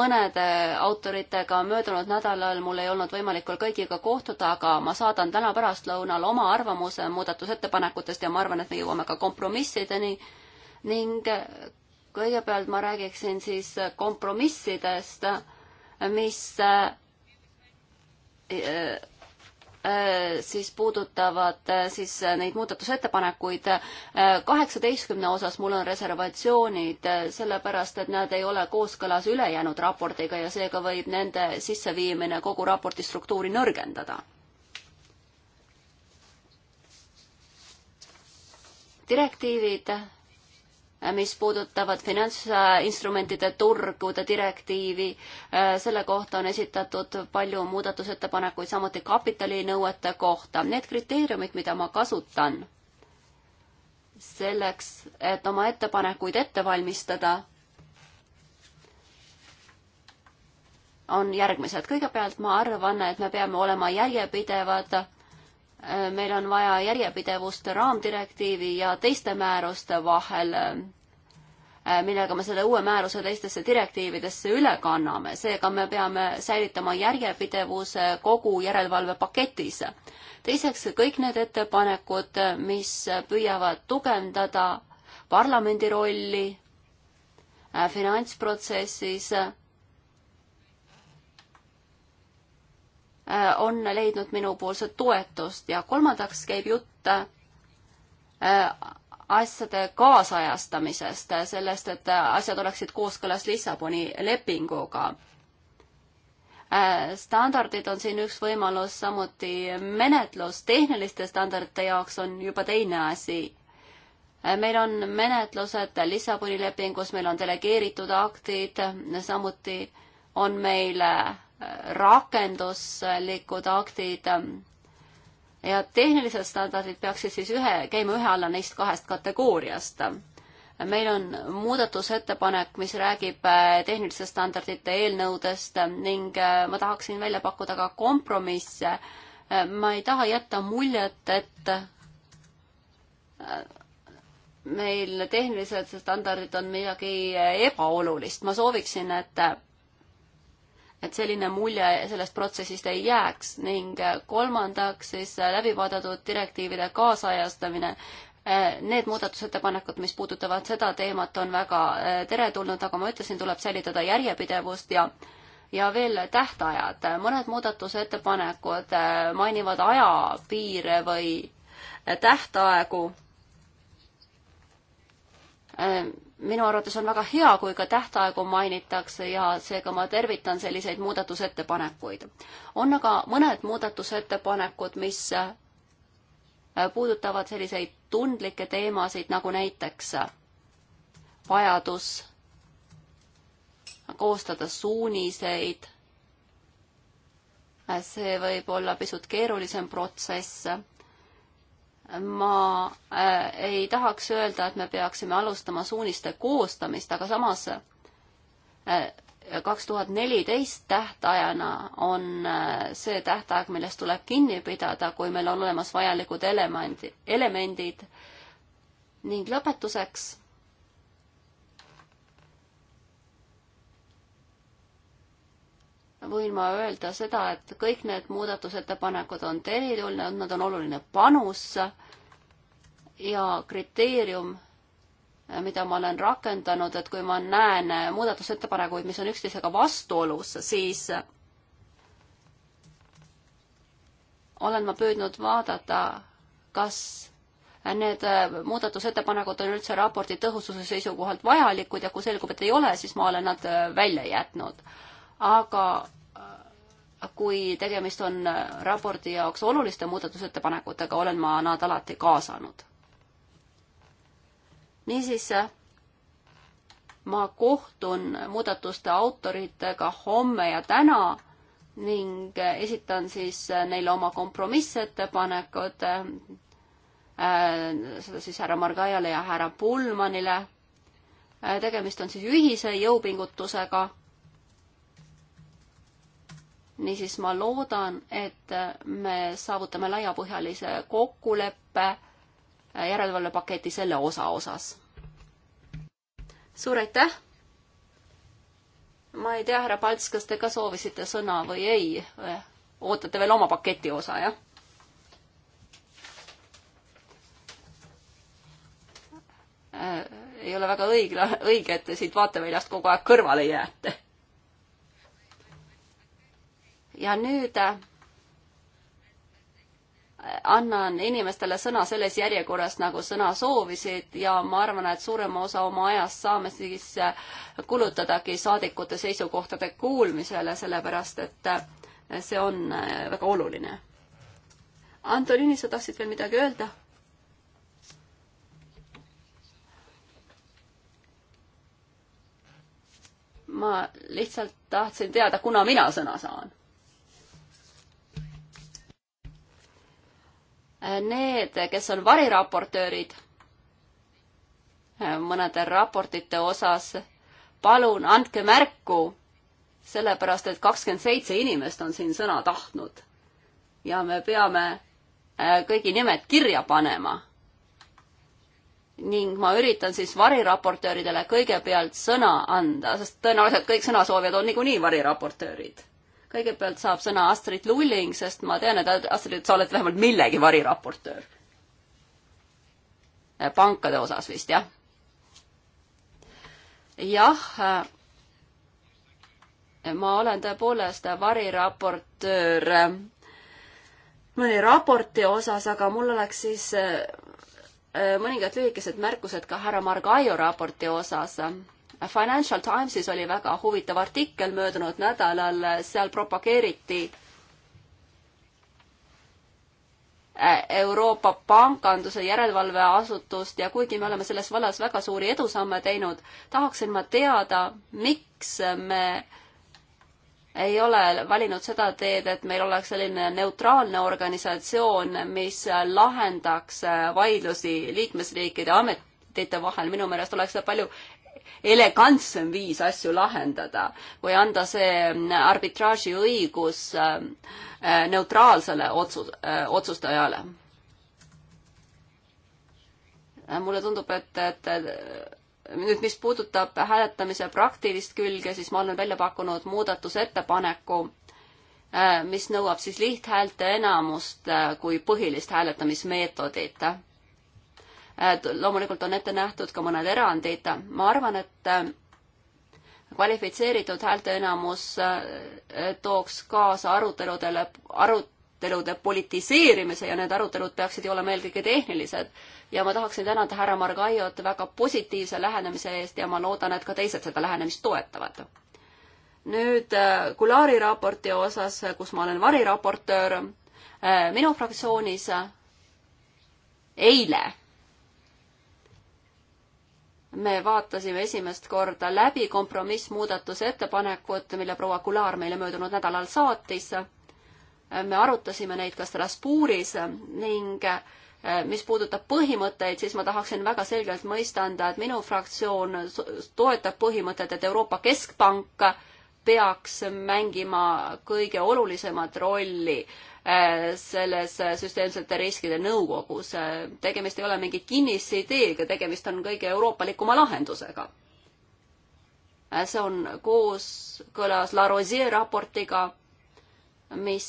mõnede autoritega möödunud nädalal mul ei olnud võimalik veel kõigiga kohtuda, aga ma saadan täna pärastlõunal oma arvamuse muudatusettepanekutest ja ma arvan, et me jõuame ka kompromissideni ning kõigepealt ma räägiksin siis kompromissidest, mis äh, äh, siis puudutavad äh, siis neid muudatusettepanekuid. kaheksateistkümne osas mul on reservatsioonid, sellepärast et nad ei ole kooskõlas ülejäänud raportiga ja seega võib nende sisseviimine kogu raporti struktuuri nõrgendada. direktiivid mis puudutavad finantsinstrumentide turgude direktiivi. selle kohta on esitatud palju muudatusettepanekuid, samuti kapitalinõuete kohta. Need kriteeriumid, mida ma kasutan selleks, et oma ettepanekuid ette valmistada, on järgmised. kõigepealt ma arvan, et me peame olema järjepidevad meil on vaja järjepidevust raamdirektiivi ja teiste määruste vahel. Äh, millega me selle uue määruse teistesse direktiividesse üle kanname. seega me peame säilitama järjepidevuse kogu järelevalvepaketis. teiseks, kõik need ettepanekud, mis püüavad tugevdada parlamendi rolli äh, finantsprotsessis, äh, on leidnud minupoolset toetust ja kolmandaks käib jutt asjade kaasajastamisest, sellest, et asjad oleksid kooskõlas Lissaboni lepinguga. Äh, standardid on siin üks võimalus, samuti menetlus tehniliste standardite jaoks on juba teine asi. Äh, meil on menetlused Lissaboni lepingus, meil on delegeeritud aktid, samuti on meil äh, rakenduslikud aktid ja tehnilised standardid peaksid siis ühe, käima ühe alla neist kahest kategooriast. meil on muudatusettepanek, mis räägib äh, tehniliste standardite eelnõudest ning äh, ma tahaksin välja pakkuda ka kompromisse. Äh, ma ei taha jätta muljet, et meil tehnilised standardid on midagi ebaolulist. ma sooviksin, et et selline mulje sellest protsessist ei jääks ning äh, kolmandaks siis äh, läbi vaadatud direktiivide kaasajastamine. Äh, need muudatusettepanekud, mis puudutavad seda teemat, on väga teretulnud, aga ma ütlesin, tuleb säilitada järjepidevust ja ja veel tähtajad. mõned muudatusettepanekud mainivad ajapiire või tähtaegu Äh, minu arvates on väga hea, kui ka tähtaegu mainitakse ja seega ma tervitan selliseid muudatusettepanekuid. on aga mõned muudatusettepanekud, mis äh, puudutavad selliseid tundlikke teemasid, nagu näiteks äh, vajadus koostada suuniseid, see võib olla pisut keerulisem protsess ma äh, ei tahaks öelda, et me peaksime alustama suuniste koostamist, aga samas äh, kaks tuhat neliteist tähtajana on äh, see tähtaeg, millest tuleb kinni pidada, kui meil on olemas vajalikud elemendi, elemendid. ning lõpetuseks võin ma öelda seda, et kõik need muudatusettepanekud on teretulnud, nad on oluline panus ja kriteerium, mida ma olen rakendanud, et kui ma näen muudatusettepanekuid, mis on üksteisega vastuolus, siis olen ma püüdnud vaadata, kas need muudatusettepanekud on üldse raporti tõhususe seisukohalt vajalikud ja kui selgub, et ei ole, siis ma olen nad välja jätnud. aga kui tegemist on äh, raporti jaoks oluliste muudatusettepanekutega, olen ma nad alati kaasanud. niisiis, äh, ma kohtun muudatuste autoritega homme ja täna ning äh, esitan siis neile oma kompromissettepanekud, seda siis härra Margaiale ja härra Pullmanile. tegemist on siis ühise jõupingutusega niisiis ma loodan, et me saavutame laiapõhjalise kokkuleppe järelevalvepaketi selle osa osas. suur aitäh! ma ei tea, härra Palts, kas te ka soovisite sõna või ei? ootate veel oma paketi osa, jah? ei ole väga õigla-, õige, et te siit vaateväljast kogu aeg kõrvale jääte ja nüüd äh, annan inimestele sõna selles järjekorras, nagu sõna soovisid ja ma arvan, et suurema osa oma ajast saame siis äh, kulutadagi saadikute seisukohtade kuulmisele, sellepärast et äh, see on väga oluline. Antonini, sa tahtsid veel midagi öelda? ma lihtsalt tahtsin teada, kuna mina sõna saan need, kes on variraportöörid mõnede raportite osas, palun andke märku, sellepärast et kakskümmend seitse inimest on siin sõna tahtnud. ja me peame äh, kõigi nimed kirja panema. ning ma üritan siis variraportööridele kõigepealt sõna anda, sest tõenäoliselt kõik sõnasoovijad on niikuinii variraportöörid kõigepealt saab sõna Astrid Lulling, sest ma tean, et Astrid, sa oled vähemalt millegi variraportöör. pankade osas vist, jah? jah, äh, ma olen tõepoolest variraportöör äh, mõne raporti osas, aga mul oleks siis äh, mõningad lühikesed märkused ka härra Margaio raporti osas Financial Timesis oli väga huvitav artikkel möödunud nädalal, seal propageeriti äh, Euroopa panganduse järelevalveasutust ja kuigi me oleme selles vallas väga suuri edusamme teinud, tahaksin ma teada, miks me ei ole valinud seda teed, et meil oleks selline neutraalne organisatsioon, mis lahendaks vaidlusi liikmesriikide ametite vahel, minu meelest oleks see palju elegantsem viis asju lahendada või anda see mm, arbitraaži õigus äh, äh, neutraalsele otsu-, äh, otsustajale. mulle tundub, et, et nüüd, mis puudutab hääletamise praktilist külge, siis ma olen välja pakkunud muudatusettepaneku, mis nõuab siis lihthäälte enamust kui põhilist hääletamismeetodit Äh, loomulikult on ette nähtud ka mõned erandid. ma arvan, et äh, kvalifitseeritud häälteenamus äh, tooks kaasa aruteludele, arutelude politiseerimise ja need arutelud peaksid ju olema eelkõige tehnilised. ja ma tahaksin tänada härra Margaiot väga positiivse lähenemise eest ja ma loodan, et ka teised seda lähenemist toetavad. nüüd Kulaari raporti osas, kus ma olen variraportöör, minu fraktsioonis eile me vaatasime esimest korda läbi kompromissmuudatusettepanekud, mille proua Kulaar meile möödunud nädalal saatis. me arutasime neid ka Strasbourgis ning eh, mis puudutab põhimõtteid, siis ma tahaksin väga selgelt mõista anda, et minu fraktsioon toetab põhimõtet, et Euroopa Keskpank peaks mängima kõige olulisemat rolli Äh, selles süsteemsete riskide nõukogus. Äh, tegemist ei ole mingi kinnise ideega, tegemist on kõige euroopalikuma lahendusega. Äh, see on kooskõlas La Rosier raportiga, mis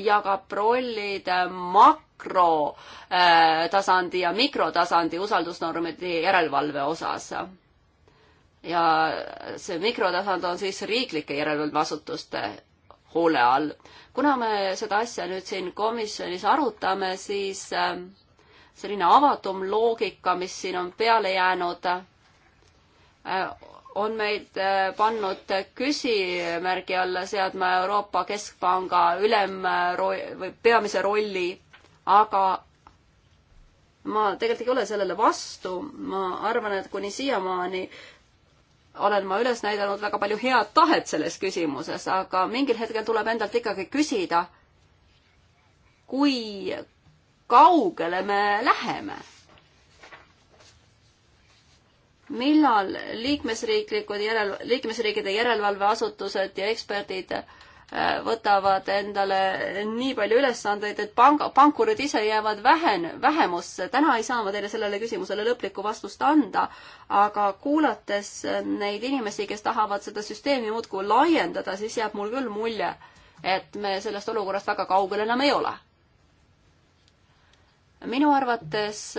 jagab rollid makrotasandi ja mikrotasandi usaldusnormide järelevalve osas. ja see mikrotasand on siis riiklike järelevalveasutuste hoole all. kuna me seda asja nüüd siin komisjonis arutame, siis ähm, selline avatum loogika, mis siin on peale jäänud, äh, on meid äh, pannud küsimärgi alla seadma Euroopa Keskpanga ülem- äh, või peamise rolli, aga ma tegelikult ei ole sellele vastu, ma arvan, et kuni siiamaani olen ma üles näidanud väga palju head tahet selles küsimuses, aga mingil hetkel tuleb endalt ikkagi küsida, kui kaugele me läheme? millal liikmesriiklikud järel, liikmesriikide järelevalveasutused ja eksperdid äh, võtavad endale nii palju ülesandeid, et panga, pankurid ise jäävad vähen, vähemusse. täna ei saa ma teile sellele küsimusele lõplikku vastust anda, aga kuulates neid inimesi, kes tahavad seda süsteemi muudkui laiendada, siis jääb mul küll mulje, et me sellest olukorrast väga kaugel enam ei ole. minu arvates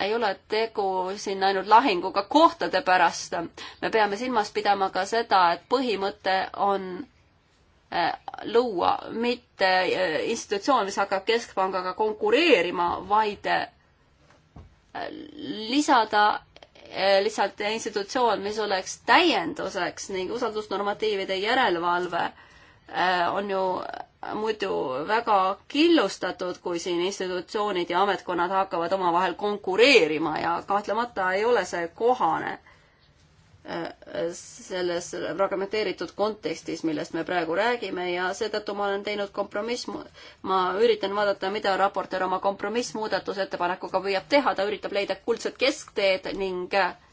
ei ole tegu siin ainult lahinguga kohtade pärast. me peame silmas pidama ka seda, et põhimõte on Äh, luua mitte äh, institutsioon, mis hakkab Keskpangaga konkureerima, vaid äh, lisada lihtsalt institutsioon, mis oleks täienduseks ning usaldusnormatiivide järelevalve on ju muidu väga killustatud, kui siin institutsioonid ja ametkonnad hakkavad omavahel konkureerima ja kahtlemata ei ole see kohane selles fragmenteeritud kontekstis, millest me praegu räägime ja seetõttu ma olen teinud kompromiss, ma üritan vaadata, mida raportöör oma kompromissmuudatusettepanekuga püüab teha, ta üritab leida kuldset keskteed ning äh,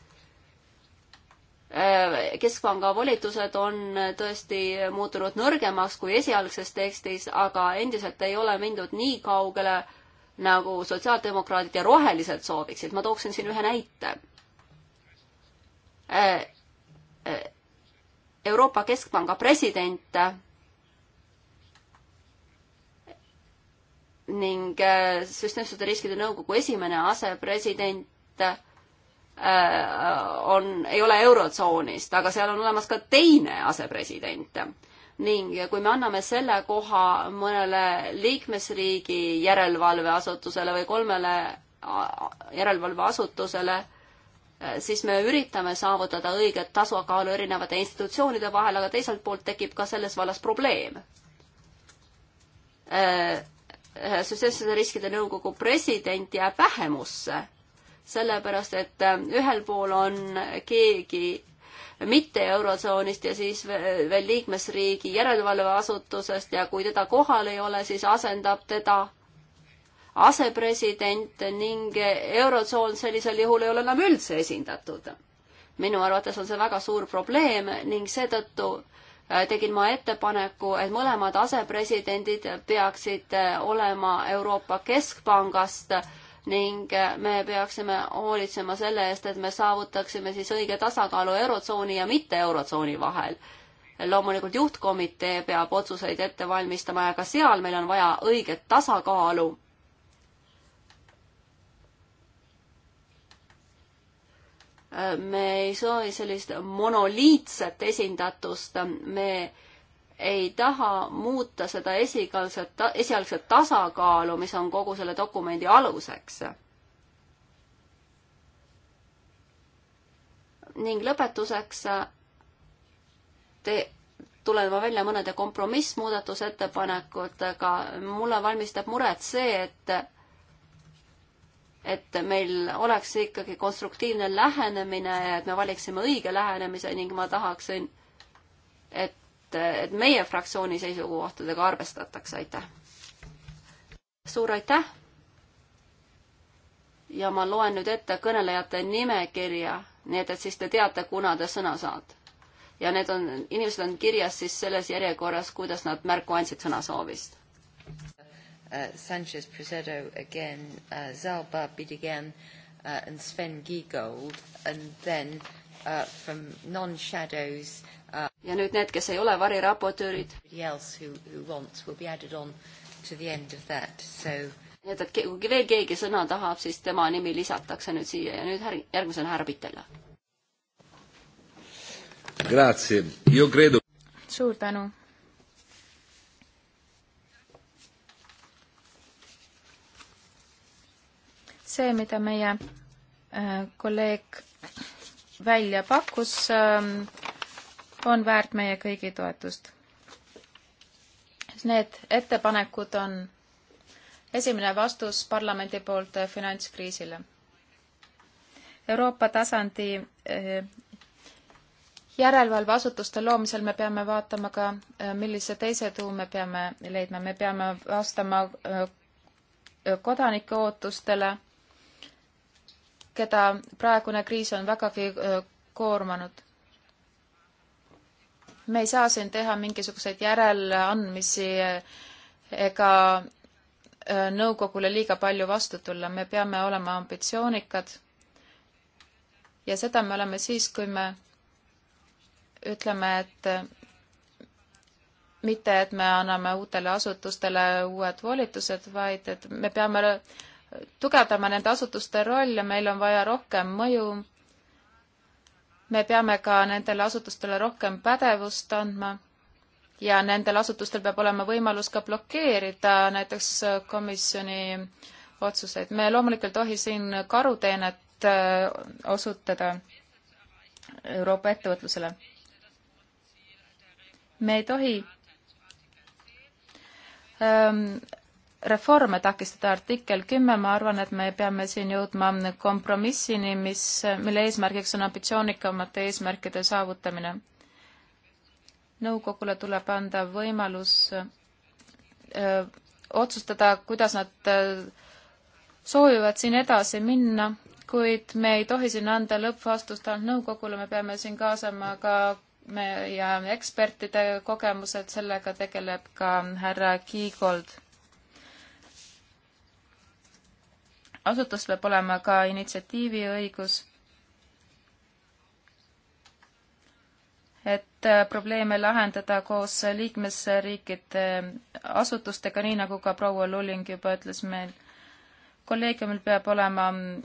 keskpanga volitused on tõesti muutunud nõrgemaks kui esialgses tekstis, aga endiselt ei ole mindud nii kaugele, nagu sotsiaaldemokraadid ja rohelised sooviksid. ma tooksin siin ühe näite Äh, äh, Euroopa Keskpanga president ning äh, süsteemsete riskide nõukogu esimene asepresident on, ei ole Eurotsoonist, aga seal on olemas ka teine asepresident ning kui me anname selle koha mõnele liikmesriigi järelevalveasutusele või kolmele järelevalveasutusele, Äh, siis me üritame saavutada õiget tasakaalu erinevate institutsioonide vahel, aga teiselt poolt tekib ka selles vallas probleem. Äh, äh, Sotsiaalsete riskide nõukogu president jääb vähemusse, sellepärast et ühel pool on keegi mitte eurotsoonist ja siis veel liikmesriigi järelevalveasutusest ja kui teda kohal ei ole, siis asendab teda asepresident ning Eurotsoon sellisel juhul ei ole enam üldse esindatud. minu arvates on see väga suur probleem ning seetõttu äh, tegin ma ettepaneku, et mõlemad asepresidendid peaksid äh, olema Euroopa Keskpangast ning äh, me peaksime hoolitsema selle eest, et me saavutaksime siis õige tasakaalu Eurotsooni ja mitte Eurotsooni vahel. loomulikult juhtkomitee peab otsuseid ette valmistama ja ka seal meil on vaja õiget tasakaalu me ei soovi sellist monoliitset esindatust, me ei taha muuta seda esialgset, esialgset tasakaalu, mis on kogu selle dokumendi aluseks. ning lõpetuseks te, tulen ma välja mõnede kompromissmuudatusettepanekutega, mulle valmistab muret see, et et meil oleks ikkagi konstruktiivne lähenemine ja et me valiksime õige lähenemise ning ma tahaksin, et, et meie fraktsiooni seisukohtadega arvestatakse, aitäh. suur aitäh. ja ma loen nüüd ette kõnelejate nimekirja, nii et, et siis te teate, kuna te sõna saate. ja need on, inimesed on kirjas siis selles järjekorras, kuidas nad märku andsid sõnasoovist uh, Sanchez Presedo again, uh, Zalba Bidigan, uh, and Sven Giegold, and then uh, from non-shadows uh, ja nüüd need, kes ei ole variraportöörid. Else who, who wants will be added on to the end of that, so nii et, et kui veel keegi sõna tahab, siis tema nimi lisatakse nüüd siia ja nüüd här-, järgmisena härra Pitella. suur tänu see, mida meie äh, kolleeg välja pakkus, ähm, on väärt meie kõigi toetust. Need ettepanekud on esimene vastus parlamendi poolt äh, finantskriisile. Euroopa tasandi äh, järelevalveasutuste loomisel me peame vaatama ka, millise teise tuu me peame leidma, me peame vastama kodanike ootustele keda praegune kriis on vägagi koormanud. me ei saa siin teha mingisuguseid järeleandmisi eh, ega nõukogule liiga palju vastu tulla, me peame olema ambitsioonikad. ja seda me oleme siis, kui me ütleme, et mitte, et me anname uutele asutustele uued volitused, vaid et me peame tugevdama nende asutuste rolle, meil on vaja rohkem mõju. me peame ka nendele asutustele rohkem pädevust andma ja nendel asutustel peab olema võimalus ka blokeerida näiteks komisjoni otsuseid. me loomulikult ei tohi siin karuteenet äh, osutada Euroopa ettevõtlusele. me ei tohi ähm, reforme takistada. artikkel kümme, ma arvan, et me peame siin jõudma kompromissini, mis, mille eesmärgiks on ambitsioonikamate eesmärkide saavutamine. nõukogule tuleb anda võimalus öö, otsustada, kuidas nad öö, soovivad siin edasi minna, kuid me ei tohi siin anda lõppvastust ainult nõukogule, me peame siin kaasama ka meie ekspertide kogemused, sellega tegeleb ka härra Kiigold asutus peab olema ka initsiatiiviõigus, et äh, probleeme lahendada koos liikmesriikide äh, asutustega, nii nagu ka proua Lulling juba ütles, meil kolleegiumil peab olema mm,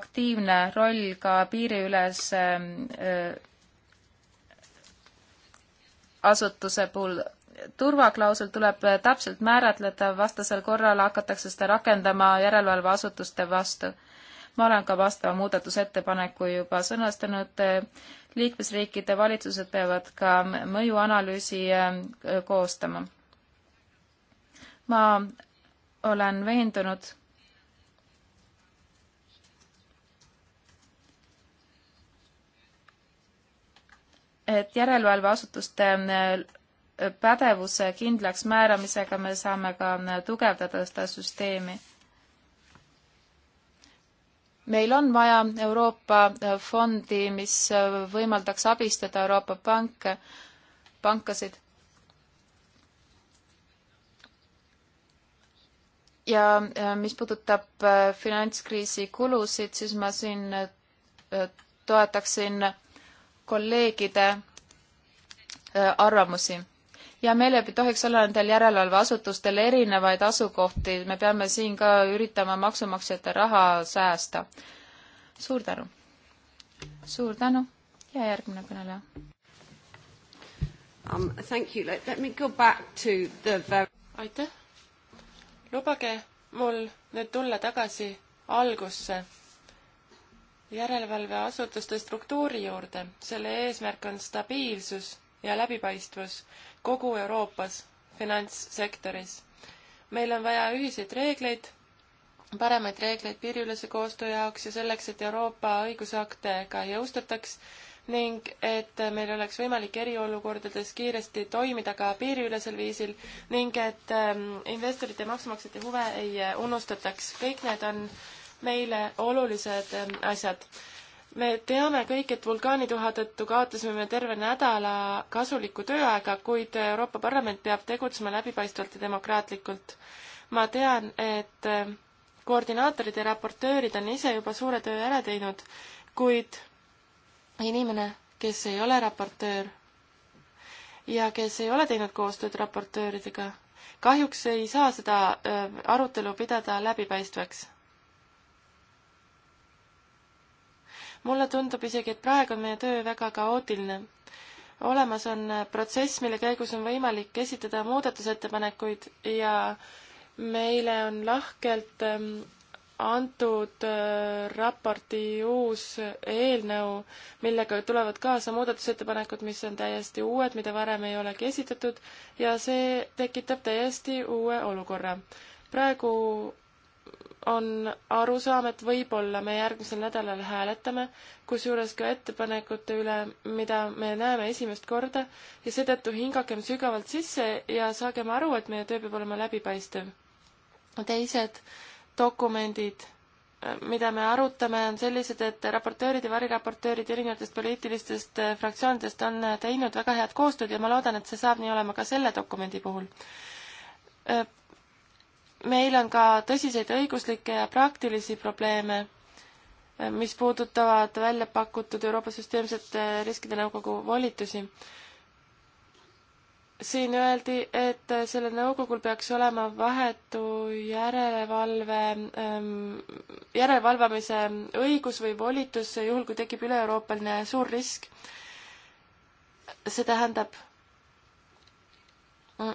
aktiivne roll ka piiriülese äh, asutuse puhul turvaklausel tuleb täpselt määratleda, vastasel korral hakatakse seda rakendama järelevalveasutuste vastu. ma olen ka vastava muudatusettepaneku juba sõnastanud, liikmesriikide valitsused peavad ka mõjuanalüüsi äh, koostama. ma olen veendunud, et järelevalveasutuste äh, pädevuse kindlaks määramisega me saame ka tugevdada seda süsteemi. meil on vaja Euroopa fondi, mis võimaldaks abistada Euroopa panke, pankasid. ja äh, mis puudutab äh, finantskriisi kulusid, siis ma siin äh, toetaksin kolleegide arvamusi ja meil ei tohiks olla nendel järelevalveasutustel erinevaid asukohti, me peame siin ka üritama maksumaksjate raha säästa. suur tänu! suur tänu ja järgmine kõneleja. Um, thank you. Let, let me go back to the very... aitäh! lubage mul nüüd tulla tagasi algusse järelevalveasutuste struktuuri juurde. selle eesmärk on stabiilsus ja läbipaistvus kogu Euroopas finantssektoris. meil on vaja ühiseid reegleid, paremaid reegleid piiriülese koostöö jaoks ja selleks, et Euroopa õigusakte ka jõustataks ning et meil oleks võimalik eriolukordades kiiresti toimida ka piiriülesel viisil ning et ähm, investorite ja maksumaksjate huve ei äh, unustataks. kõik need on meile olulised ähm, asjad me teame kõik, et vulkaanituha tõttu kaotasime me terve nädala kasulikku tööaega, kuid Euroopa Parlament peab tegutsema läbipaistvalt ja demokraatlikult. ma tean, et eh, koordinaatorid ja raportöörid on ise juba suure töö ära teinud, kuid inimene, kes ei ole raportöör ja kes ei ole teinud koostööd raportööridega, kahjuks ei saa seda eh, arutelu pidada läbipaistvaks mulle tundub isegi, et praegu on meie töö väga kaootiline. olemas on protsess, mille käigus on võimalik esitada muudatusettepanekuid ja meile on lahkelt ähm, antud äh, raporti uus eelnõu, millega tulevad kaasa muudatusettepanekud, mis on täiesti uued, mida varem ei olegi esitatud ja see tekitab täiesti uue olukorra. praegu on arusaam, et võib-olla me järgmisel nädalal hääletame, kusjuures ka ettepanekute üle, mida me näeme esimest korda ja seetõttu hingakem sügavalt sisse ja saagem aru, et meie töö peab olema läbipaistev. teised dokumendid, mida me arutame, on sellised, et raportöörid ja variraportöörid erinevatest poliitilistest eh, fraktsioonidest on eh, teinud väga head koostööd ja ma loodan, et see saab nii olema ka selle dokumendi puhul eh, meil on ka tõsiseid õiguslikke ja praktilisi probleeme, eh, mis puudutavad välja pakutud Euroopa Süsteemsete Riskide Nõukogu volitusi. siin öeldi, et sellel nõukogul peaks olema vahetu järelevalve, ehm, järelevalvamise õigus või volitus, juhul kui tekib üle-euroopaline suur risk. see tähendab,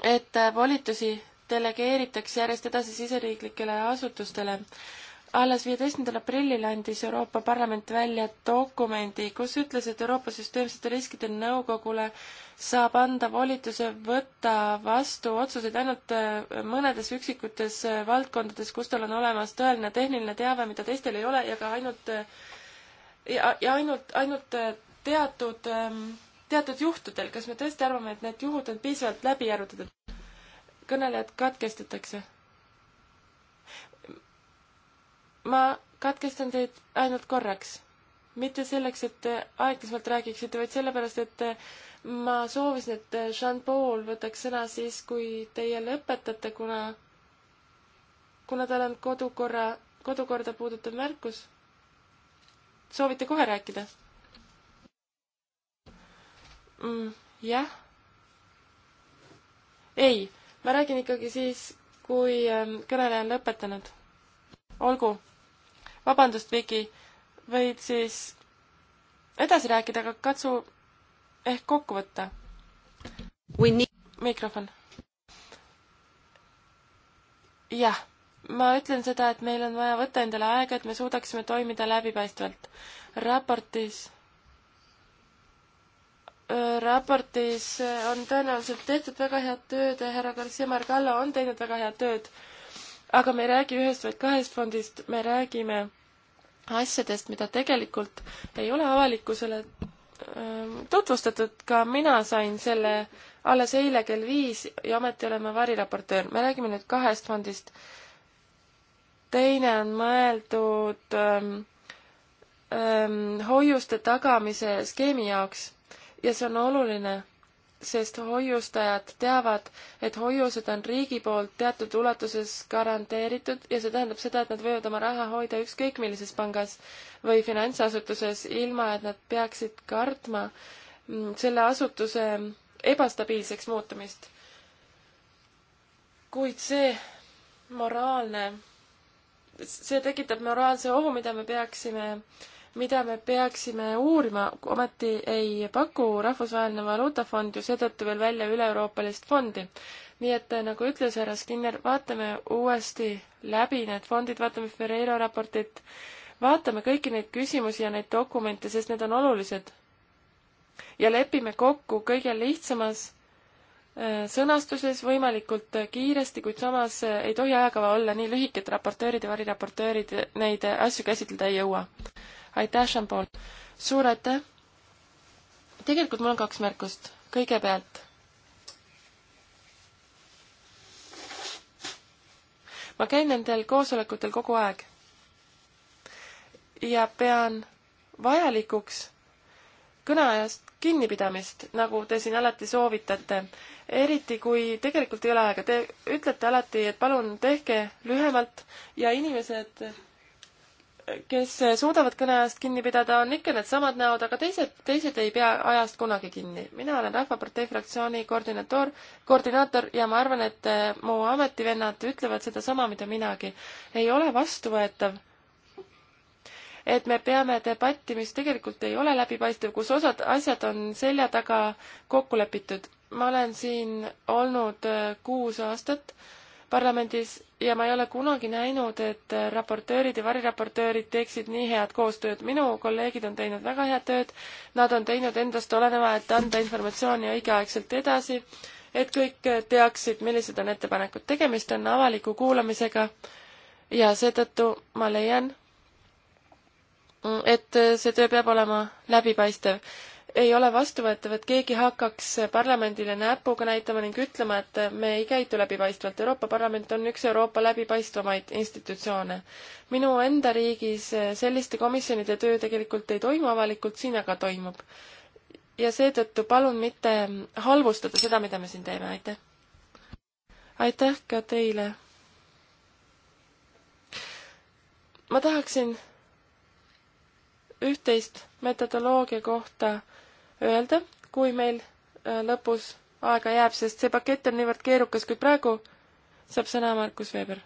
et volitusi delegeeritakse järjest edasi siseriiklikele asutustele. alles viieteistkümnendal aprillil andis Euroopa Parlament välja dokumendi, kus ütles, et Euroopa Süsteemsete Riskide Nõukogule saab anda volituse võtta vastu otsuseid ainult äh, mõnedes üksikutes äh, valdkondades, kus tal on olemas tõeline tehniline teave, mida teistel ei ole ja ka ainult äh, ja, ja ainult, ainult teatud ähm, teatud juhtudel, kas me tõesti arvame, et need juhud on piisavalt läbi arutatud? kõnelejad katkestatakse. ma katkestan teid ainult korraks, mitte selleks, et te aeglasemalt räägiksite, vaid sellepärast, et ma soovisin, et Jean-Paul võtaks sõna siis, kui teie lõpetate, kuna, kuna tal on kodukorra, kodukorda puudutav märkus. soovite kohe rääkida mm,? jah ei, ma räägin ikkagi siis, kui ähm, kõneleja on lõpetanud. olgu, vabandust, Viki, võid siis edasi rääkida, aga katsu ehk kokku võtta. mikrofon. jah, ma ütlen seda, et meil on vaja võtta endale aega, et me suudaksime toimida läbipaistvalt. raportis Äh, raportis äh, on tõenäoliselt tehtud väga head tööd ja härra Garcia Margallo on teinud väga head tööd. aga me ei räägi ühest, vaid kahest fondist, me räägime asjadest, mida tegelikult ei ole avalikkusele ähm, tutvustatud, ka mina sain selle alles eile kell viis ja ometi olen ma variraportöör. me räägime nüüd kahest fondist. teine on mõeldud ähm, ähm, hoiuste tagamise skeemi jaoks ja see on oluline, sest hoiustajad teavad, et hoiused on riigi poolt teatud ulatuses garanteeritud ja see tähendab seda, et nad võivad oma raha hoida ükskõik millises pangas või finantsasutuses, ilma et nad peaksid kartma mm, selle asutuse ebastabiilseks muutumist. kuid see moraalne, see tekitab moraalse ohu, mida me peaksime äh, mida me peaksime uurima, ometi ei paku Rahvusvaheline Valuutafond ju seetõttu veel välja üle-euroopalist fondi. nii et nagu ütles härra Skinner, vaatame uuesti läbi need fondid, vaatame Ferreira raportit, vaatame kõiki neid küsimusi ja neid dokumente, sest need on olulised. ja lepime kokku kõige lihtsamas äh, sõnastuses võimalikult kiiresti, kuid samas äh, ei tohi ajakava olla nii lühike, et raportöörid ja variraportöörid neid asju käsitleda ei jõua aitäh, Jean-Paul! suur aitäh! tegelikult mul on kaks märkust. kõigepealt ma käin nendel koosolekutel kogu aeg ja pean vajalikuks kõneajast kinnipidamist, nagu te siin alati soovitate. eriti, kui tegelikult ei ole aega, te ütlete alati, et palun tehke lühemalt ja inimesed kes suudavad kõne ajast kinni pidada, on ikka needsamad näod, aga teised, teised ei pea ajast kunagi kinni. mina olen Rahvapartei fraktsiooni koordinaator, koordinaator ja ma arvan, et äh, mu ametivennad ütlevad sedasama, mida minagi. ei ole vastuvõetav, et me peame debatti, mis tegelikult ei ole läbipaistev, kus osad asjad on selja taga kokku lepitud. ma olen siin olnud äh, kuus aastat parlamendis ja ma ei ole kunagi näinud, et raportöörid ja variraportöörid teeksid nii head koostööd. minu kolleegid on teinud väga head tööd, nad on teinud endast oleneva, et anda informatsiooni õigeaegselt edasi, et kõik teaksid, millised on ettepanekud. tegemist on avaliku kuulamisega ja seetõttu ma leian, et see töö peab olema läbipaistev ei ole vastuvõetav, et keegi hakkaks parlamendile näpuga näitama ning ütlema, et me ei käitu läbipaistvalt. Euroopa Parlament on üks Euroopa läbipaistvamaid institutsioone. minu enda riigis selliste komisjonide töö tegelikult ei toimu avalikult, siin aga toimub. ja seetõttu palun mitte halvustada seda, mida me siin teeme, aitäh! aitäh ka teile! ma tahaksin üht-teist metodoloogia kohta öelda, kui meil äh, lõpus aega jääb, sest see pakett on niivõrd keerukas, kuid praegu saab sõna Markus Veber.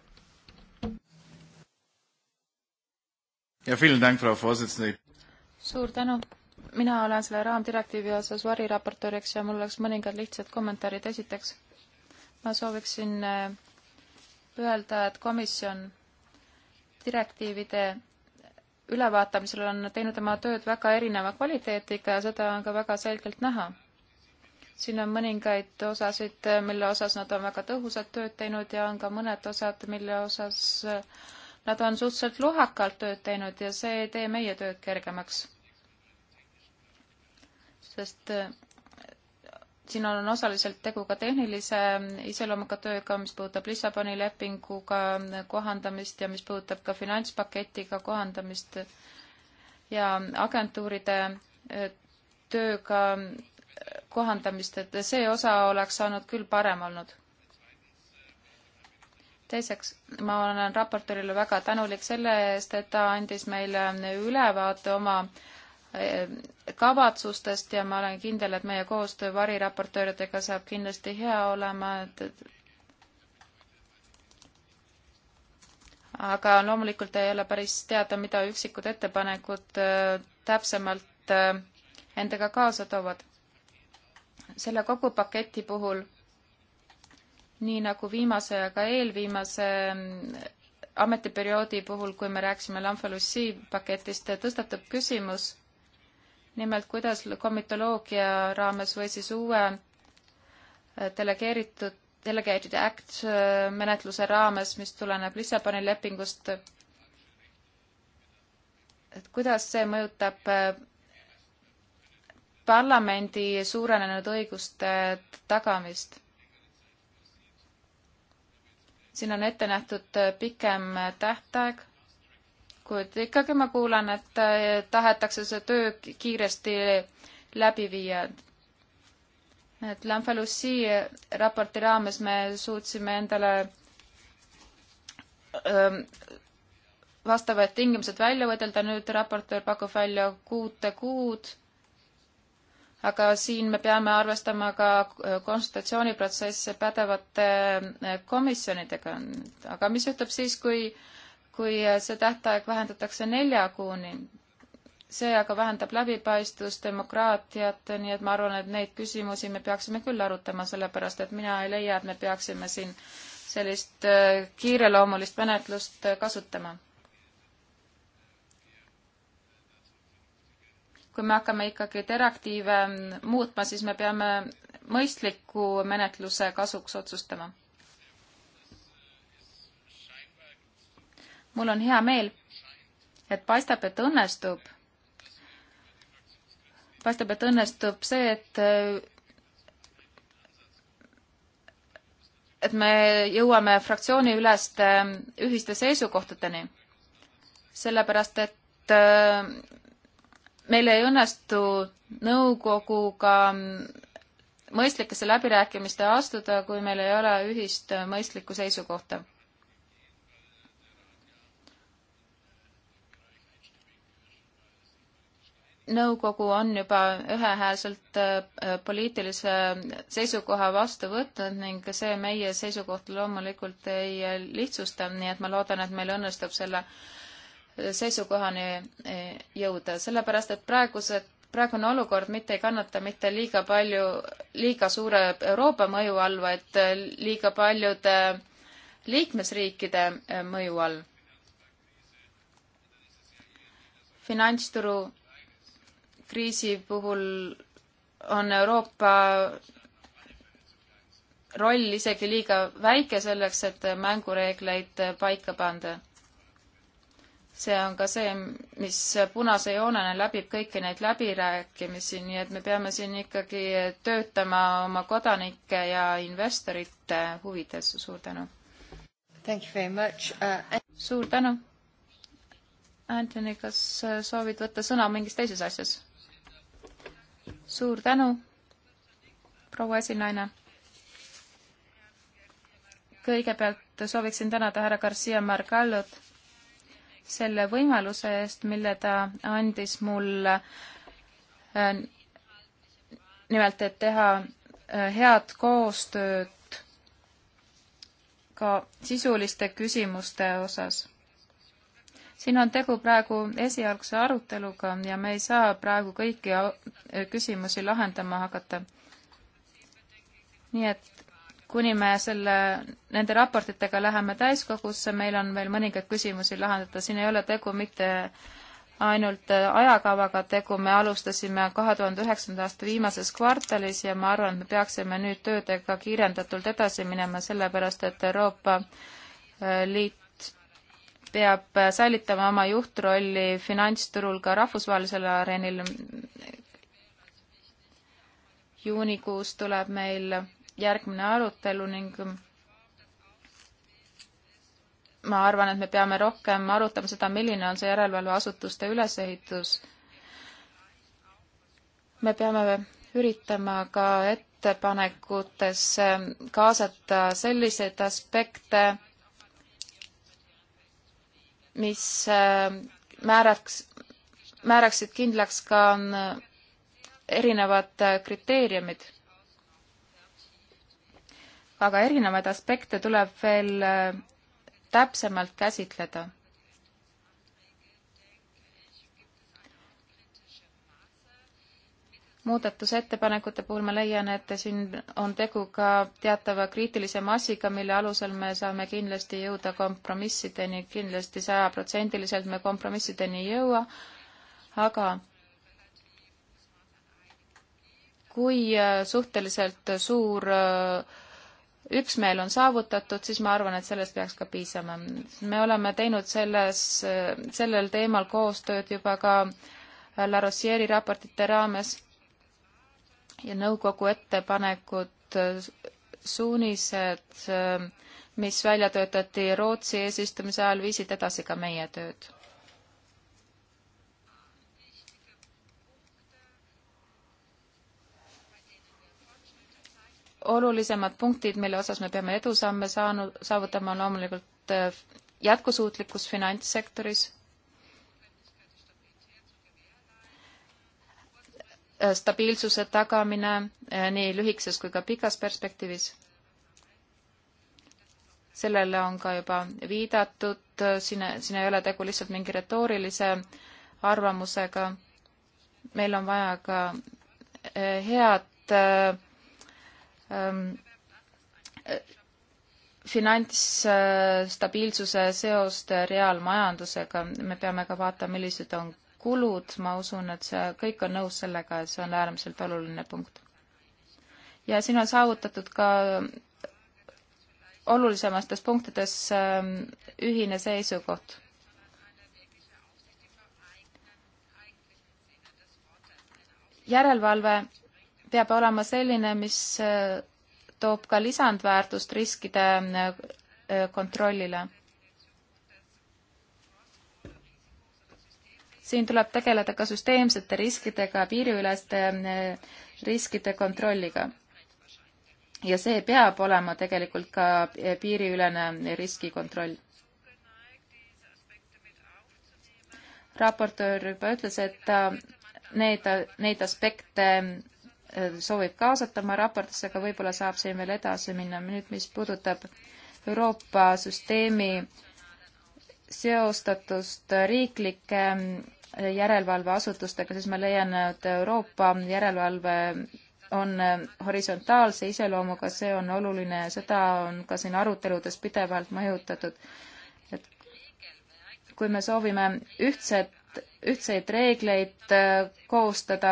suur tänu. mina olen selle raamdirektiivi osas variraportööriks ja mul oleks mõningad lihtsad kommentaarid. esiteks, ma sooviksin äh, öelda, et komisjon direktiivide ülevaatamisel on teinud oma tööd väga erineva kvaliteediga ja seda on ka väga selgelt näha. siin on mõningaid osasid, mille osas nad on väga tõhusat tööd teinud ja on ka mõned osad, mille osas nad on suhteliselt lohakalt tööd teinud ja see ei tee meie tööd kergemaks. sest siin on osaliselt tegu ka tehnilise iseloomuga tööga, mis puudutab Lissaboni lepinguga kohandamist ja mis puudutab ka finantspaketiga kohandamist ja agentuuride e, tööga e, kohandamist, et see osa oleks saanud küll parem olnud. teiseks, ma olen raportöörile väga tänulik selle eest, et ta andis meile ülevaate oma äh, Eh, kavatsustest ja ma olen kindel, et meie koostöö variraportööridega saab kindlasti hea olema, et aga loomulikult ei ole päris teada, mida üksikud ettepanekud eh, täpsemalt eh, endaga kaasa toovad. selle kogu paketi puhul, nii nagu viimase ja ka eelviimase ametiperioodi puhul, kui me rääkisime Lamfalussi paketist, tõstatub küsimus, nimelt kuidas komitoloogia raames või siis uue äh, delegeeritud, delegated act äh, menetluse raames, mis tuleneb Lissaboni lepingust, et kuidas see mõjutab äh, parlamendi suurenenud õiguste tagamist. siin on ette nähtud pikem tähtaeg kuid ikkagi ma kuulan, et eh, tahetakse see töö kiiresti läbi viia. et Lamfalussi raporti raames me suutsime endale ähm, vastavad tingimused välja võidelda, nüüd raportöör pakub välja kuute kuud, aga siin me peame arvestama ka äh, konsultatsiooniprotsesse pädevate äh, komisjonidega. aga mis juhtub siis, kui äh, kui see tähtaeg vähendatakse nelja kuuni. see aga vähendab läbipaistvust, demokraatiat, nii et ma arvan, et neid küsimusi me peaksime küll arutama, sellepärast et mina ei leia, et me peaksime siin sellist äh, kiireloomulist menetlust äh, kasutama. kui me hakkame ikkagi direktiive muutma, siis me peame mõistliku menetluse kasuks otsustama mul on hea meel, et paistab, et õnnestub, paistab, et õnnestub see, et et me jõuame fraktsiooniüleste ühiste seisukohtadeni. sellepärast, et äh, meil ei õnnestu nõukoguga mõistlikesse läbirääkimiste astuda, kui meil ei ole ühist mõistlikku seisukohta. nõukogu on juba ühehäälselt äh, poliitilise seisukoha vastu võtnud ning see meie seisukoht loomulikult ei äh, lihtsusta, nii et ma loodan, et meil õnnestub selle äh, seisukohani jõuda, sellepärast et praegused, praegune olukord mitte ei kannata mitte liiga palju, liiga suure Euroopa mõju all, vaid liiga paljude liikmesriikide mõju all. finantsturu kriisi puhul on Euroopa roll isegi liiga väike selleks, et mängureegleid paika panda. see on ka see, mis punase joonena läbib kõiki neid läbirääkimisi, nii et me peame siin ikkagi töötama oma kodanike ja investorite huvides. suur tänu! Uh, suur tänu! Anthony, kas soovid võtta sõna mingis teises asjas? suur tänu, proua esinaine. kõigepealt sooviksin tänada härra Garcia Margallot selle võimaluse eest, mille ta andis mul äh, nimelt, et teha äh, head koostööd ka sisuliste küsimuste osas siin on tegu praegu esialgse aruteluga ja me ei saa praegu kõiki äh, küsimusi lahendama hakata. nii et kuni me selle, nende raportitega läheme täiskogusse, meil on veel mõningaid küsimusi lahendada, siin ei ole tegu mitte ainult äh, ajakavaga tegu, me alustasime kahe tuhande üheksanda aasta viimases kvartalis ja ma arvan, et me peaksime nüüd töödega kiirendatult edasi minema, sellepärast et Euroopa äh, Liit peab säilitama oma juhtrolli finantsturul ka rahvusvahelisel areenil. juunikuus tuleb meil järgmine arutelu ning ma arvan, et me peame rohkem arutama seda, milline on see järelevalveasutuste ülesehitus. me peame üritama ka ettepanekutes kaasata selliseid aspekte, mis äh, määraks, määraksid kindlaks ka äh, erinevad äh, kriteeriumid. aga erinevaid aspekte tuleb veel täpsemalt käsitleda muudatusettepanekute puhul ma leian, et siin on tegu ka teatava kriitilise massiga, mille alusel me saame kindlasti jõuda kompromissideni, kindlasti sajaprotsendiliselt me kompromissideni ei jõua, aga kui äh, suhteliselt suur äh, üksmeel on saavutatud, siis ma arvan, et sellest peaks ka piisama. me oleme teinud selles, äh, sellel teemal koostööd juba ka La Rosieri raportite raames ja nõukogu ettepanekud, suunised, mis välja töötati Rootsi eesistumise ajal, viisid edasi ka meie tööd. olulisemad punktid, mille osas me peame edusamme saanud, saavutama, on loomulikult äh, jätkusuutlikkus finantssektoris Äh, stabiilsuse tagamine äh, nii lühikeses kui ka pikas perspektiivis. sellele on ka juba viidatud, äh, siin, siin ei ole tegu lihtsalt mingi retoorilise arvamusega. meil on vaja ka head ähm, finantsstabiilsuse seost reaalmajandusega, me peame ka vaatama, millised on kulud, ma usun, et see, kõik on nõus sellega, et see on äärmiselt oluline punkt. ja siin on saavutatud ka olulisemates punktides ähm, ühine seisukoht. järelevalve peab olema selline, mis äh, toob ka lisandväärtust riskide äh, kontrollile siin tuleb tegeleda ka süsteemsete riskidega, piiriüleste eh, riskide kontrolliga. ja see peab olema tegelikult ka eh, piiriülene riskikontroll. raportöör juba ütles, et ta need, neid aspekte eh, soovib kaasata oma raportisse, aga võib-olla saab siin veel edasi minna. nüüd, mis puudutab Euroopa süsteemi seostatust riiklike järelevalveasutustega, siis ma leian, et Euroopa järelevalve on horisontaalse iseloomuga, see on oluline ja seda on ka siin aruteludes pidevalt mõjutatud. et kui me soovime ühtset, ühtseid reegleid äh, koostada,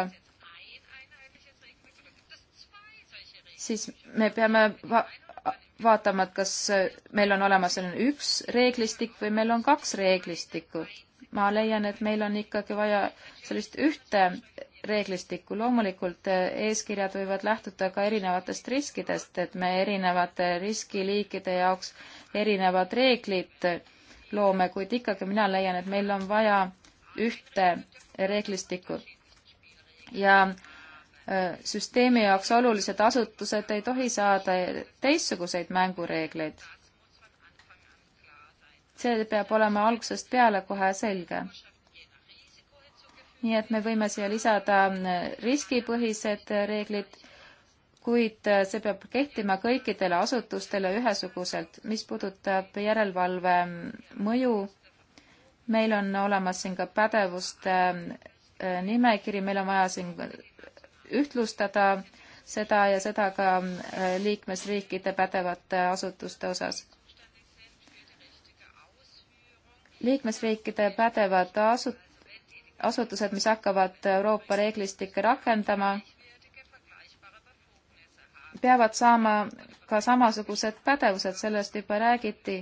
siis me peame va vaatama, et kas meil on olemas selline üks reeglistik või meil on kaks reeglistikku ma leian, et meil on ikkagi vaja sellist ühte reeglistikku. loomulikult äh, eeskirjad võivad lähtuda ka erinevatest riskidest, et me erinevate riskiliikide jaoks erinevad reeglid loome, kuid ikkagi mina leian, et meil on vaja ühte reeglistikku. ja äh, süsteemi jaoks olulised asutused ei tohi saada teistsuguseid mängureegleid see peab olema algusest peale kohe selge. nii et me võime siia lisada riskipõhised reeglid, kuid see peab kehtima kõikidele asutustele ühesuguselt. mis puudutab järelevalve mõju, meil on olemas siin ka pädevuste äh, nimekiri, meil on vaja siin ühtlustada seda ja seda ka äh, liikmesriikide pädevate asutuste osas liikmesriikide pädevad asut-, asutused, mis hakkavad Euroopa reeglistikke rakendama, peavad saama ka samasugused pädevused, sellest juba räägiti,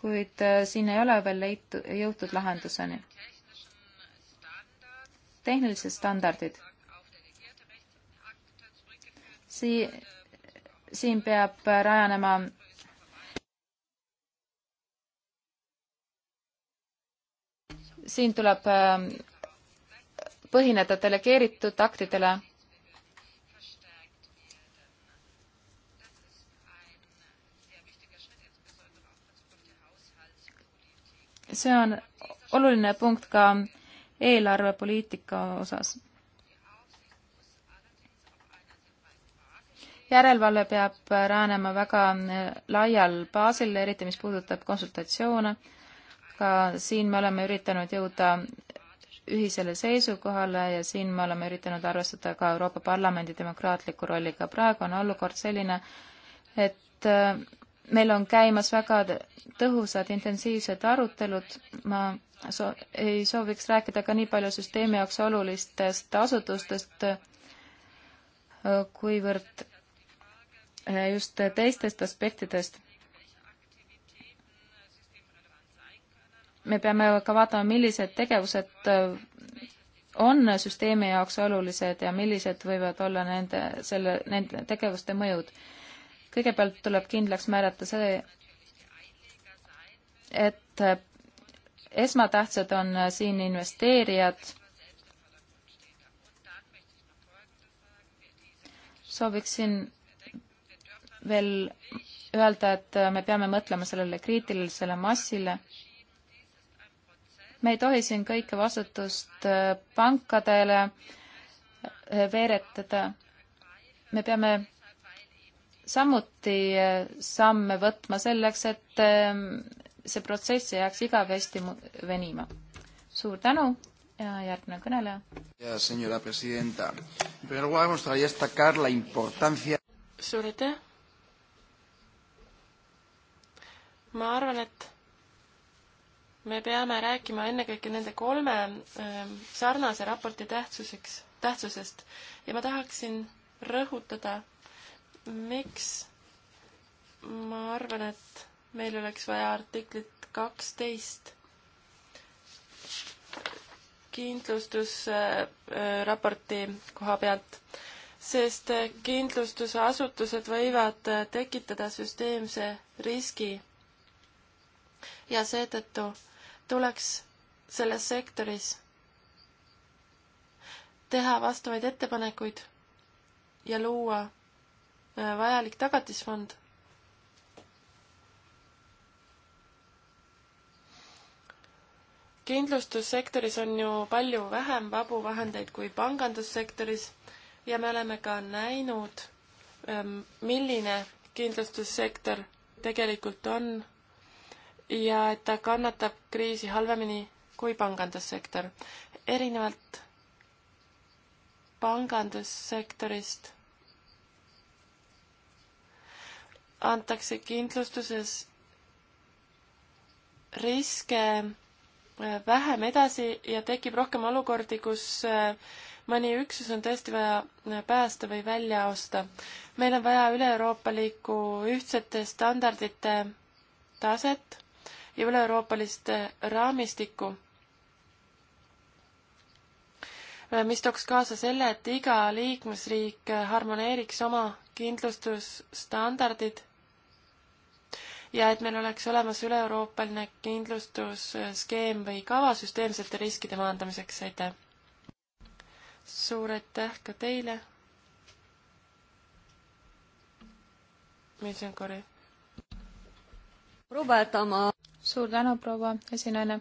kuid äh, siin ei ole veel leitu, jõutud lahenduseni. tehnilised standardid. Sii-, siin peab rajanema siin tuleb ähm, põhineda delegeeritud aktidele. see on oluline punkt ka eelarvepoliitika osas. järelevalve peab räänema väga äh, laial baasil, eriti mis puudutab konsultatsioone ka siin me oleme üritanud jõuda ühisele seisukohale ja siin me oleme üritanud arvestada ka Euroopa Parlamendi demokraatliku rolliga. praegu on olukord selline, et äh, meil on käimas väga tõhusad intensiivsed arutelud, ma so ei sooviks rääkida ka nii palju süsteemi jaoks olulistest asutustest, äh, kuivõrd äh, just teistest aspektidest me peame ka vaatama, millised tegevused äh, on süsteemi jaoks olulised ja millised võivad olla nende, selle, nende tegevuste mõjud. kõigepealt tuleb kindlaks määrata see, et äh, esmatähtsad on äh, siin investeerijad, sooviksin veel öelda, et me peame mõtlema sellele kriitilisele massile me ei tohi siin kõike vastutust äh, pankadele äh, veeretada. me peame samuti äh, samme võtma selleks, et see protsess ei jääks igavesti venima. suur tänu ja järgmine kõneleja. Senora presidenta, primero lugar me gustaría destacar la importancia. suur aitäh. ma arvan, et me peame rääkima ennekõike nende kolme ähm, sarnase raporti tähtsuseks, tähtsusest ja ma tahaksin rõhutada, miks ma arvan, et meil oleks vaja artiklit kaksteist kindlustusraporti äh, koha pealt, sest äh, kindlustusasutused võivad äh, tekitada süsteemse riski ja seetõttu tuleks selles sektoris teha vastavaid ettepanekuid ja luua äh, vajalik tagatisfond. kindlustussektoris on ju palju vähem vabu vahendeid kui pangandussektoris ja me oleme ka näinud, ähm, milline kindlustussektor tegelikult on ja et ta kannatab kriisi halvemini kui pangandussektor. erinevalt pangandussektorist antakse kindlustuses riske äh, vähem edasi ja tekib rohkem olukordi, kus äh, mõni üksus on tõesti vaja äh, päästa või välja osta. meil on vaja üle-euroopalikku ühtsete standardite taset ja üle-euroopalist äh, raamistikku, äh, mis tooks kaasa selle, et iga liikmesriik äh, harmoneeriks oma kindlustusstandardid ja et meil oleks olemas üle-euroopaline kindlustusskeem või kava süsteemsete riskide maandamiseks, aitäh! suur aitäh ka teile! mis on korri? Roberta, ma suur tänu, proua esinaine.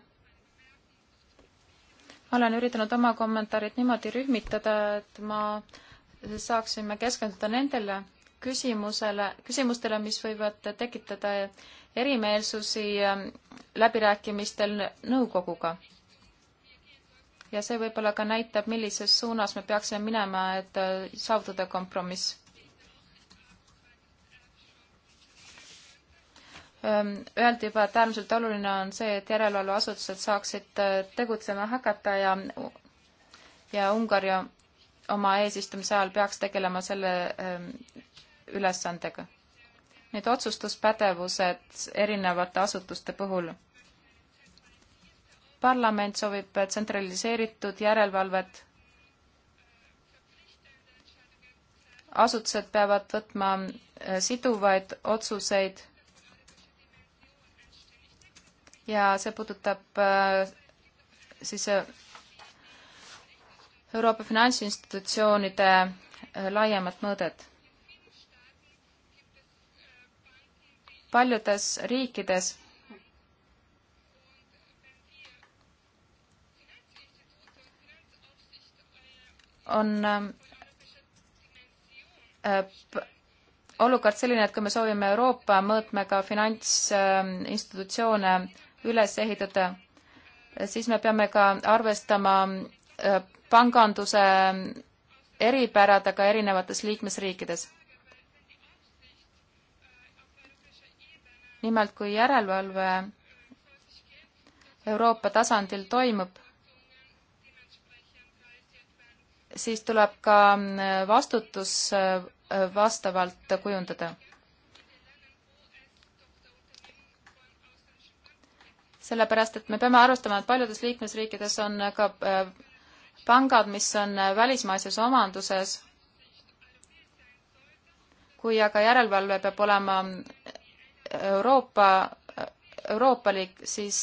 ma olen üritanud oma kommentaarid niimoodi rühmitada, et ma saaksime keskenduda nendele küsimusele, küsimustele, mis võivad tekitada erimeelsusi läbirääkimistel nõukoguga. ja see võib-olla ka näitab, millises suunas me peaksime minema, et saavutada kompromiss öeldi juba, et äärmiselt oluline on see, et järelevalveasutused saaksid äh, tegutsema hakata ja, ja Ungari oma eesistumise ajal peaks tegelema selle ülesandega. Need otsustuspädevused erinevate asutuste puhul. parlament soovib tsentraliseeritud järelevalvet. asutused peavad võtma äh, siduvaid otsuseid ja see puudutab äh, siis äh, Euroopa finantsinstitutsioonide äh, laiemat mõõdet. paljudes riikides on olukord selline, et kui me soovime Euroopa mõõtmega finantsinstitutsioone üles ehitada, siis me peame ka arvestama äh, panganduse eripäradega erinevates liikmesriikides. nimelt, kui järelevalve Euroopa tasandil toimub, siis tuleb ka äh, vastutus äh, vastavalt kujundada sellepärast et me peame arvestama, et paljudes liikmesriikides on ka äh, pangad, mis on äh, välismaises omanduses. kui aga järelevalve peab olema äh, Euroopa, euroopalik, siis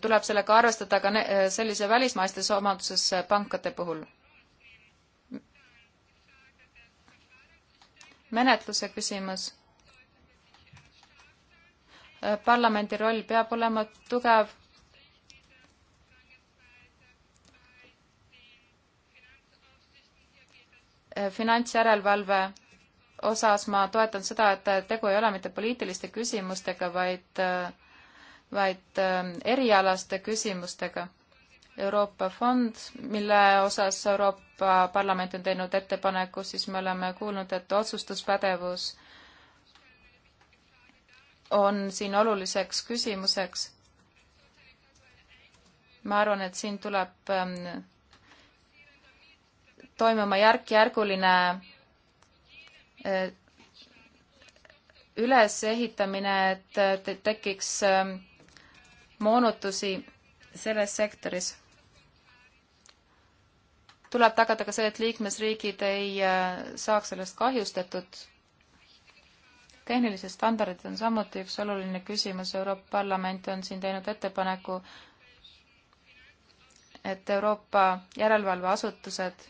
tuleb sellega arvestada ka sellise välismaistes omanduses pankade puhul. menetluse küsimus parlamendi roll peab olema tugev. finantsjärelevalve osas ma toetan seda, et tegu ei ole mitte poliitiliste küsimustega, vaid, vaid äh, erialaste küsimustega. Euroopa fond, mille osas Euroopa Parlament on teinud ettepaneku, siis me oleme kuulnud, et otsustuspädevus on siin oluliseks küsimuseks. ma arvan, et siin tuleb ähm, toimuma järk-järguline äh, ülesehitamine, et äh, tekiks ähm, moonutusi selles sektoris. tuleb tagada ka see, et liikmesriigid ei äh, saaks sellest kahjustatud tehnilised standardid on samuti üks oluline küsimus, Euroopa Parlament on siin teinud ettepaneku, et Euroopa järelevalveasutused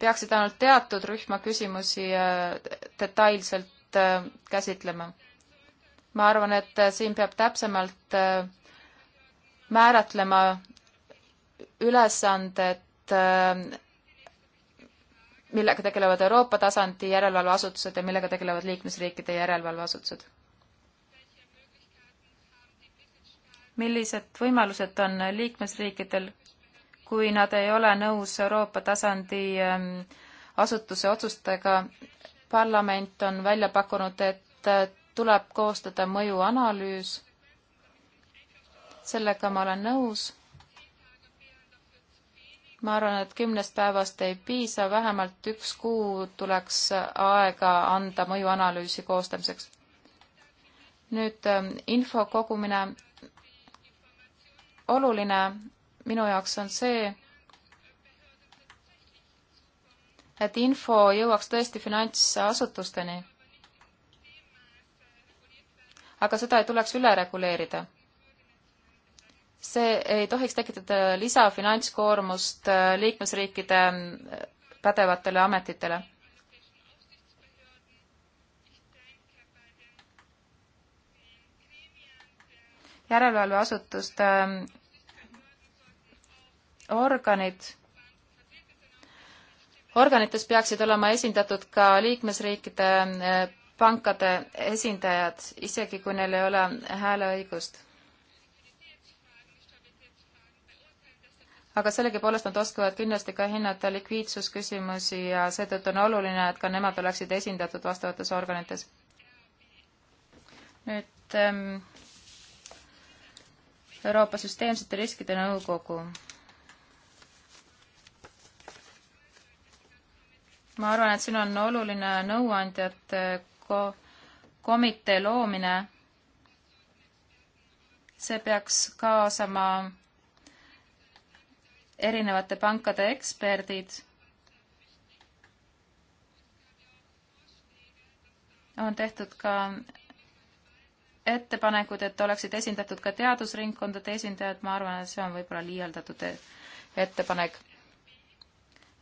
peaksid ainult teatud rühma küsimusi äh, detailselt äh, käsitlema. ma arvan, et äh, siin peab täpsemalt määratlema ülesanded, äh, millega tegelevad Euroopa tasandi järelevalveasutused ja millega tegelevad liikmesriikide järelevalveasutused? millised võimalused on liikmesriikidel, kui nad ei ole nõus Euroopa tasandi ähm, asutuse otsustega, parlament on välja pakkunud, et äh, tuleb koostada mõjuanalüüs. sellega ma olen nõus ma arvan, et kümnest päevast ei piisa, vähemalt üks kuu tuleks aega anda mõjuanalüüsi koostamiseks. nüüd ähm, info kogumine. oluline minu jaoks on see, et info jõuaks tõesti finantsasutusteni. aga seda ei tuleks üle reguleerida see ei tohiks tekitada lisafinantskoormust äh, liikmesriikide äh, pädevatele ametitele. järelevalveasutuste ähm, organid, organites peaksid olema esindatud ka liikmesriikide äh, pankade esindajad, isegi kui neil ei ole hääleõigust aga sellegipoolest nad oskavad kindlasti ka hinnata likviidsusküsimusi ja seetõttu on oluline, et ka nemad oleksid esindatud vastavates organites. nüüd ähm, Euroopa Süsteemsete Riskide Nõukogu. ma arvan, et siin on oluline nõuandjate ko-, komitee loomine see peaks kaasama erinevate pankade eksperdid on tehtud ka ettepanekud, et oleksid esindatud ka teadusringkondade esindajad, ma arvan, et see on võib-olla liialdatud ettepanek.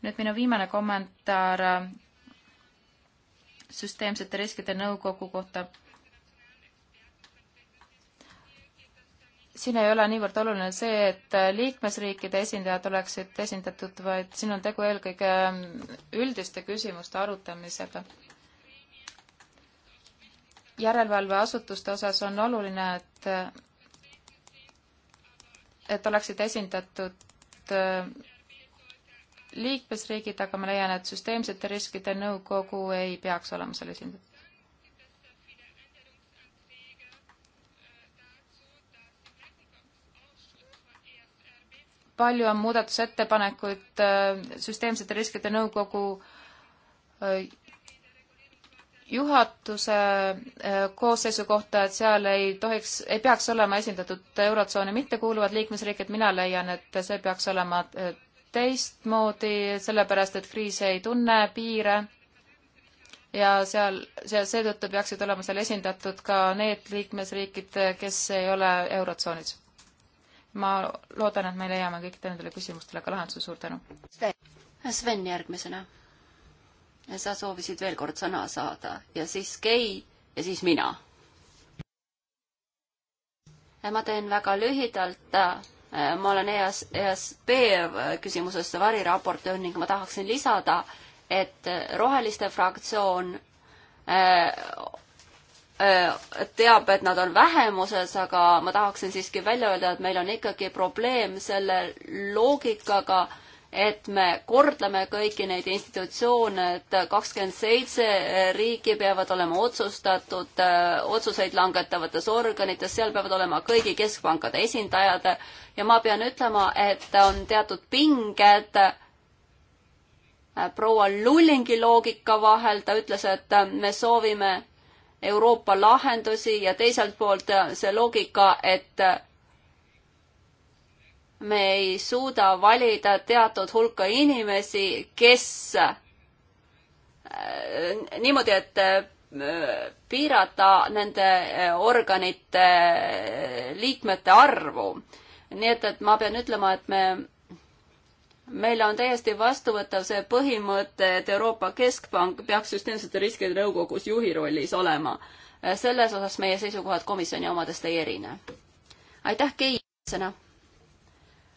nüüd minu viimane kommentaar süsteemsete riskide nõukogu kohta siin ei ole niivõrd oluline see, et liikmesriikide esindajad oleksid esindatud, vaid siin on tegu eelkõige ähm, üldiste küsimuste arutamisega. järelevalveasutuste osas on oluline, et et oleksid esindatud ähm, liikmesriigid, aga ma leian, et süsteemsete riskide nõukogu ei peaks olema seal esindatud. palju on muudatusettepanekuid äh, süsteemsete riskide nõukogu äh, juhatuse äh, koosseisu kohta, et seal ei tohiks, ei peaks olema esindatud Eurotsooni mittekuuluvad liikmesriigid, mina leian, et see peaks olema teistmoodi, sellepärast et kriis ei tunne piire ja seal, see, seetõttu peaksid olema seal esindatud ka need liikmesriigid, kes ei ole Eurotsoonis ma loodan, et me leiame kõikidele nendele küsimustele ka lahenduse, suur tänu. Sven järgmisena. sa soovisid veel kord sõna saada ja siis Kei ja siis mina. ma teen väga lühidalt. ma olen EAS, EASB küsimuses variraportöör ning ma tahaksin lisada, et Roheliste fraktsioon Äh, teab, et nad on vähemuses, aga ma tahaksin siiski välja öelda, et meil on ikkagi probleem selle loogikaga, et me kordleme kõiki neid institutsioone, et kakskümmend seitse äh, riiki peavad olema otsustatud, äh, otsuseid langetavates organites, seal peavad olema kõigi keskpankade esindajad ja ma pean ütlema, et on teatud pinged proua Lullingi loogika vahel, ta ütles, et me soovime Euroopa lahendusi ja teiselt poolt äh, see loogika, et äh, me ei suuda valida teatud hulka inimesi, kes äh, niimoodi, et piirata nende organite liikmete arvu. nii et, et ma pean ütlema, et me meile on täiesti vastuvõtav see põhimõte, et Euroopa Keskpank peaks süsteemsete riskide nõukogus juhi rollis olema. selles osas meie seisukohad komisjoni omadest ei erine. aitäh, Keit, sõna.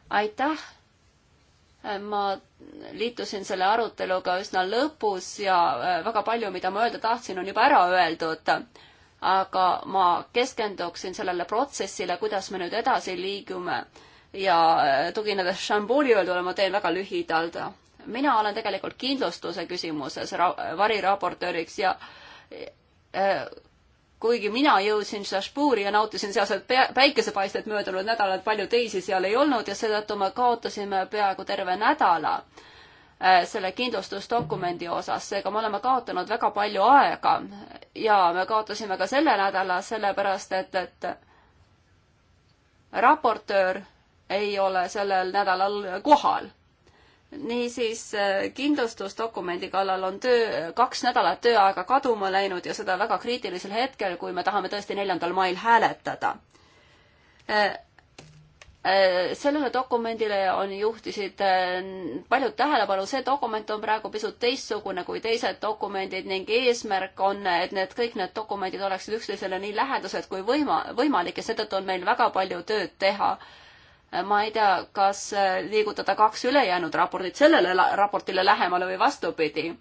aitäh. ma liitusin selle aruteluga üsna lõpus ja äh, väga palju, mida ma öelda tahtsin, on juba ära öeldud aga ma keskenduksin sellele protsessile, kuidas me nüüd edasi liigume ja äh, tuginedes Šambuli öeldule ma teen väga lühidalt. mina olen tegelikult kindlustuse küsimuses variraportööriks ja äh, kuigi mina jõudsin Šašpuri ja nautisin sealset päikesepaistet möödunud nädalal, palju teisi seal ei olnud ja seetõttu me kaotasime peaaegu terve nädala äh, selle kindlustusdokumendi osas, seega me oleme kaotanud väga palju aega ja me kaotasime ka selle nädala, sellepärast et, et raportöör ei ole sellel nädalal kohal. niisiis eh, kindlustusdokumendi kallal on töö, kaks nädalat tööaega kaduma läinud ja seda väga kriitilisel hetkel, kui me tahame tõesti neljandal mail hääletada eh, eh, sellele dokumendile on, juhtisid paljud tähelepanu, see dokument on praegu pisut teistsugune kui teised dokumendid ning eesmärk on, et need, kõik need dokumendid oleksid üksteisele nii lähedased kui võima-, võimalik ja seetõttu on meil väga palju tööd teha ma ei tea, kas äh, liigutada kaks ülejäänud raportit sellele raportile lähemale või vastupidi.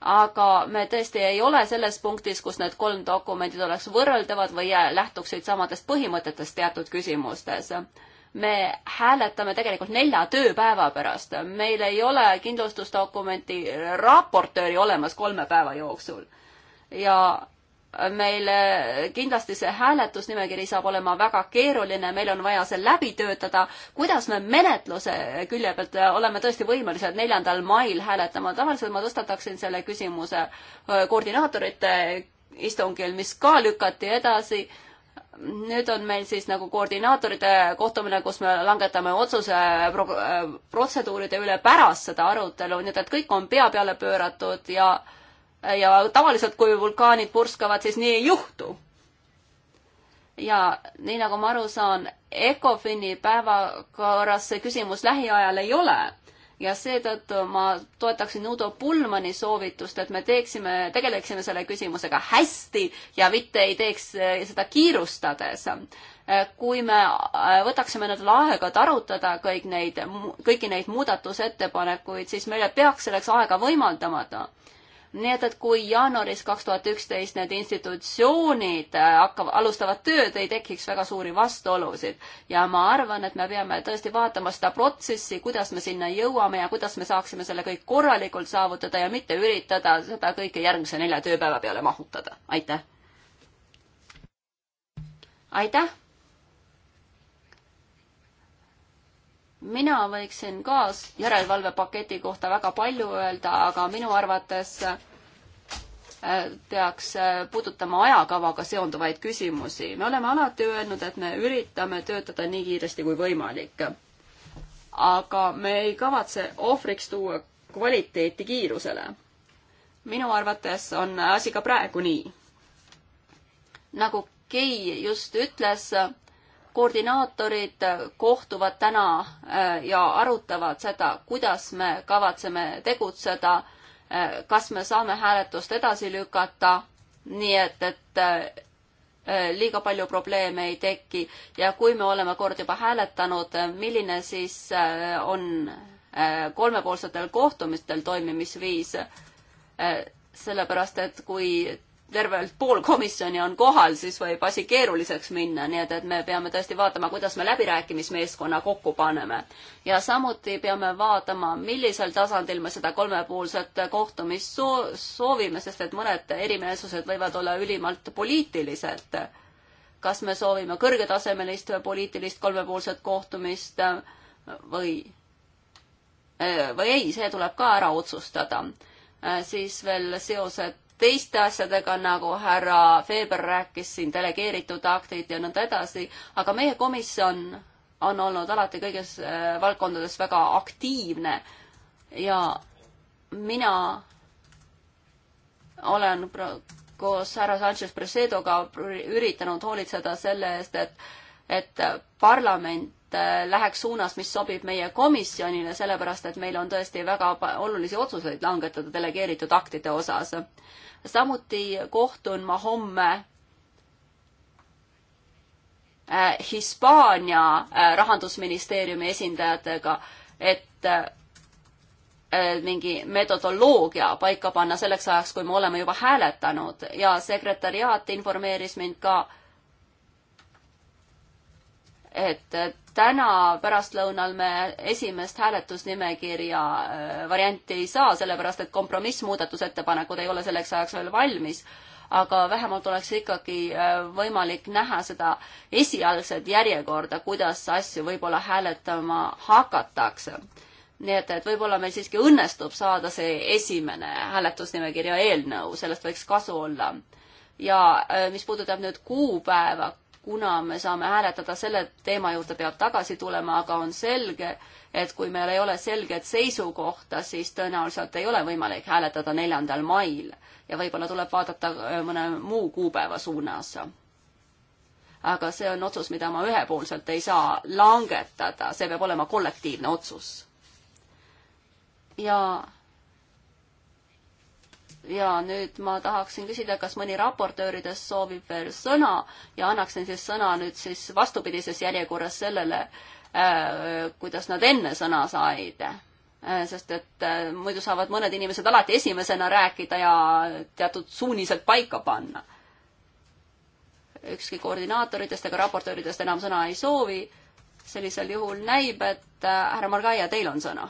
aga me tõesti ei ole selles punktis, kus need kolm dokumendid oleks võrreldavad või äh, lähtuksid samadest põhimõtetest teatud küsimustes. me hääletame tegelikult nelja tööpäeva pärast, meil ei ole kindlustusdokumenti raportööri olemas kolme päeva jooksul ja meile kindlasti see hääletusnimekiri saab olema väga keeruline, meil on vaja see läbi töötada, kuidas me menetluse külje pealt oleme tõesti võimelised neljandal mail hääletama, tavaliselt ma tõstataksin selle küsimuse äh, koordinaatorite istungil, mis ka lükati edasi, nüüd on meil siis nagu koordinaatorite kohtumine, kus me langetame otsuse äh, pro äh, protseduuride üle pärast seda arutelu, nii et kõik on pea peale pööratud ja äh, ja tavaliselt, kui vulkaanid purskavad, siis nii ei juhtu. ja nii nagu ma aru saan, ECOFIN-i päevakorras see küsimus lähiajal ei ole ja seetõttu ma toetaksin Udo Pulmani soovitust, et me teeksime, tegeleksime selle küsimusega hästi ja mitte ei teeks seda kiirustades. kui me äh, võtaksime endale aega, et arutada kõik neid, kõiki neid muudatusettepanekuid, siis meile peaks selleks aega võimaldamata nii et, et kui jaanuaris kaks tuhat üksteist need institutsioonid äh, hakkavad, alustavad tööd, ei tekiks väga suuri vastuolusid. ja ma arvan, et me peame tõesti vaatama seda protsessi, kuidas me sinna jõuame ja kuidas me saaksime selle kõik korralikult saavutada ja mitte üritada seda kõike järgmise nelja tööpäeva peale mahutada. aitäh! aitäh! mina võiksin ka järelevalvepaketi kohta väga palju öelda, aga minu arvates äh, peaks äh, puudutama ajakavaga seonduvaid küsimusi. me oleme alati öelnud, et me üritame töötada nii kiiresti kui võimalik. aga me ei kavatse ohvriks tuua kvaliteeti kiirusele. minu arvates on asi ka praegu nii. nagu Kei just ütles, koordinaatorid kohtuvad täna äh, ja arutavad seda, kuidas me kavatseme tegutseda, äh, kas me saame hääletust edasi lükata, nii et, et äh, liiga palju probleeme ei teki ja kui me oleme kord juba hääletanud, milline siis on kolmepoolsetel kohtumistel toimimisviis. sellepärast, et kui tervelt pool komisjoni on kohal, siis võib asi keeruliseks minna, nii et, et me peame tõesti vaatama, kuidas me läbirääkimismeeskonna kokku paneme. ja samuti peame vaatama, millisel tasandil me seda kolmepoolset kohtumist soo-, soovime, sest et mõned erimeelsused võivad olla ülimalt poliitilised. kas me soovime kõrgetasemelist poliitilist kolmepoolset kohtumist või, või ei, see tuleb ka ära otsustada siis veel seosed teiste asjadega, nagu härra Feber rääkis siin, delegeeritud aktid ja nõnda edasi, aga meie komisjon on olnud alati kõiges äh, valdkondades väga aktiivne ja mina olen koos härra Sanchez Presedoga üritanud hoolitseda selle eest, et, et parlament äh, läheks suunas, mis sobib meie komisjonile, sellepärast et meil on tõesti väga olulisi otsuseid langetada delegeeritud aktide osas samuti kohtun ma homme äh, Hispaania äh, rahandusministeeriumi esindajatega, et äh, mingi metodoloogia paika panna selleks ajaks, kui me oleme juba hääletanud ja sekretäriaat informeeris mind ka, et täna pärastlõunal me esimest hääletusnimekirja äh, varianti ei saa, sellepärast et kompromissmuudatusettepanekud ei ole selleks ajaks veel valmis, aga vähemalt oleks ikkagi äh, võimalik näha seda esialgset järjekorda, kuidas asju võib-olla hääletama hakatakse. nii et, et võib-olla meil siiski õnnestub saada see esimene hääletusnimekirja eelnõu, sellest võiks kasu olla ja äh, mis puudutab nüüd kuupäeva, kuna me saame hääletada selle teema juurde, peab tagasi tulema, aga on selge, et kui meil ei ole selget seisukohta, siis tõenäoliselt ei ole võimalik hääletada neljandal mail ja võib-olla tuleb vaadata äh, mõne muu kuupäeva suunas. aga see on otsus, mida ma ühepoolselt ei saa langetada, see peab olema kollektiivne otsus. ja ja nüüd ma tahaksin küsida, kas mõni raportööridest soovib veel sõna ja annaksin siis sõna nüüd siis vastupidises järjekorras sellele, äh, kuidas nad enne sõna said. Äh, sest et äh, muidu saavad mõned inimesed alati esimesena rääkida ja teatud suunised paika panna. ükski koordinaatoritest ega raportööridest enam sõna ei soovi. sellisel juhul näib, et härra Margaia, teil on sõna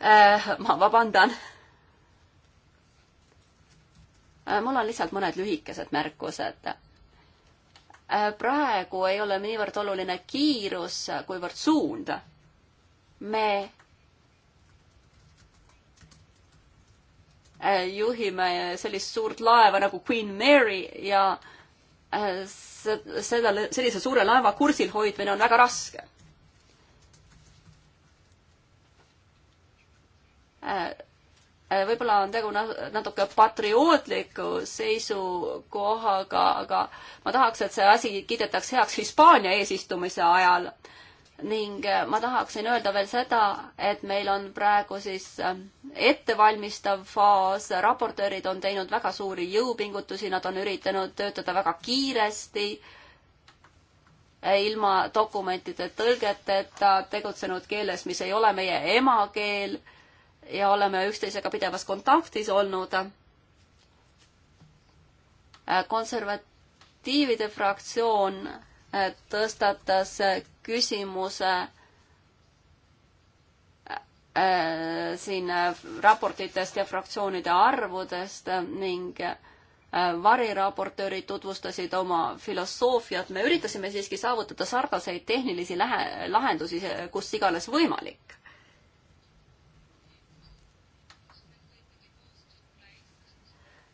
Äh, ma vabandan. Äh, mul on lihtsalt mõned lühikesed märkused. Äh, praegu ei ole niivõrd oluline kiirus, kuivõrd suund. me juhime sellist suurt laeva nagu Queen Mary ja seda, sellise suure laeva kursil hoidmine on väga raske Äh, äh, võib-olla on tegu natuke patriootliku seisukohaga, aga ma tahaks, et see asi kiidetaks heaks Hispaania eesistumise ajal. ning äh, ma tahaksin öelda veel seda, et meil on praegu siis ettevalmistav faas, raportöörid on teinud väga suuri jõupingutusi, nad on üritanud töötada väga kiiresti, ilma dokumentide tõlgeteta, tegutsenud keeles, mis ei ole meie emakeel ja oleme üksteisega pidevas kontaktis olnud. konservatiivide fraktsioon eh, tõstatas küsimuse eh, siin eh, raportitest ja fraktsioonide arvudest ning variraportöörid tutvustasid oma filosoofiat, me üritasime siiski saavutada sarnaseid tehnilisi lähe-, lahendusi, kus iganes võimalik.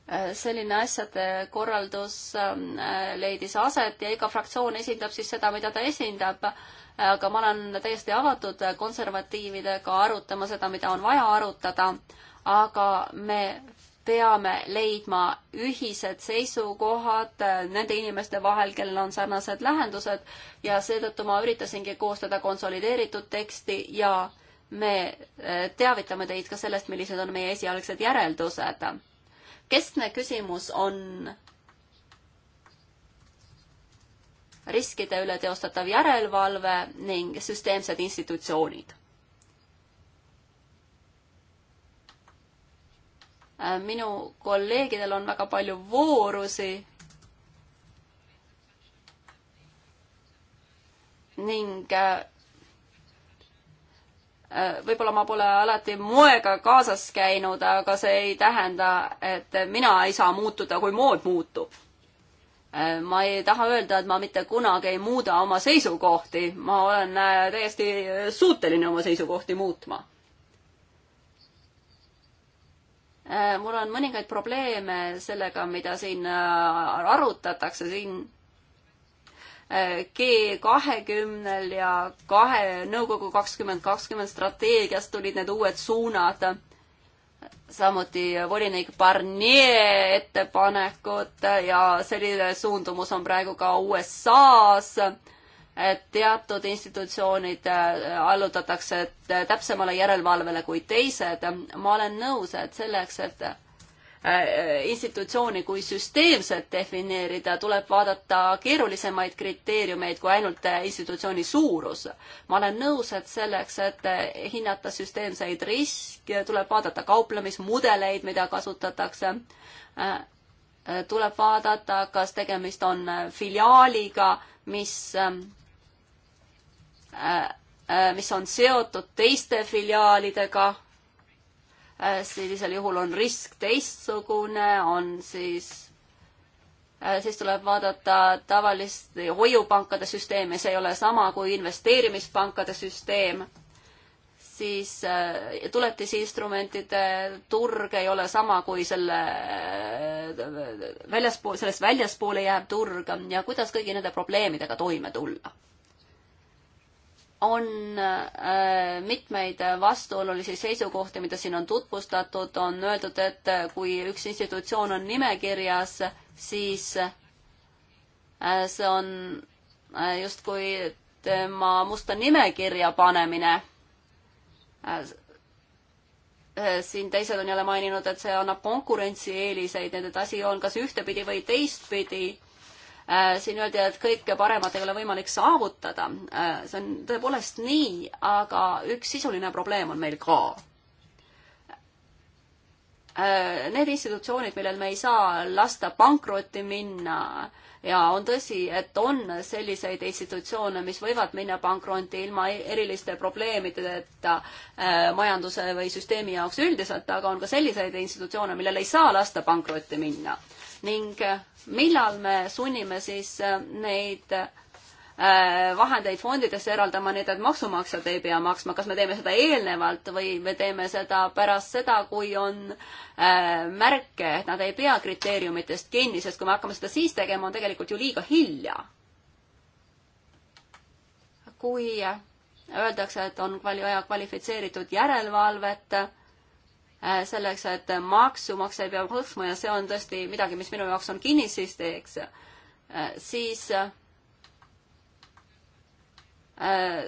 Äh, selline asjade korraldus ähm, äh, leidis aset ja iga fraktsioon esindab siis seda, mida ta esindab. Äh, aga ma olen täiesti avatud konservatiividega arutama seda, mida on vaja arutada, aga me peame leidma ühised seisukohad nende inimeste vahel, kellel on sarnased lähendused ja seetõttu ma üritasingi koostada konsolideeritud teksti ja me teavitame teid ka sellest, millised on meie esialgsed järeldused keskne küsimus on riskide üle teostatav järelevalve ning süsteemsed institutsioonid. minu kolleegidel on väga palju voorusi ning äh, Äh, võib-olla ma pole alati moega kaasas käinud, aga see ei tähenda, et mina ei saa muutuda, kui mood muutub. Äh, ma ei taha öelda, et ma mitte kunagi ei muuda oma seisukohti, ma olen äh, täiesti suuteline oma seisukohti muutma. mul on mõningaid probleeme sellega, mida siin arutatakse, siin G kahekümnel ja kahe, nõukogu kakskümmend kakskümmend strateegias tulid need uued suunad. samuti volinik Barnier ettepanekud ja selline suundumus on praegu ka USA-s, et teatud institutsioonid äh, allutatakse äh, täpsemale järelevalvele kui teised. ma olen nõus, et selleks, et Äh, institutsiooni kui süsteemset defineerida, tuleb vaadata keerulisemaid kriteeriumeid kui ainult äh, institutsiooni suurus. ma olen nõus, et selleks, et äh, hinnata süsteemseid riske, tuleb vaadata kauplemismudeleid, mida kasutatakse, tuleb vaadata, kas tegemist on filiaaliga, mis ähm, mis on seotud teiste filiaalidega Äh, sellisel juhul on risk teistsugune, on siis äh, siis tuleb vaadata tavalist hoiupankade süsteemi, see ei ole sama kui investeerimispankade süsteem, siis äh, tuletisinstrumentide turg ei ole sama kui selle väljaspool, sellest väljaspoole jääv turg ja kuidas kõigi nende probleemidega toime tulla on äh, mitmeid vastuolulisi seisukohti, mida siin on tutvustatud, on öeldud, et kui üks institutsioon on nimekirjas, siis äh, see on äh, justkui tema musta nimekirja panemine. siin teised on jälle maininud, et see annab konkurentsieeliseid, nii et asi on kas ühtepidi või teistpidi Äh, siin öeldi, et kõike paremat ei ole võimalik saavutada. Äh, see on tõepoolest nii, aga üks sisuline probleem on meil ka. Äh, need institutsioonid, millel me ei saa lasta pankrotti minna ja on tõsi, et on selliseid institutsioone, mis võivad minna pankrotti ilma eriliste probleemideta majanduse või süsteemi jaoks üldiselt, aga on ka selliseid institutsioone, millel ei saa lasta pankrotti minna ning äh, millal me sunnime siis äh, neid äh, vahendeid fondidesse eraldama, nii et maksumaksjad ei pea maksma, kas me teeme seda eelnevalt või me teeme seda pärast seda, kui on märke, et nad ei pea kriteeriumitest kinni, sest kui me hakkame seda siis tegema, on tegelikult ju liiga hilja. kui öeldakse, et on vaja kvalifitseeritud järelevalvet Äh, selleks, et maksumaksja peab võtma ja see on tõesti midagi, mis minu jaoks on kinnisisteeks, äh, siis äh,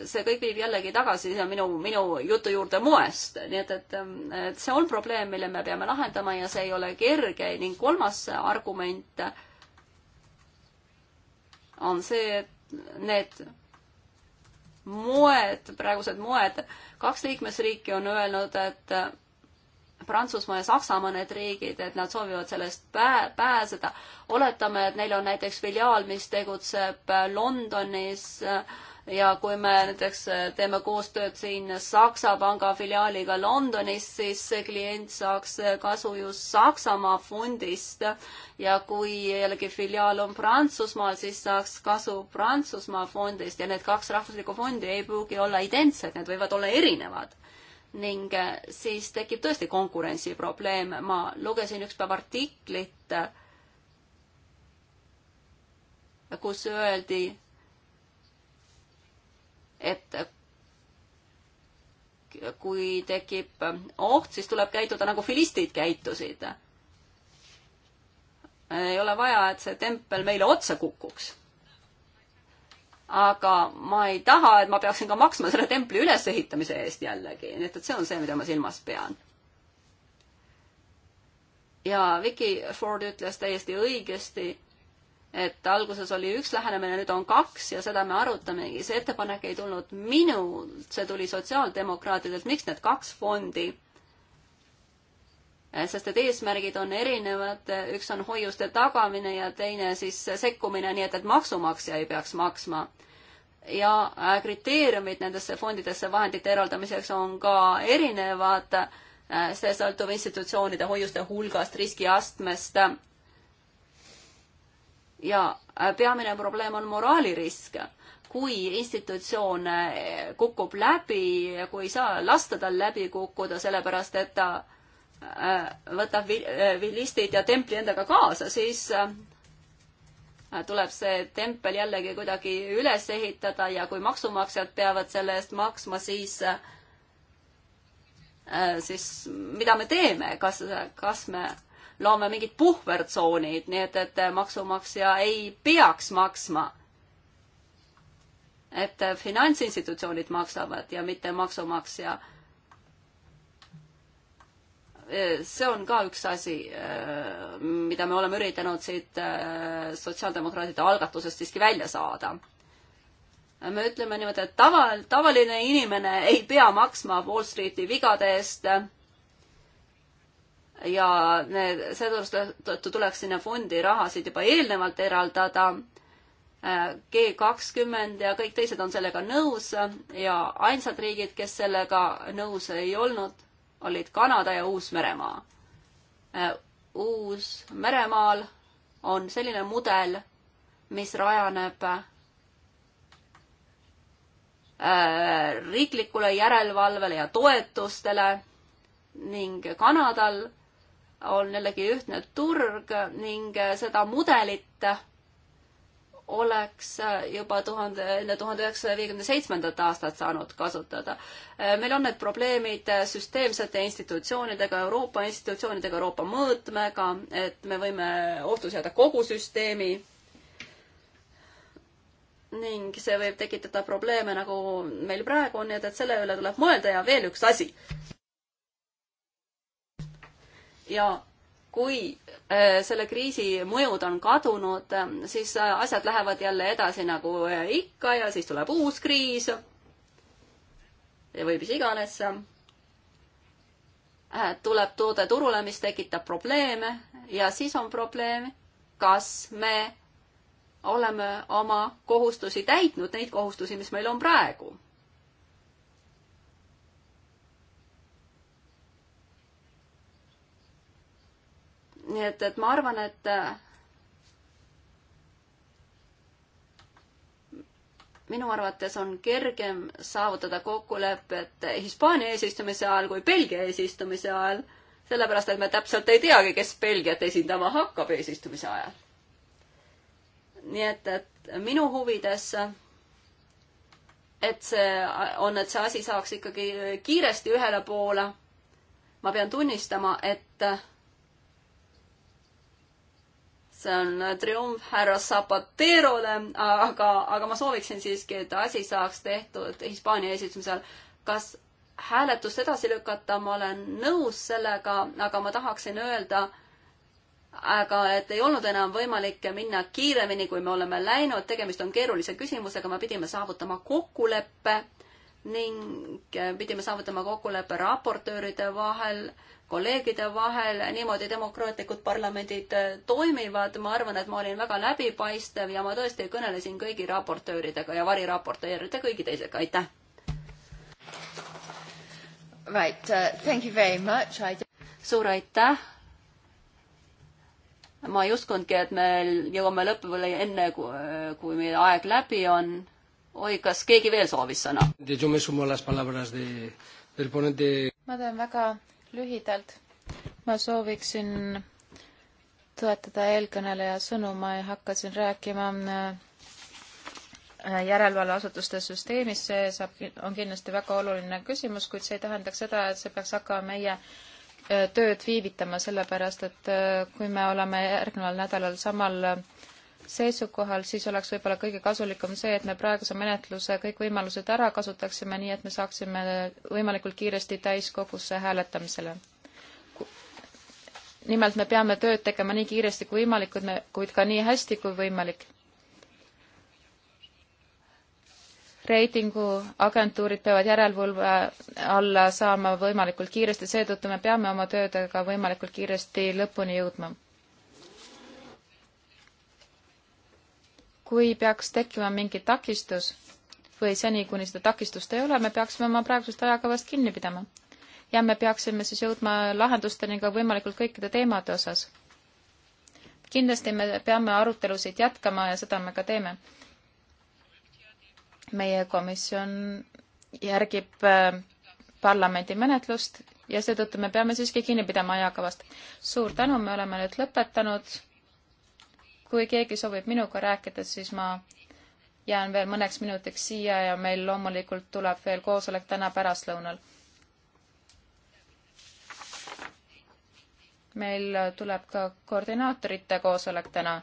see kõik viib jällegi tagasi minu, minu jutu juurde moest, nii et, et, ähm, et see on probleem, mille me peame lahendama ja see ei ole kerge ning kolmas argument on see, et need moed, praegused moed, kaks liikmesriiki on öelnud, et Prantsusmaa ja Saksamaa need riigid, et nad soovivad sellest pää-, pääseda. oletame, et neil on näiteks filiaal, mis tegutseb Londonis ja kui me näiteks teeme koostööd siin Saksa panga filiaaliga Londonis, siis see klient saaks kasu just Saksamaa fondist ja kui jällegi filiaal on Prantsusmaal, siis saaks kasu Prantsusmaa fondist ja need kaks rahvuslikku fondi ei pruugi olla identsed, need võivad olla erinevad ning äh, siis tekib tõesti konkurentsiprobleem. ma lugesin ükspäev artiklit, äh, kus öeldi, et äh, kui tekib oht, siis tuleb käituda nagu filistid käitusid. ei ole vaja, et see tempel meile otsa kukuks aga ma ei taha, et ma peaksin ka maksma selle templi ülesehitamise eest jällegi, nii et, et see on see, mida ma silmas pean. ja Vicky Ford ütles täiesti õigesti, et alguses oli üks lähenemine, nüüd on kaks ja seda me arutamegi. see ettepanek ei tulnud minult, see tuli sotsiaaldemokraatidelt, miks need kaks fondi Eh, sest et eesmärgid on erinevad, eh, üks on hoiuste tagamine ja teine siis sekkumine, nii et, et maksumaksja ei peaks maksma. ja eh, kriteeriumid nendesse fondidesse vahendite eraldamiseks on ka erinevad, see sõltub institutsioonide hoiuste hulgast, riskiastmest ja peamine probleem on moraalirisk. kui institutsioon kukub läbi, kui ei saa lasta tal läbi kukkuda, sellepärast et ta Äh, võtab vilistid äh, ja templi endaga kaasa, siis äh, tuleb see tempel jällegi kuidagi üles ehitada ja kui maksumaksjad peavad selle eest maksma, siis, siis mida me teeme, kas, kas me loome mingid puhvertsoonid, nii et, et maksumaksja ei peaks maksma. et finantsinstitutsioonid maksavad ja mitte maksumaksja Äh, see on ka üks asi, äh, mida me oleme üritanud siit äh, sotsiaaldemokraatide algatusest siiski välja saada. me ütleme niimoodi, et tava, tavaline inimene ei pea maksma Wall Streeti vigade eest ja need, seetõttu tuleks sinna fondi rahasid juba eelnevalt eraldada. G kakskümmend ja kõik teised on sellega nõus ja ainsad riigid, kes sellega nõus ei olnud olid Kanada ja Uus-Meremaa. Äh, Uus-Meremaal on selline mudel, mis rajaneb äh, riiklikule järelevalvele ja toetustele ning Kanadal on jällegi ühtne turg ning seda mudelit oleks juba tuhande, enne tuhande üheksasaja viiekümne seitsmendat aastat saanud kasutada. meil on need probleemid süsteemsete institutsioonidega, Euroopa institutsioonidega, Euroopa mõõtmega, et me võime ohtu seada kogu süsteemi. ning see võib tekitada probleeme, nagu meil praegu on, nii et, et selle üle tuleb mõelda ja veel üks asi. ja kui äh, selle kriisi mõjud on kadunud, äh, siis äh, asjad lähevad jälle edasi nagu ikka ja siis tuleb uus kriis. või mis iganes. tuleb toode turule, mis tekitab probleeme ja siis on probleem, kas me oleme oma kohustusi täitnud, neid kohustusi, mis meil on praegu nii et, et ma arvan, et äh, minu arvates on kergem saavutada kokkulepet Hispaania eesistumise ajal kui Belgia eesistumise ajal, sellepärast et me täpselt ei teagi, kes Belgiat esindama hakkab eesistumise ajal. nii et, et minu huvides et see on, et see asi saaks ikkagi kiiresti ühele poole. ma pean tunnistama, et see on triumf härra Zapaterole, aga, aga ma sooviksin siiski, et asi saaks tehtud Hispaania esitlemisel. kas hääletust edasi lükata, ma olen nõus sellega, aga ma tahaksin öelda, aga et ei olnud enam võimalik minna kiiremini, kui me oleme läinud, tegemist on keerulise küsimusega, me pidime saavutama kokkuleppe ning pidime saavutama kokkuleppe raportööride vahel, kolleegide vahel, niimoodi demokraatlikud parlamendid toimivad, ma arvan, et ma olin väga läbipaistev ja ma tõesti kõnelesin kõigi raportööridega ja variraportööridega, kõigi teisega, aitäh! Right uh,, thank you very much I.... suur aitäh! ma ei uskunudki, et me jõuame lõpule enne, kui meil aeg läbi on oi, kas keegi veel soovis sõna? ma teen väga lühidalt. ma sooviksin toetada eelkõneleja sõnu, ma hakkasin rääkima äh, järelevalveasutuste süsteemis, see saab, on kindlasti väga oluline küsimus, kuid see ei tähendaks seda, et see peaks hakkama meie äh, tööd viivitama, sellepärast et äh, kui me oleme järgneval nädalal samal äh, seisukohal, siis oleks võib-olla kõige kasulikum see, et me praeguse menetluse kõik võimalused ära kasutaksime, nii et me saaksime võimalikult kiiresti täiskogusse hääletamisele. nimelt me peame tööd tegema nii kiiresti kui võimalik, kuid me, kuid ka nii hästi kui võimalik. reitinguagentuurid peavad järelevalve alla saama võimalikult kiiresti, seetõttu me peame oma töödega võimalikult kiiresti lõpuni jõudma kui peaks tekkima mingi takistus või seni, kuni seda takistust ei ole, me peaksime oma praegusest ajakavast kinni pidama. ja me peaksime siis jõudma lahendusteni ka võimalikult kõikide teemade osas. kindlasti me peame arutelusid jätkama ja seda me ka teeme. meie komisjon järgib äh, parlamendi menetlust ja seetõttu me peame siiski kinni pidama ajakavast. suur tänu, me oleme nüüd lõpetanud kui keegi soovib minuga rääkida, siis ma jään veel mõneks minutiks siia ja meil loomulikult tuleb veel koosolek täna pärastlõunal. meil tuleb ka koordinaatorite koosolek täna